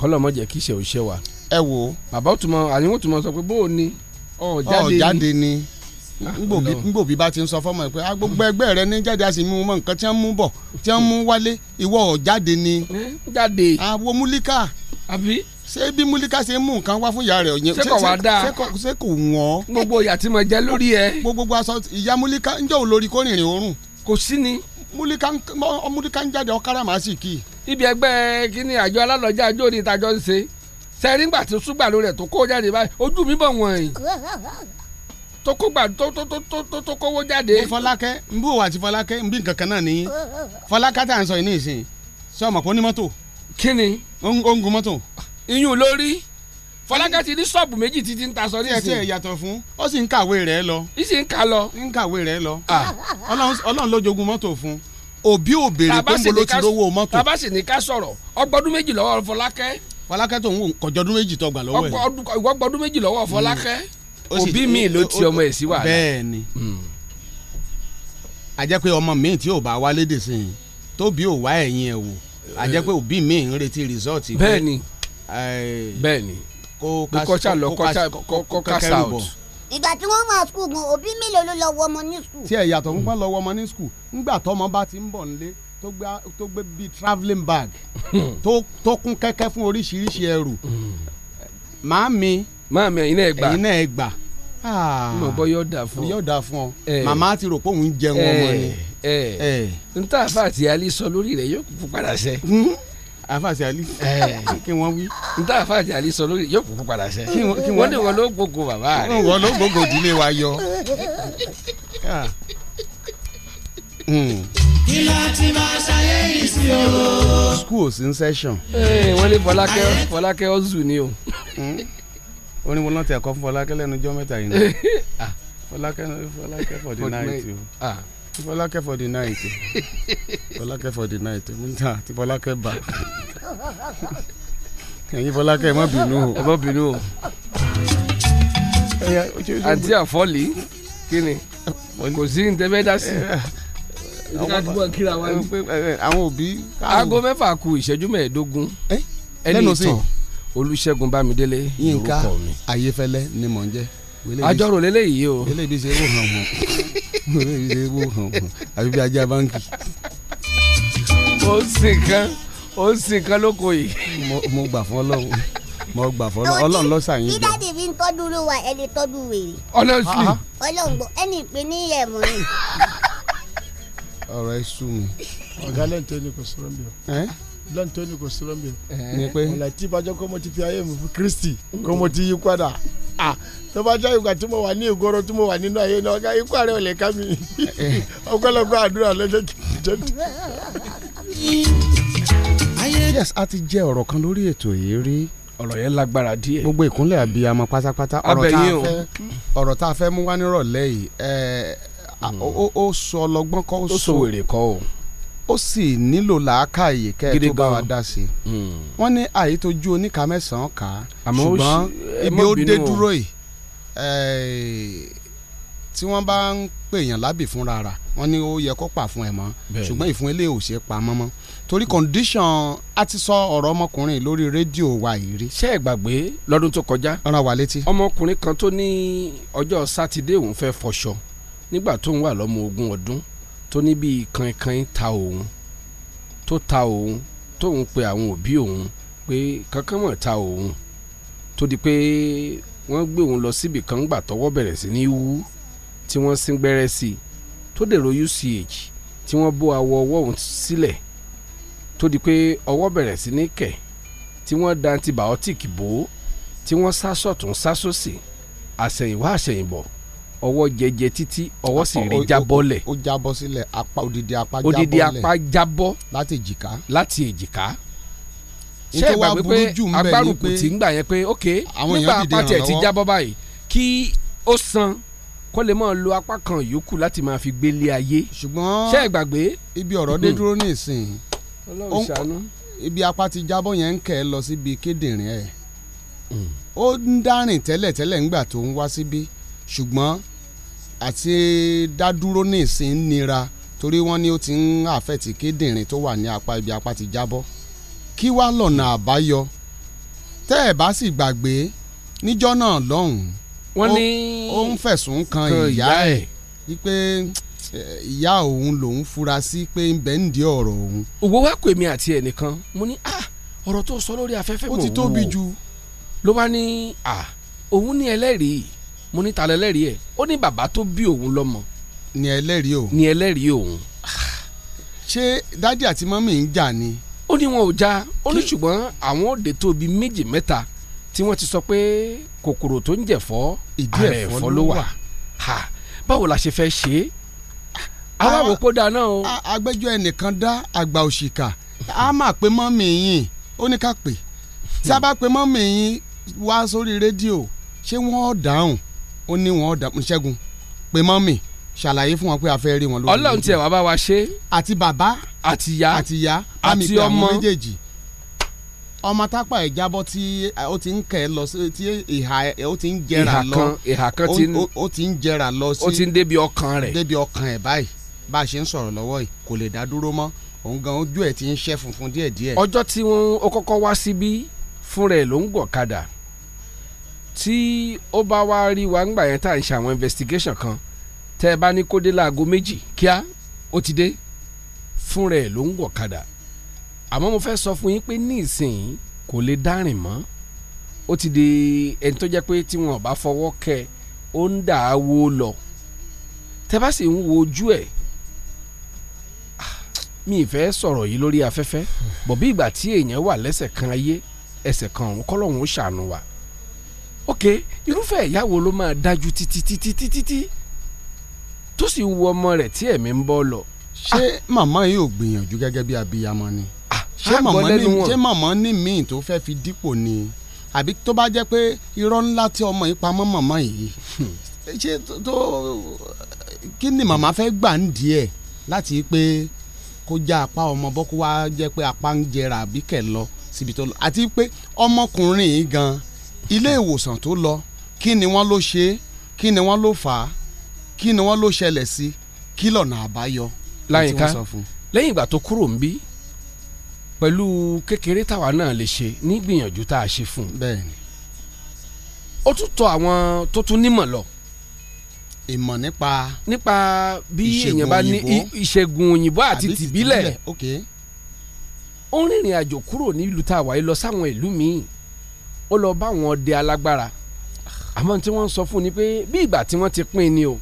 S17: kọ́lọ́mọ jẹ́ kí iṣẹ́ ò ṣe wa. ẹ wo. bàbá ó túmọ̀ àyìn ó túmọ̀ sọ pé bó o ní. ọ jáde ni ngbòbí ah, bá ti ń sọ fọmọ ẹ pé ah, gbogbo ẹgbẹ́ rẹ ní jáde a sì mú mọ nǹkan tí wọ́n mú bọ̀ tí wọ́n mú wálé ìwọ ò jáde ni. jáde. àwo ah, múlíkà. àbí ṣé bí múlíkà ṣe mú nǹkan wá fún ìyá rẹ̀ kò wá dáa ṣé kò wọ́n. gbogbo ìyà tí mo jẹ lórí ẹ. gbogbo aṣọ ìyá múlíkà ń jẹ́ olórí kó oorun. kò sí ni. múlíkà ń jáde ọ̀kára màá sì ibi ẹgbẹ́ kínní àjọ alálọ́jà àjọ òní ìtajọ́ ń ṣe sẹ́rí ńgbà tó súgbà lórí ẹ̀ tó kó jáde báyìí ojú mi wa ti fọlákẹ́ n bí nǹkan náà ní fọlákẹ́ sọ ma pọ̀ ni. ó ń gun iyún lórí fọlákẹ́ ti ní ṣọ́ọ̀bù méjì títí ń ta sọ nísìnyí. ẹsẹ̀ ìyàtọ̀ fún ó sì ń kàwé rẹ̀ lọ. ó sì ń lọ. ń kàwé rẹ̀ lọ. ọlọ́run ló jogún mọ́tò fún òbí ò béèrè pé mo ló ti rówó mọ́tò. tàbá sì ní ká sọ̀rọ̀ ọgbọ́dún méjì lọ́wọ́ fọlákẹ́. fọlákẹ́ tó ń wò kọjọ́dún méjì tó gbà lọ́wọ́
S1: ọmọ ẹ̀ sí wàhálà.
S17: àjẹ́ hmm. pé ọmọ bẹ́ẹ̀ni kọ́ṣà lọ kọ́ṣà south.
S20: ìgbà tí wọ́n wà skul gan òbí mélòó ló lọ wọ ọmọ ní skul. tí ẹ
S17: yàtọ̀ ń pẹ́ lọ wọ ọmọ ní skul ńgbà tọmọ bá ti ń bọ̀ nílé tó gbé bíi travelling bag tó kún kẹ́kẹ́ fún oríṣiríṣi ẹrù màámi. màámi ẹ̀yin náà ẹ gbà ẹ̀yin náà ẹ gbà mo bọ yóò da fún ọ yóò da fún ọ màmá ti rò pé òun jẹun ọmọ ni. n ta fàtí alẹ́ sọ lórí rẹ̀ yóò kú padà sẹ́ àfàṣì àlì kí wọ́n wí. n ta àfàṣì àlì sọ lórí yóò kúkú padà sẹ. wọ́n ní wọ́n ló gbogbo bàbá rẹ̀. wọ́n ló gbogbo ìdílé wa yọ.
S1: kí la ti máa ṣayé yìí o.
S17: school sí session.
S1: Eh, wọ́n ní fọlákẹ́
S17: fọlákẹ́ ọ̀zù ni o. Hmm. ó ní wọn ti ẹ̀kọ́ fún fọlákẹ́ lẹ́nu ọjọ́ mẹ́ta yìí náà ah, fọlákẹ́
S1: fọlákẹ́ for the night o. Ah
S17: ti Fọlákẹ́ for the night Fọlákẹ́ for the night níta ti Fọlákẹ́ bá ẹ̀yin Fọlákẹ́ ẹ má bínú o ẹ má bínú o àǹtí àfọ́lì kí ni kò sí ní tẹ́fẹ́ dá sí àwọn òbí. aago mẹ́fà ku ìṣẹ́jú mẹ́ẹ̀ẹ́dógún ẹni ìtàn Olúṣẹ́gun Bámidélé Yínká Ayéfẹ́lẹ́ ni mò ń jẹ́. àjọrò lélẹ́yìí o. eléyìí ṣe é wò hàn wọn. ìṣèwò àbí bí ajá báńkì.
S20: ó sì
S12: kan ó sì
S17: kan lóko yìí. mo gbà fún Ọlọ́run mo gbà fún Ọlọ́run Ọlọ́run ló ṣàyìn. bí dáàdi
S20: fi ń tọ́jú olúwa ẹni tọ́jú wèrè. honestly. Ah, ah. Ọlọ́run gbọ́ ẹni ìpínlẹ̀ ẹ̀mọ́ rẹ̀.
S17: ọ̀rọ̀ ẹ sú mi. ọ̀gá lẹ́yìn tẹ́lẹ̀ kò sọ̀rọ̀ mi o. lọ́ntọ́ni kò sọ̀rọ̀ mi. ni pé ọ̀la tí ti fi ayé mi fún kristi ti yí padà tó bá jẹ́ ìgbà tí mo wà ní ìgboro tí mo wà nínú ayé náà ọ̀gá ikú ààrẹ olè ká mi
S2: àdúrà lọ́jọ́
S17: yes a ti jẹ ọrọ kan lórí ètò yìí rí yẹn gbogbo àbíyamọ pátápátá tá a mú wá eh, hmm. ó sọ kọ sọ wèrè kọ. ó sì nílò làákàyè kẹ́ ẹ tó bá wa dá sí i hmm. wọ́n ní àyè tó ju oníka mẹ́sàn-án kà á ṣùgbọ́n ibi ó dé dúró yìí eh, tí wọ́n bá ń pèèyàn lábì fúnra rà wọ́n ní ó yẹ kó pa fún ẹ mọ́ ṣùgbọ́n ìfún ilé ò ṣe pa mọ́mọ́ torí condition a ti sọ ọ̀rọ̀ ọmọkùnrin lórí rédíò wa yìí rí. ṣé ẹ gbàgbé lọ́dún tó kọjá ọ̀ràn wà létí. ọmọkùnrin kan tó ní ọjọ́ sátidé òun fẹ́ fọṣọ nígbà tóun wà lọ́mọ ogún ọdún tó níbi kankan ta òun tó ta òun tóun pe àwọn òbí òun pé kankan mọ̀ ta òun tó di pé wọ́n gbé òun lọ síbi kan gbà tọwọ́ bẹ̀rẹ̀ sí ní wú tí wọ́n sín gbẹ́rẹ́ sí i tó dèrò UCH tí wọ́n bó awọ ọwọ́ òun sílẹ̀ tó di pé ọwọ́ bẹ̀rẹ̀ sí ní kẹ̀ tí wọ́n da antibiotic bò ó tí wọ́n sá sọ̀tún sá sósì àṣẹ̀yìnwá àṣẹ̀yìnbọ̀ ọwọ́ jẹjẹ títí ọwọ́ sì rí jábọ́lẹ̀. ó jábọ́ sílẹ̀ apá odidi apá jábọ́lẹ̀ odidi apá jábọ́ láti èjìká láti èjìká ṣé ẹ gbàgbé agbárùkù tí ń gbà yẹn pé ok nígbà apá tiẹ̀ ti jábọ́ báyìí kí ó san kó lè máa lo apá kan yòókù láti máa fi gbélé ayé ṣùgbọ́n ṣé ẹ ibi ọ̀rọ̀ dé dúró ní ìsìn ibi apá ti jábọ́ yẹn ń kẹ́ ẹ lọ síbi kédìrín ẹ̀ hmm. ó ń dárìn tẹ́lẹ̀tẹ́lẹ̀ ńgbà tó ń wá síbí ṣùgbọ́n àti dádúró ní ìsìn nira torí wọ́n ní ó ti ń àfẹ́tì kíndìnrín tó wà ní apá ibi apá ti jábọ́ kí wá lọ́nà àbáyọ tẹ́ ẹ̀ bá sì gbàgbé níjọ́ náà lọ́hùn wọ́n ní ó ń fẹ̀sùn kan ìyá ẹ̀ wípé ìyá òun lòun fura sí pé ń bẹ́ ń di ọ̀rọ̀ òun. òwò wá pè mí àti ẹnìkan mo ní ah ọ̀rọ̀ tó sọ lórí afẹ́fẹ́ mò ń ó ti tóbi jù ló bá ní ah, òun ní ẹlẹ́rìí mo ní ta lẹ́lẹ́rìí ẹ̀ ó ní bàbá tó bí òun lọ́mọ. ni ẹlẹ́rìí òun. ni ẹlẹ́rìí òun. ṣé dádì àti mọ́mì ń jà ni. ó ní wọn ò já ó ní ṣùgbọ́n àwọn òde tó bíi méjì mẹ́ta tí wọ́n ti sọ pé kòkòrò tó ń jẹ̀fọ́ ààrẹ ẹ̀fọ́ ló wà báwo la ṣe fẹ́ ṣe é àwa wò kó dáa náà o. agbẹjọ́ ẹnìkan dá àgbà òṣìkà a máa pe mọ́mì yín ó ní ká pè tí a hmm. bá pe mọ́mì yín wá sórí rédíò ṣé wọ́n dáhùn ó ní wọn ọ̀dà ṣẹ́gun pé mọ́mì ṣàlàyé fún wọn pé a fẹ́ rí wọn lórí. ọlọ́run tiẹ̀ wá bá wa ṣe. àti bàbá àti ìyá àti ìyá àmì pé àwọn méjèèjì ọmọ tápà ẹ̀ jábọ́ tí ó ti ń kẹ́ lọ sí tí ìhà ó ti ń jẹrà lọ ìhà kan ti ń ó ti ń jẹrà lọ sí ó ti ń débi ọkàn rẹ̀ débi ọkàn ẹ̀ báyìí bá a ṣe ń sọ̀rọ̀ lọ́wọ́ yìí kò lè dá dúró mọ́ òun gan ojú ẹ̀ ti ń ṣẹ́ funfun díẹ̀díẹ̀. ọjọ́ tí wọ́n ó kọ́kọ́ wá síbí fúnra ẹ̀ ló ń gbọ̀kadà tí ó bá wá rí wa ńgbà yẹn tá à ń ṣe àwọn investigation kan tẹ́ ẹ bá ní kó dé láago méjì kíá ó ti dé fún rẹ̀ ló ń wọ̀kadà àmọ́ mo fẹ́ sọ fún yín pé ní ìsìn kò lè dárìn mọ́ ó ti di ẹni tó jẹ́ pé tí wọn ò bá fọwọ́ kẹ ó ń dà á wo lọ tẹ́ bá sì ń wo ojú ẹ̀ ah, mi ì fẹ́ sọ̀rọ̀ yìí lórí afẹ́fẹ́ bọ̀ ìgbà tí èèyàn wà lẹ́sẹ̀ kan ayé ẹsẹ̀ kan ọ̀hún kọ́lọ́hún ó ṣàánú wa ok irúfẹ́ ìyàwó ló máa dájú títí títí títí tí tó sì wọ ọmọ rẹ̀ tí ẹ̀mí ń bọ́ lọ. ṣé màmá yìí ò gbìyànjú gẹ́gẹ́ bí abiyamọ ni ah, ṣé màmá ní míì tó fẹ́ fi dípò ni àbí tó bá jẹ́ pé irọ́ ńlá tí ọmọ yìí pamọ́ màmá yìí ṣé tó kí ni màmá fẹ́ gbà ń díẹ̀ láti pé kó já apá ọmọ bọ́ kó wá jẹ́ pé apá ń jẹrà àbí lọ síbi tó lọ àti pé ọmọkùnrin yìí gan-an ilé ìwòsàn tó lọ kí ni wọ́n ló ṣe é kí ni wọ́n ló fà á kí ni wọ́n ló ṣẹlẹ̀ sí kí lọ́nà àbáyọ. láyìnká lẹ́yìn ìgbà tó kúrò ń bí pẹ̀lú kékeré táwa náà lè ṣe ní gbìyànjú tá a ṣe fún un. bẹ́ẹ̀ni. ó tún tọ àwọn tó tún nímọ̀ lọ. ìmọ̀ nípa. nípa bí èèyàn bá ní ìṣègùn òyìnbó àti tìbílẹ̀. ó rìnrìn àjò kúrò nílùú táwa yìí lọ sáwọn ìlú míì ó lọ bá àwọn ọdẹ alágbára àmọ́ tí wọ́n sọ fún ni pé bí ìgbà tí wọ́n ti pín ni o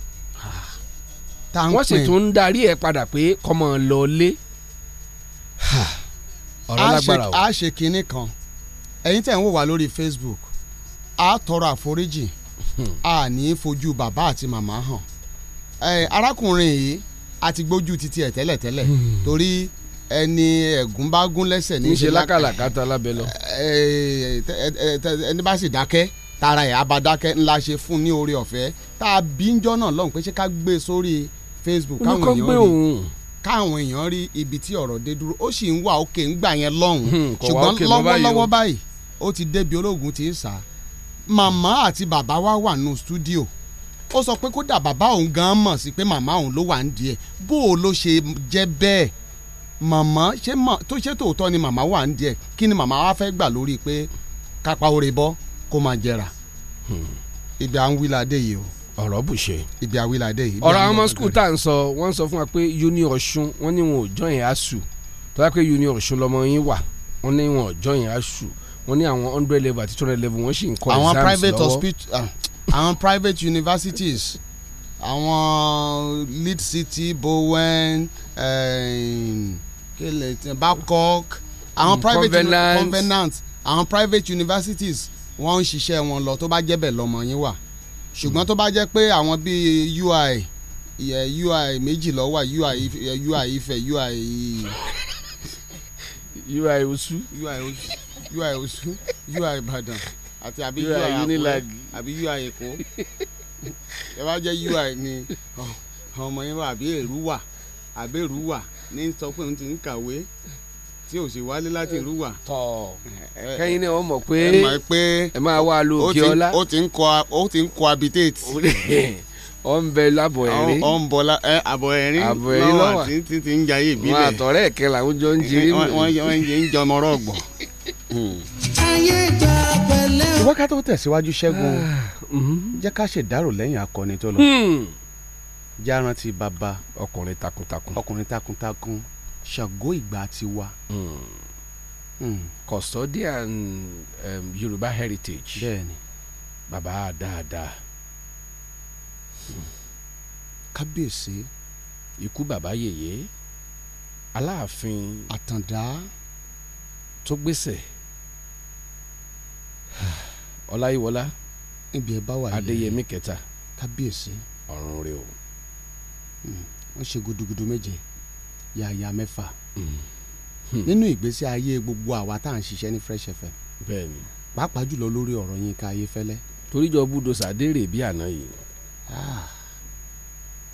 S17: wọ́n sì tún ń darí ẹ̀ padà pé kọ́mọ lọ lé ọ̀rọ̀ lágbára o. a ṣe kinní kan ẹ̀yin tẹ̀ ń wò wá lórí Facebook a tọrọ àforíjì hmm. a ní fojú bàbá àti màmá hàn arákùnrin yìí a ti gbójú títí ẹ̀ tẹ́lẹ̀tẹ́lẹ̀ hmm. torí ẹni ẹ̀gún bá gún lẹ́sẹ̀ ní ṣe lákàlàkà tá lábẹ́ lọ. ẹni bá sì dákẹ́ tara ẹ̀ abadákẹ́ ńlá ṣe fún ní oore ọ̀fẹ́ tá a bí ń jọ́ náà lọ́hùn pé ṣé ká gbé e sórí Facebook káwọn èèyàn rí káwọn èèyàn rí ibi tí ọ̀rọ̀ dé dúró ó sì ń wà òkè ń gbà yẹn lọ́hùn hmm, ṣùgbọ́n lọ́wọ́lọ́wọ́ báyìí ó ti débi ológun ti ń sá màmá àti bàbá wa wà nù stúdíò ó sọ pé kódà bàbá òun gan mọ̀ sí pé màmá òun ló wà ń di ẹ̀ bó o ló ṣe jẹ́ bẹ́ẹ̀ màmá ṣé tó ṣe tòótọ́ ni màmá wà ń díẹ̀ kí ni màmá wa fẹ́ gbà lórí pé kápá oore bọ́ kó máa jẹrà ibi hmm. à ń wí ládé yìí o. ọ̀rọ̀ bù ṣe. ibi à ń wí ládé yìí. ọ̀rọ̀ àwọn ọmọ skul tá à ń sọ wọ́n sọ fún wa pé uni ọ̀ṣun wọ́n ní wọn ò jọ yẹn asu tó yà pé uni ọ̀ṣun lọmọ yín wà wọ́n ní wọn ò jọ yẹn asu wọ́n ní àwọn hundred level àti two hundred level wọ́n sì ń kọ́ exams lọ́wọ́. Ah, àwọn private Babcock àwọn private covenant àwọn private universities wọ́n ń ṣiṣẹ́ wọn lọ tó bá jẹ́ bẹ́ẹ̀ lọ́mọ yín wà ṣùgbọ́n tó bá jẹ́ pé àwọn bíi UI UI méjì lọ wà UI UI Ifẹ̀ UI. UI Osu. UI Osu UI Osu UI Ìbàdàn àti àbí UI Unilag àbí UI Èkó ẹ bá jẹ́ UI ni ọmọ yín wà àbí èrú wà àbí èrú wà ní sọ pé òun ti ń kàwé tí ò sì wálé láti ìlú tọ eh, eh, kẹyìn náà wọn mọ pé ẹ máa wá lu òkè ọlá. ó ti ń kọ ó ti ń kọ habitate. ọ ń bẹ lábọ̀ ẹ̀rín. ọ ń bọ àbọ̀ ẹ̀rín àbọ̀ ẹ̀rín lọ́wọ́ tí ti ń jayé ìbílẹ̀. wọn àtọ̀rẹ́ ẹ̀kẹ́ làwọn jọ ń eh, jirí mi. wọ́n ń jẹ ọmọ rọ̀gbọ̀. Hmm. ayé ìjà ó tẹ̀síwájú ṣẹ́gun ah, mhm. jẹ́ ká ṣèdárò lẹ́yìn akọni tó lọ. Hmm já rántí bàbá ọkùnrin takuntakun ọkùnrin takuntakun ṣàgó ìgbà tiwa. Mm. Hmm. custodian um, Yorùbá heritage. bẹ́ẹ̀ni Baba, dáadáa. Mm. kábíyèsí ikú bàbá yèyé aláàfin àtàndá tó gbèsè ọláyíwọlá ibi ẹ bá wà yìí adéyẹmí kẹta kábíyèsí ọ̀run rẹ o wọ́n hmm. ṣe gudugudu méje yàyà mẹ́fà hmm. Hmm. nínú ìgbésí ayé gbogbo àwa tá à ń ṣiṣẹ́ ní Fresh FM bẹ́ẹ̀ni pàápàá jùlọ lórí ọ̀rọ̀ Yínká Ayéfẹ́lẹ́. toríjọ búdó sàdérè bí àná yìí ah.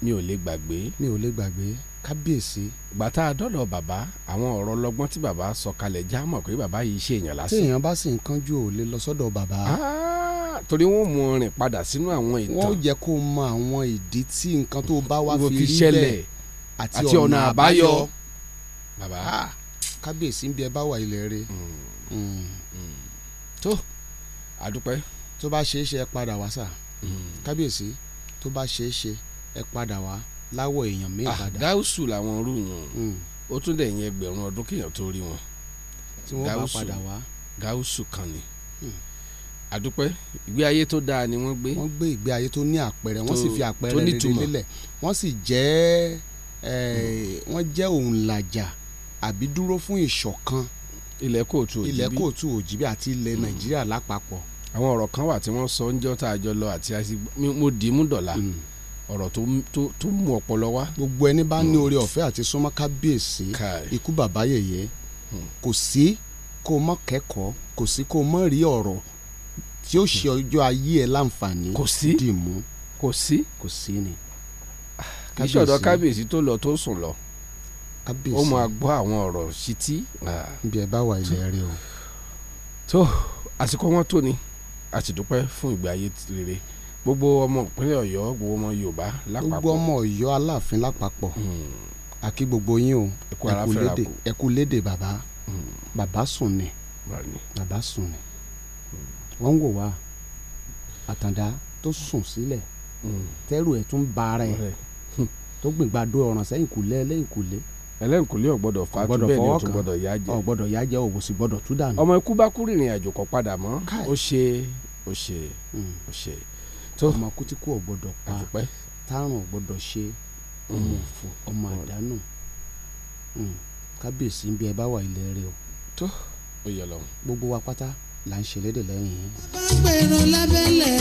S17: mi ò lè gbàgbé. mi ò lè gbàgbé kábíyèsí gbàtà àdọ́lọ̀ bàbá àwọn ọ̀rọ̀ ọlọ́gbọ́n tí bàbá sọ kalẹ̀ já mọ̀ pé bàbá yìí ṣe èèyàn lásán. téèyàn bá sì ń kánjú ò lè lọ sọ́dọ̀ bàbá. torí wọn mú rìn padà sínú àwọn ìtàn. wọn jẹ kó mọ àwọn ìdí tí nǹkan tó bá wá fi rí bẹ́ẹ̀ àti ọ̀nà àbáyọ. bàbá kábíyèsí ń bí ẹ bá wà ilẹ̀ rẹ. Mm, mm. Mm. tó àdúpẹ́. tó bá ṣeé ṣe ẹ padà wá sà kábíyèsí tó bá ṣeé ṣe ẹ padà wá láwọ̀ èèyàn míì ah, padà. gáúsù làwọn rú wọn hmm. ó tún dẹ̀ yẹn ẹgbẹ̀rún ọdún kéèyàn tó rí wọn.
S9: tí wọ́n bá padà
S17: wá. gáúsù kan ni. àdúpẹ́ hmm. ìgbé ayé tó dáa ni wọ́n gbé. wọ́n gbé ìgbé ayé tó ní àpẹẹrẹ wọ́n sì fi àpẹẹrẹ rere lélẹ̀ wọ́n sì jẹ́ wọ́n jẹ́ òǹlàjà àbí dúró fún ìṣọ̀kan ilẹ̀ kóòtù òjìbí ilẹ̀ kóòtù òjìbí àti ilẹ̀ hmm. nàìjíríà lápapọ̀. àwọn ọ̀rọ̀ kan wà tí wọ́n sọ ń jọ́ tá a jọ lọ àti mo dì í mú dọ̀la. Mm ọ̀rọ̀ tó mú ọpọlọ wá. gbogbo ẹni bá ní mm. oore ọ̀fẹ́ àti súnmọ́ kábíyèsí ikú bàbá yèyé mm. kò sí kó o mọ̀ kẹ́kọ̀ọ́ kò sí kó o mọ̀ rí ọ̀rọ̀ tí ó ṣe mm. ọjọ́ ayé ẹ láǹfààní dì mú. kò sí kò sí ni kì í ṣọ̀dọ̀ kábíyèsí tó lọ tó sùn lọ ó máa gbọ́ àwọn ọ̀rọ̀ ṣítí. ibi ẹ bá wà ilẹ̀ rẹ o. tó àsìkò wọn tó ni a fún ìgbé ayé rere gbogbo ọmọ ìpínlẹ̀ ọ̀yọ́ gbogbo ọmọ yorùbá lápapọ̀ gbogbo ọmọ ọ̀yọ́ aláàfin lápapọ̀ àkí hmm. gbogbo yín o ẹ kú lédè bàbá hmm. bàbá sùn ni bàbá sùn ni hmm. wọ́n ń wò wá àtàndá tó sùn sílẹ̀ tẹ́rù ẹ̀ tún ba ara ẹ̀ tó gbìngbà do ọ̀ràn sẹ́yìn kùlé ẹlẹ́yìn kùlé ẹlẹ́nkùlé ọ̀gbọ́dọ̀ fa tún bẹ́ẹ̀ ni tún gbọ́dọ̀ yá jẹ ọ̀gbọ́dọ̀ yá jẹ òwò sì gbọ́dọ̀ tún dànù. ọmọ ikú bá kúrìnrìn àjò kan padà mọ́ ó ṣe ó ṣe ó ṣe ọmọ kútíkù ò gbọ́dọ̀ pa tárùn ò gbọ́dọ̀ ṣe mm. ọmọ òfò ọmọ àdánù mm. kábíyèsí ń bí ẹ bá wà ilẹ̀ rẹ o. tó o yẹ lọ. gbogbo wa pátá là ń ṣe lédè lẹ́yìn
S1: bá a gbèrò lábẹ́lẹ̀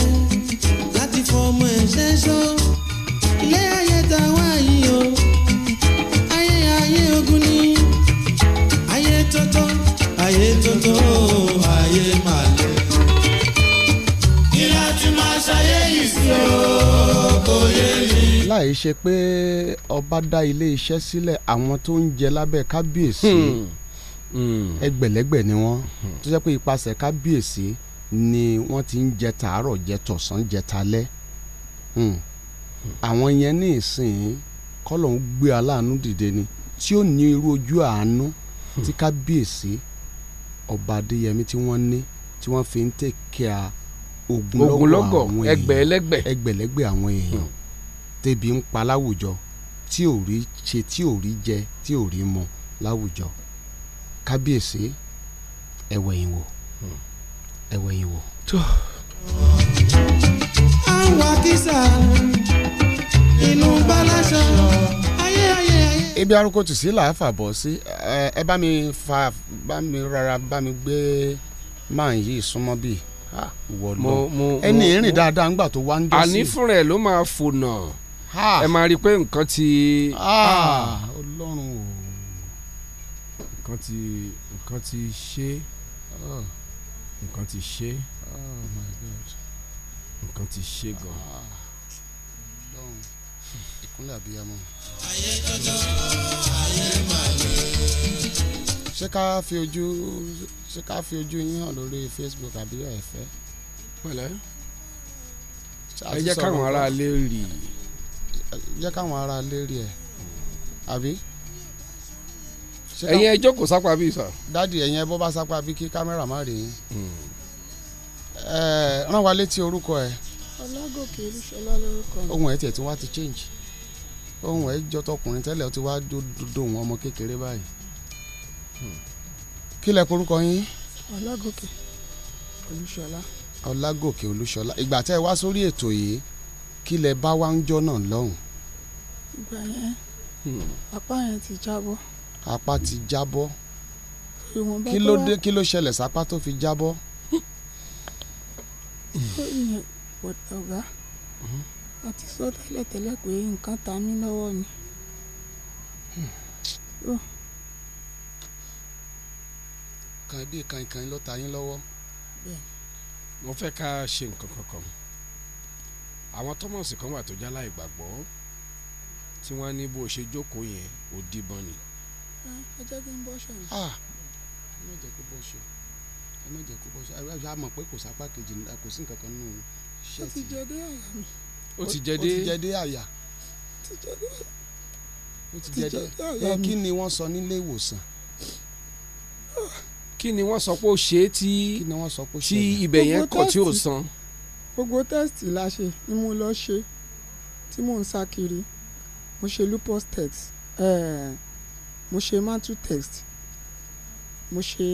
S4: láti fọmọ ẹ̀ṣẹ́ ṣó ilé ayé tá wá yìí o ayé ayé ogun ni ayé tótó ayé tótó o.
S17: láì ṣe pé ọba dá ilé iṣẹ́ sílẹ̀ àwọn tó ń jẹ lábẹ́ kábíyèsí hmm. Hmm. ẹgbẹ̀lẹ́gbẹ̀ ni wọ́n hmm. tó jẹ́ pé ipasẹ̀ kábíyèsí ni wọ́n ti ń jẹ tàárọ̀ jẹ tọ̀sán jẹ talẹ́ àwọn yẹn ní ìsìn kọ́lọ̀ ń gbé aláàánú dìde ni tí ó ní irú ojú àánú tí kábíyèsí ọba adéyẹmí tí wọ́n ní tí wọ́n fi ń tẹ̀kẹ́ ogunlọ́gọ̀ àwọn èèyàn ẹgbẹ̀lẹ́gbẹ̀ àwọn èèyàn tébi ń pa láwùjọ tí ò rí ṣe tí ò rí jẹ tí ò rí mu láwùjọ kábíyèsí ẹ̀wẹ̀ yìí wò hmm. ẹ̀wẹ̀ ibi arúgbó tù sí làá bọ̀ sí ẹ bá mi fa bá mi rárá bá mi gbé máa yí súnmọ́ bíi ìwọ lọ ẹni ìrìn dáadáa ńgbà tó wá ń jọ sí. àní fúnra ẹ ló máa fò náà ẹ máa rí i pé nǹkan ti ọlọ́run o nǹkan ti nǹkan ti ṣe nǹkan ti ṣe oh nǹkan ti ṣe gan. ìkúnlẹ̀ àbíyamọ.
S1: ayé jọjọ ayé máa
S17: lè. ṣé ká fi ojú ṣé ká fi ojú yín hàn lórí Facebook àbí ẹ̀fẹ́. pẹ̀lẹ́ ẹ jẹ́ káwọn aráalé rí i jẹ́ káwọn ará lé rí ẹ̀ àbí. ẹ̀yin ẹ jókòó sápá bíi sà. dádì ẹ̀yin ẹ bọ́ bá sápá bíi kí kámẹ́rà má rèé hmm. rán wa létí orúkọ ẹ.
S4: ọlágòkè olúṣọlá lórúkọ mi. ohun ẹ tiẹ̀
S17: tí wàá ti change ohun ẹ jọ tọkùnrin tẹ́lẹ̀ ó ti wá dòdò wọn ọmọ kékeré báyìí. Hmm. kí lẹ korúkọ yín. ọlágòkè olúṣọlá. ọlágòkè olúṣọlá ìgbà tẹ́ ẹ wá sórí ètò yìí kí lẹ bá wá ń jọ́ náà lọ́hùn. ìgbà yẹn hmm.
S10: apá yẹn ti jábọ́.
S17: apá ti jábọ́ kí ló dé kí ló ṣẹlẹ̀ sápá tó fi jábọ́. ọ̀gá hmm.
S10: a ti sọ tẹ́lẹ̀tẹ́lẹ̀ pé nǹkan ta mí lọ́wọ́ ni.
S17: kan bí kankan ló ta yín lọ́wọ́. mo fẹ́ ká ṣe nǹkan kankan àwọn tọ́mọ̀sì kan wà tó jálá ìgbàgbọ́ tí wọ́n ní bó ṣe jókòó yẹn ò díbọn ni.
S5: Ah, ẹ jẹ́ kí n bọ́ ṣe. Ah,
S17: ẹ má jẹ́ kó bọ́ ṣe ẹ má jẹ́ kó bọ́ ṣe ẹ mọ̀ pé kò sápá kejì kò sí nǹkan kan nínú ṣẹ́ẹ̀tì. ó ti
S5: jẹ dé
S4: àyà mi.
S17: ó ti jẹ dé ó ti jẹ dé àyà. ó ti jẹ dé àyà mi. kí ni wọ́n sọ nílé ìwòsàn? kí ni wọ́n sọ pé ó ṣe é tí ibẹ̀ yẹn kọ̀ tí ò san? gbogbo test la
S10: ṣe ni mo lọ ṣe tí mò ń sá kiri mo ṣe lupus test eh, mo ṣe mantle test mo ṣe.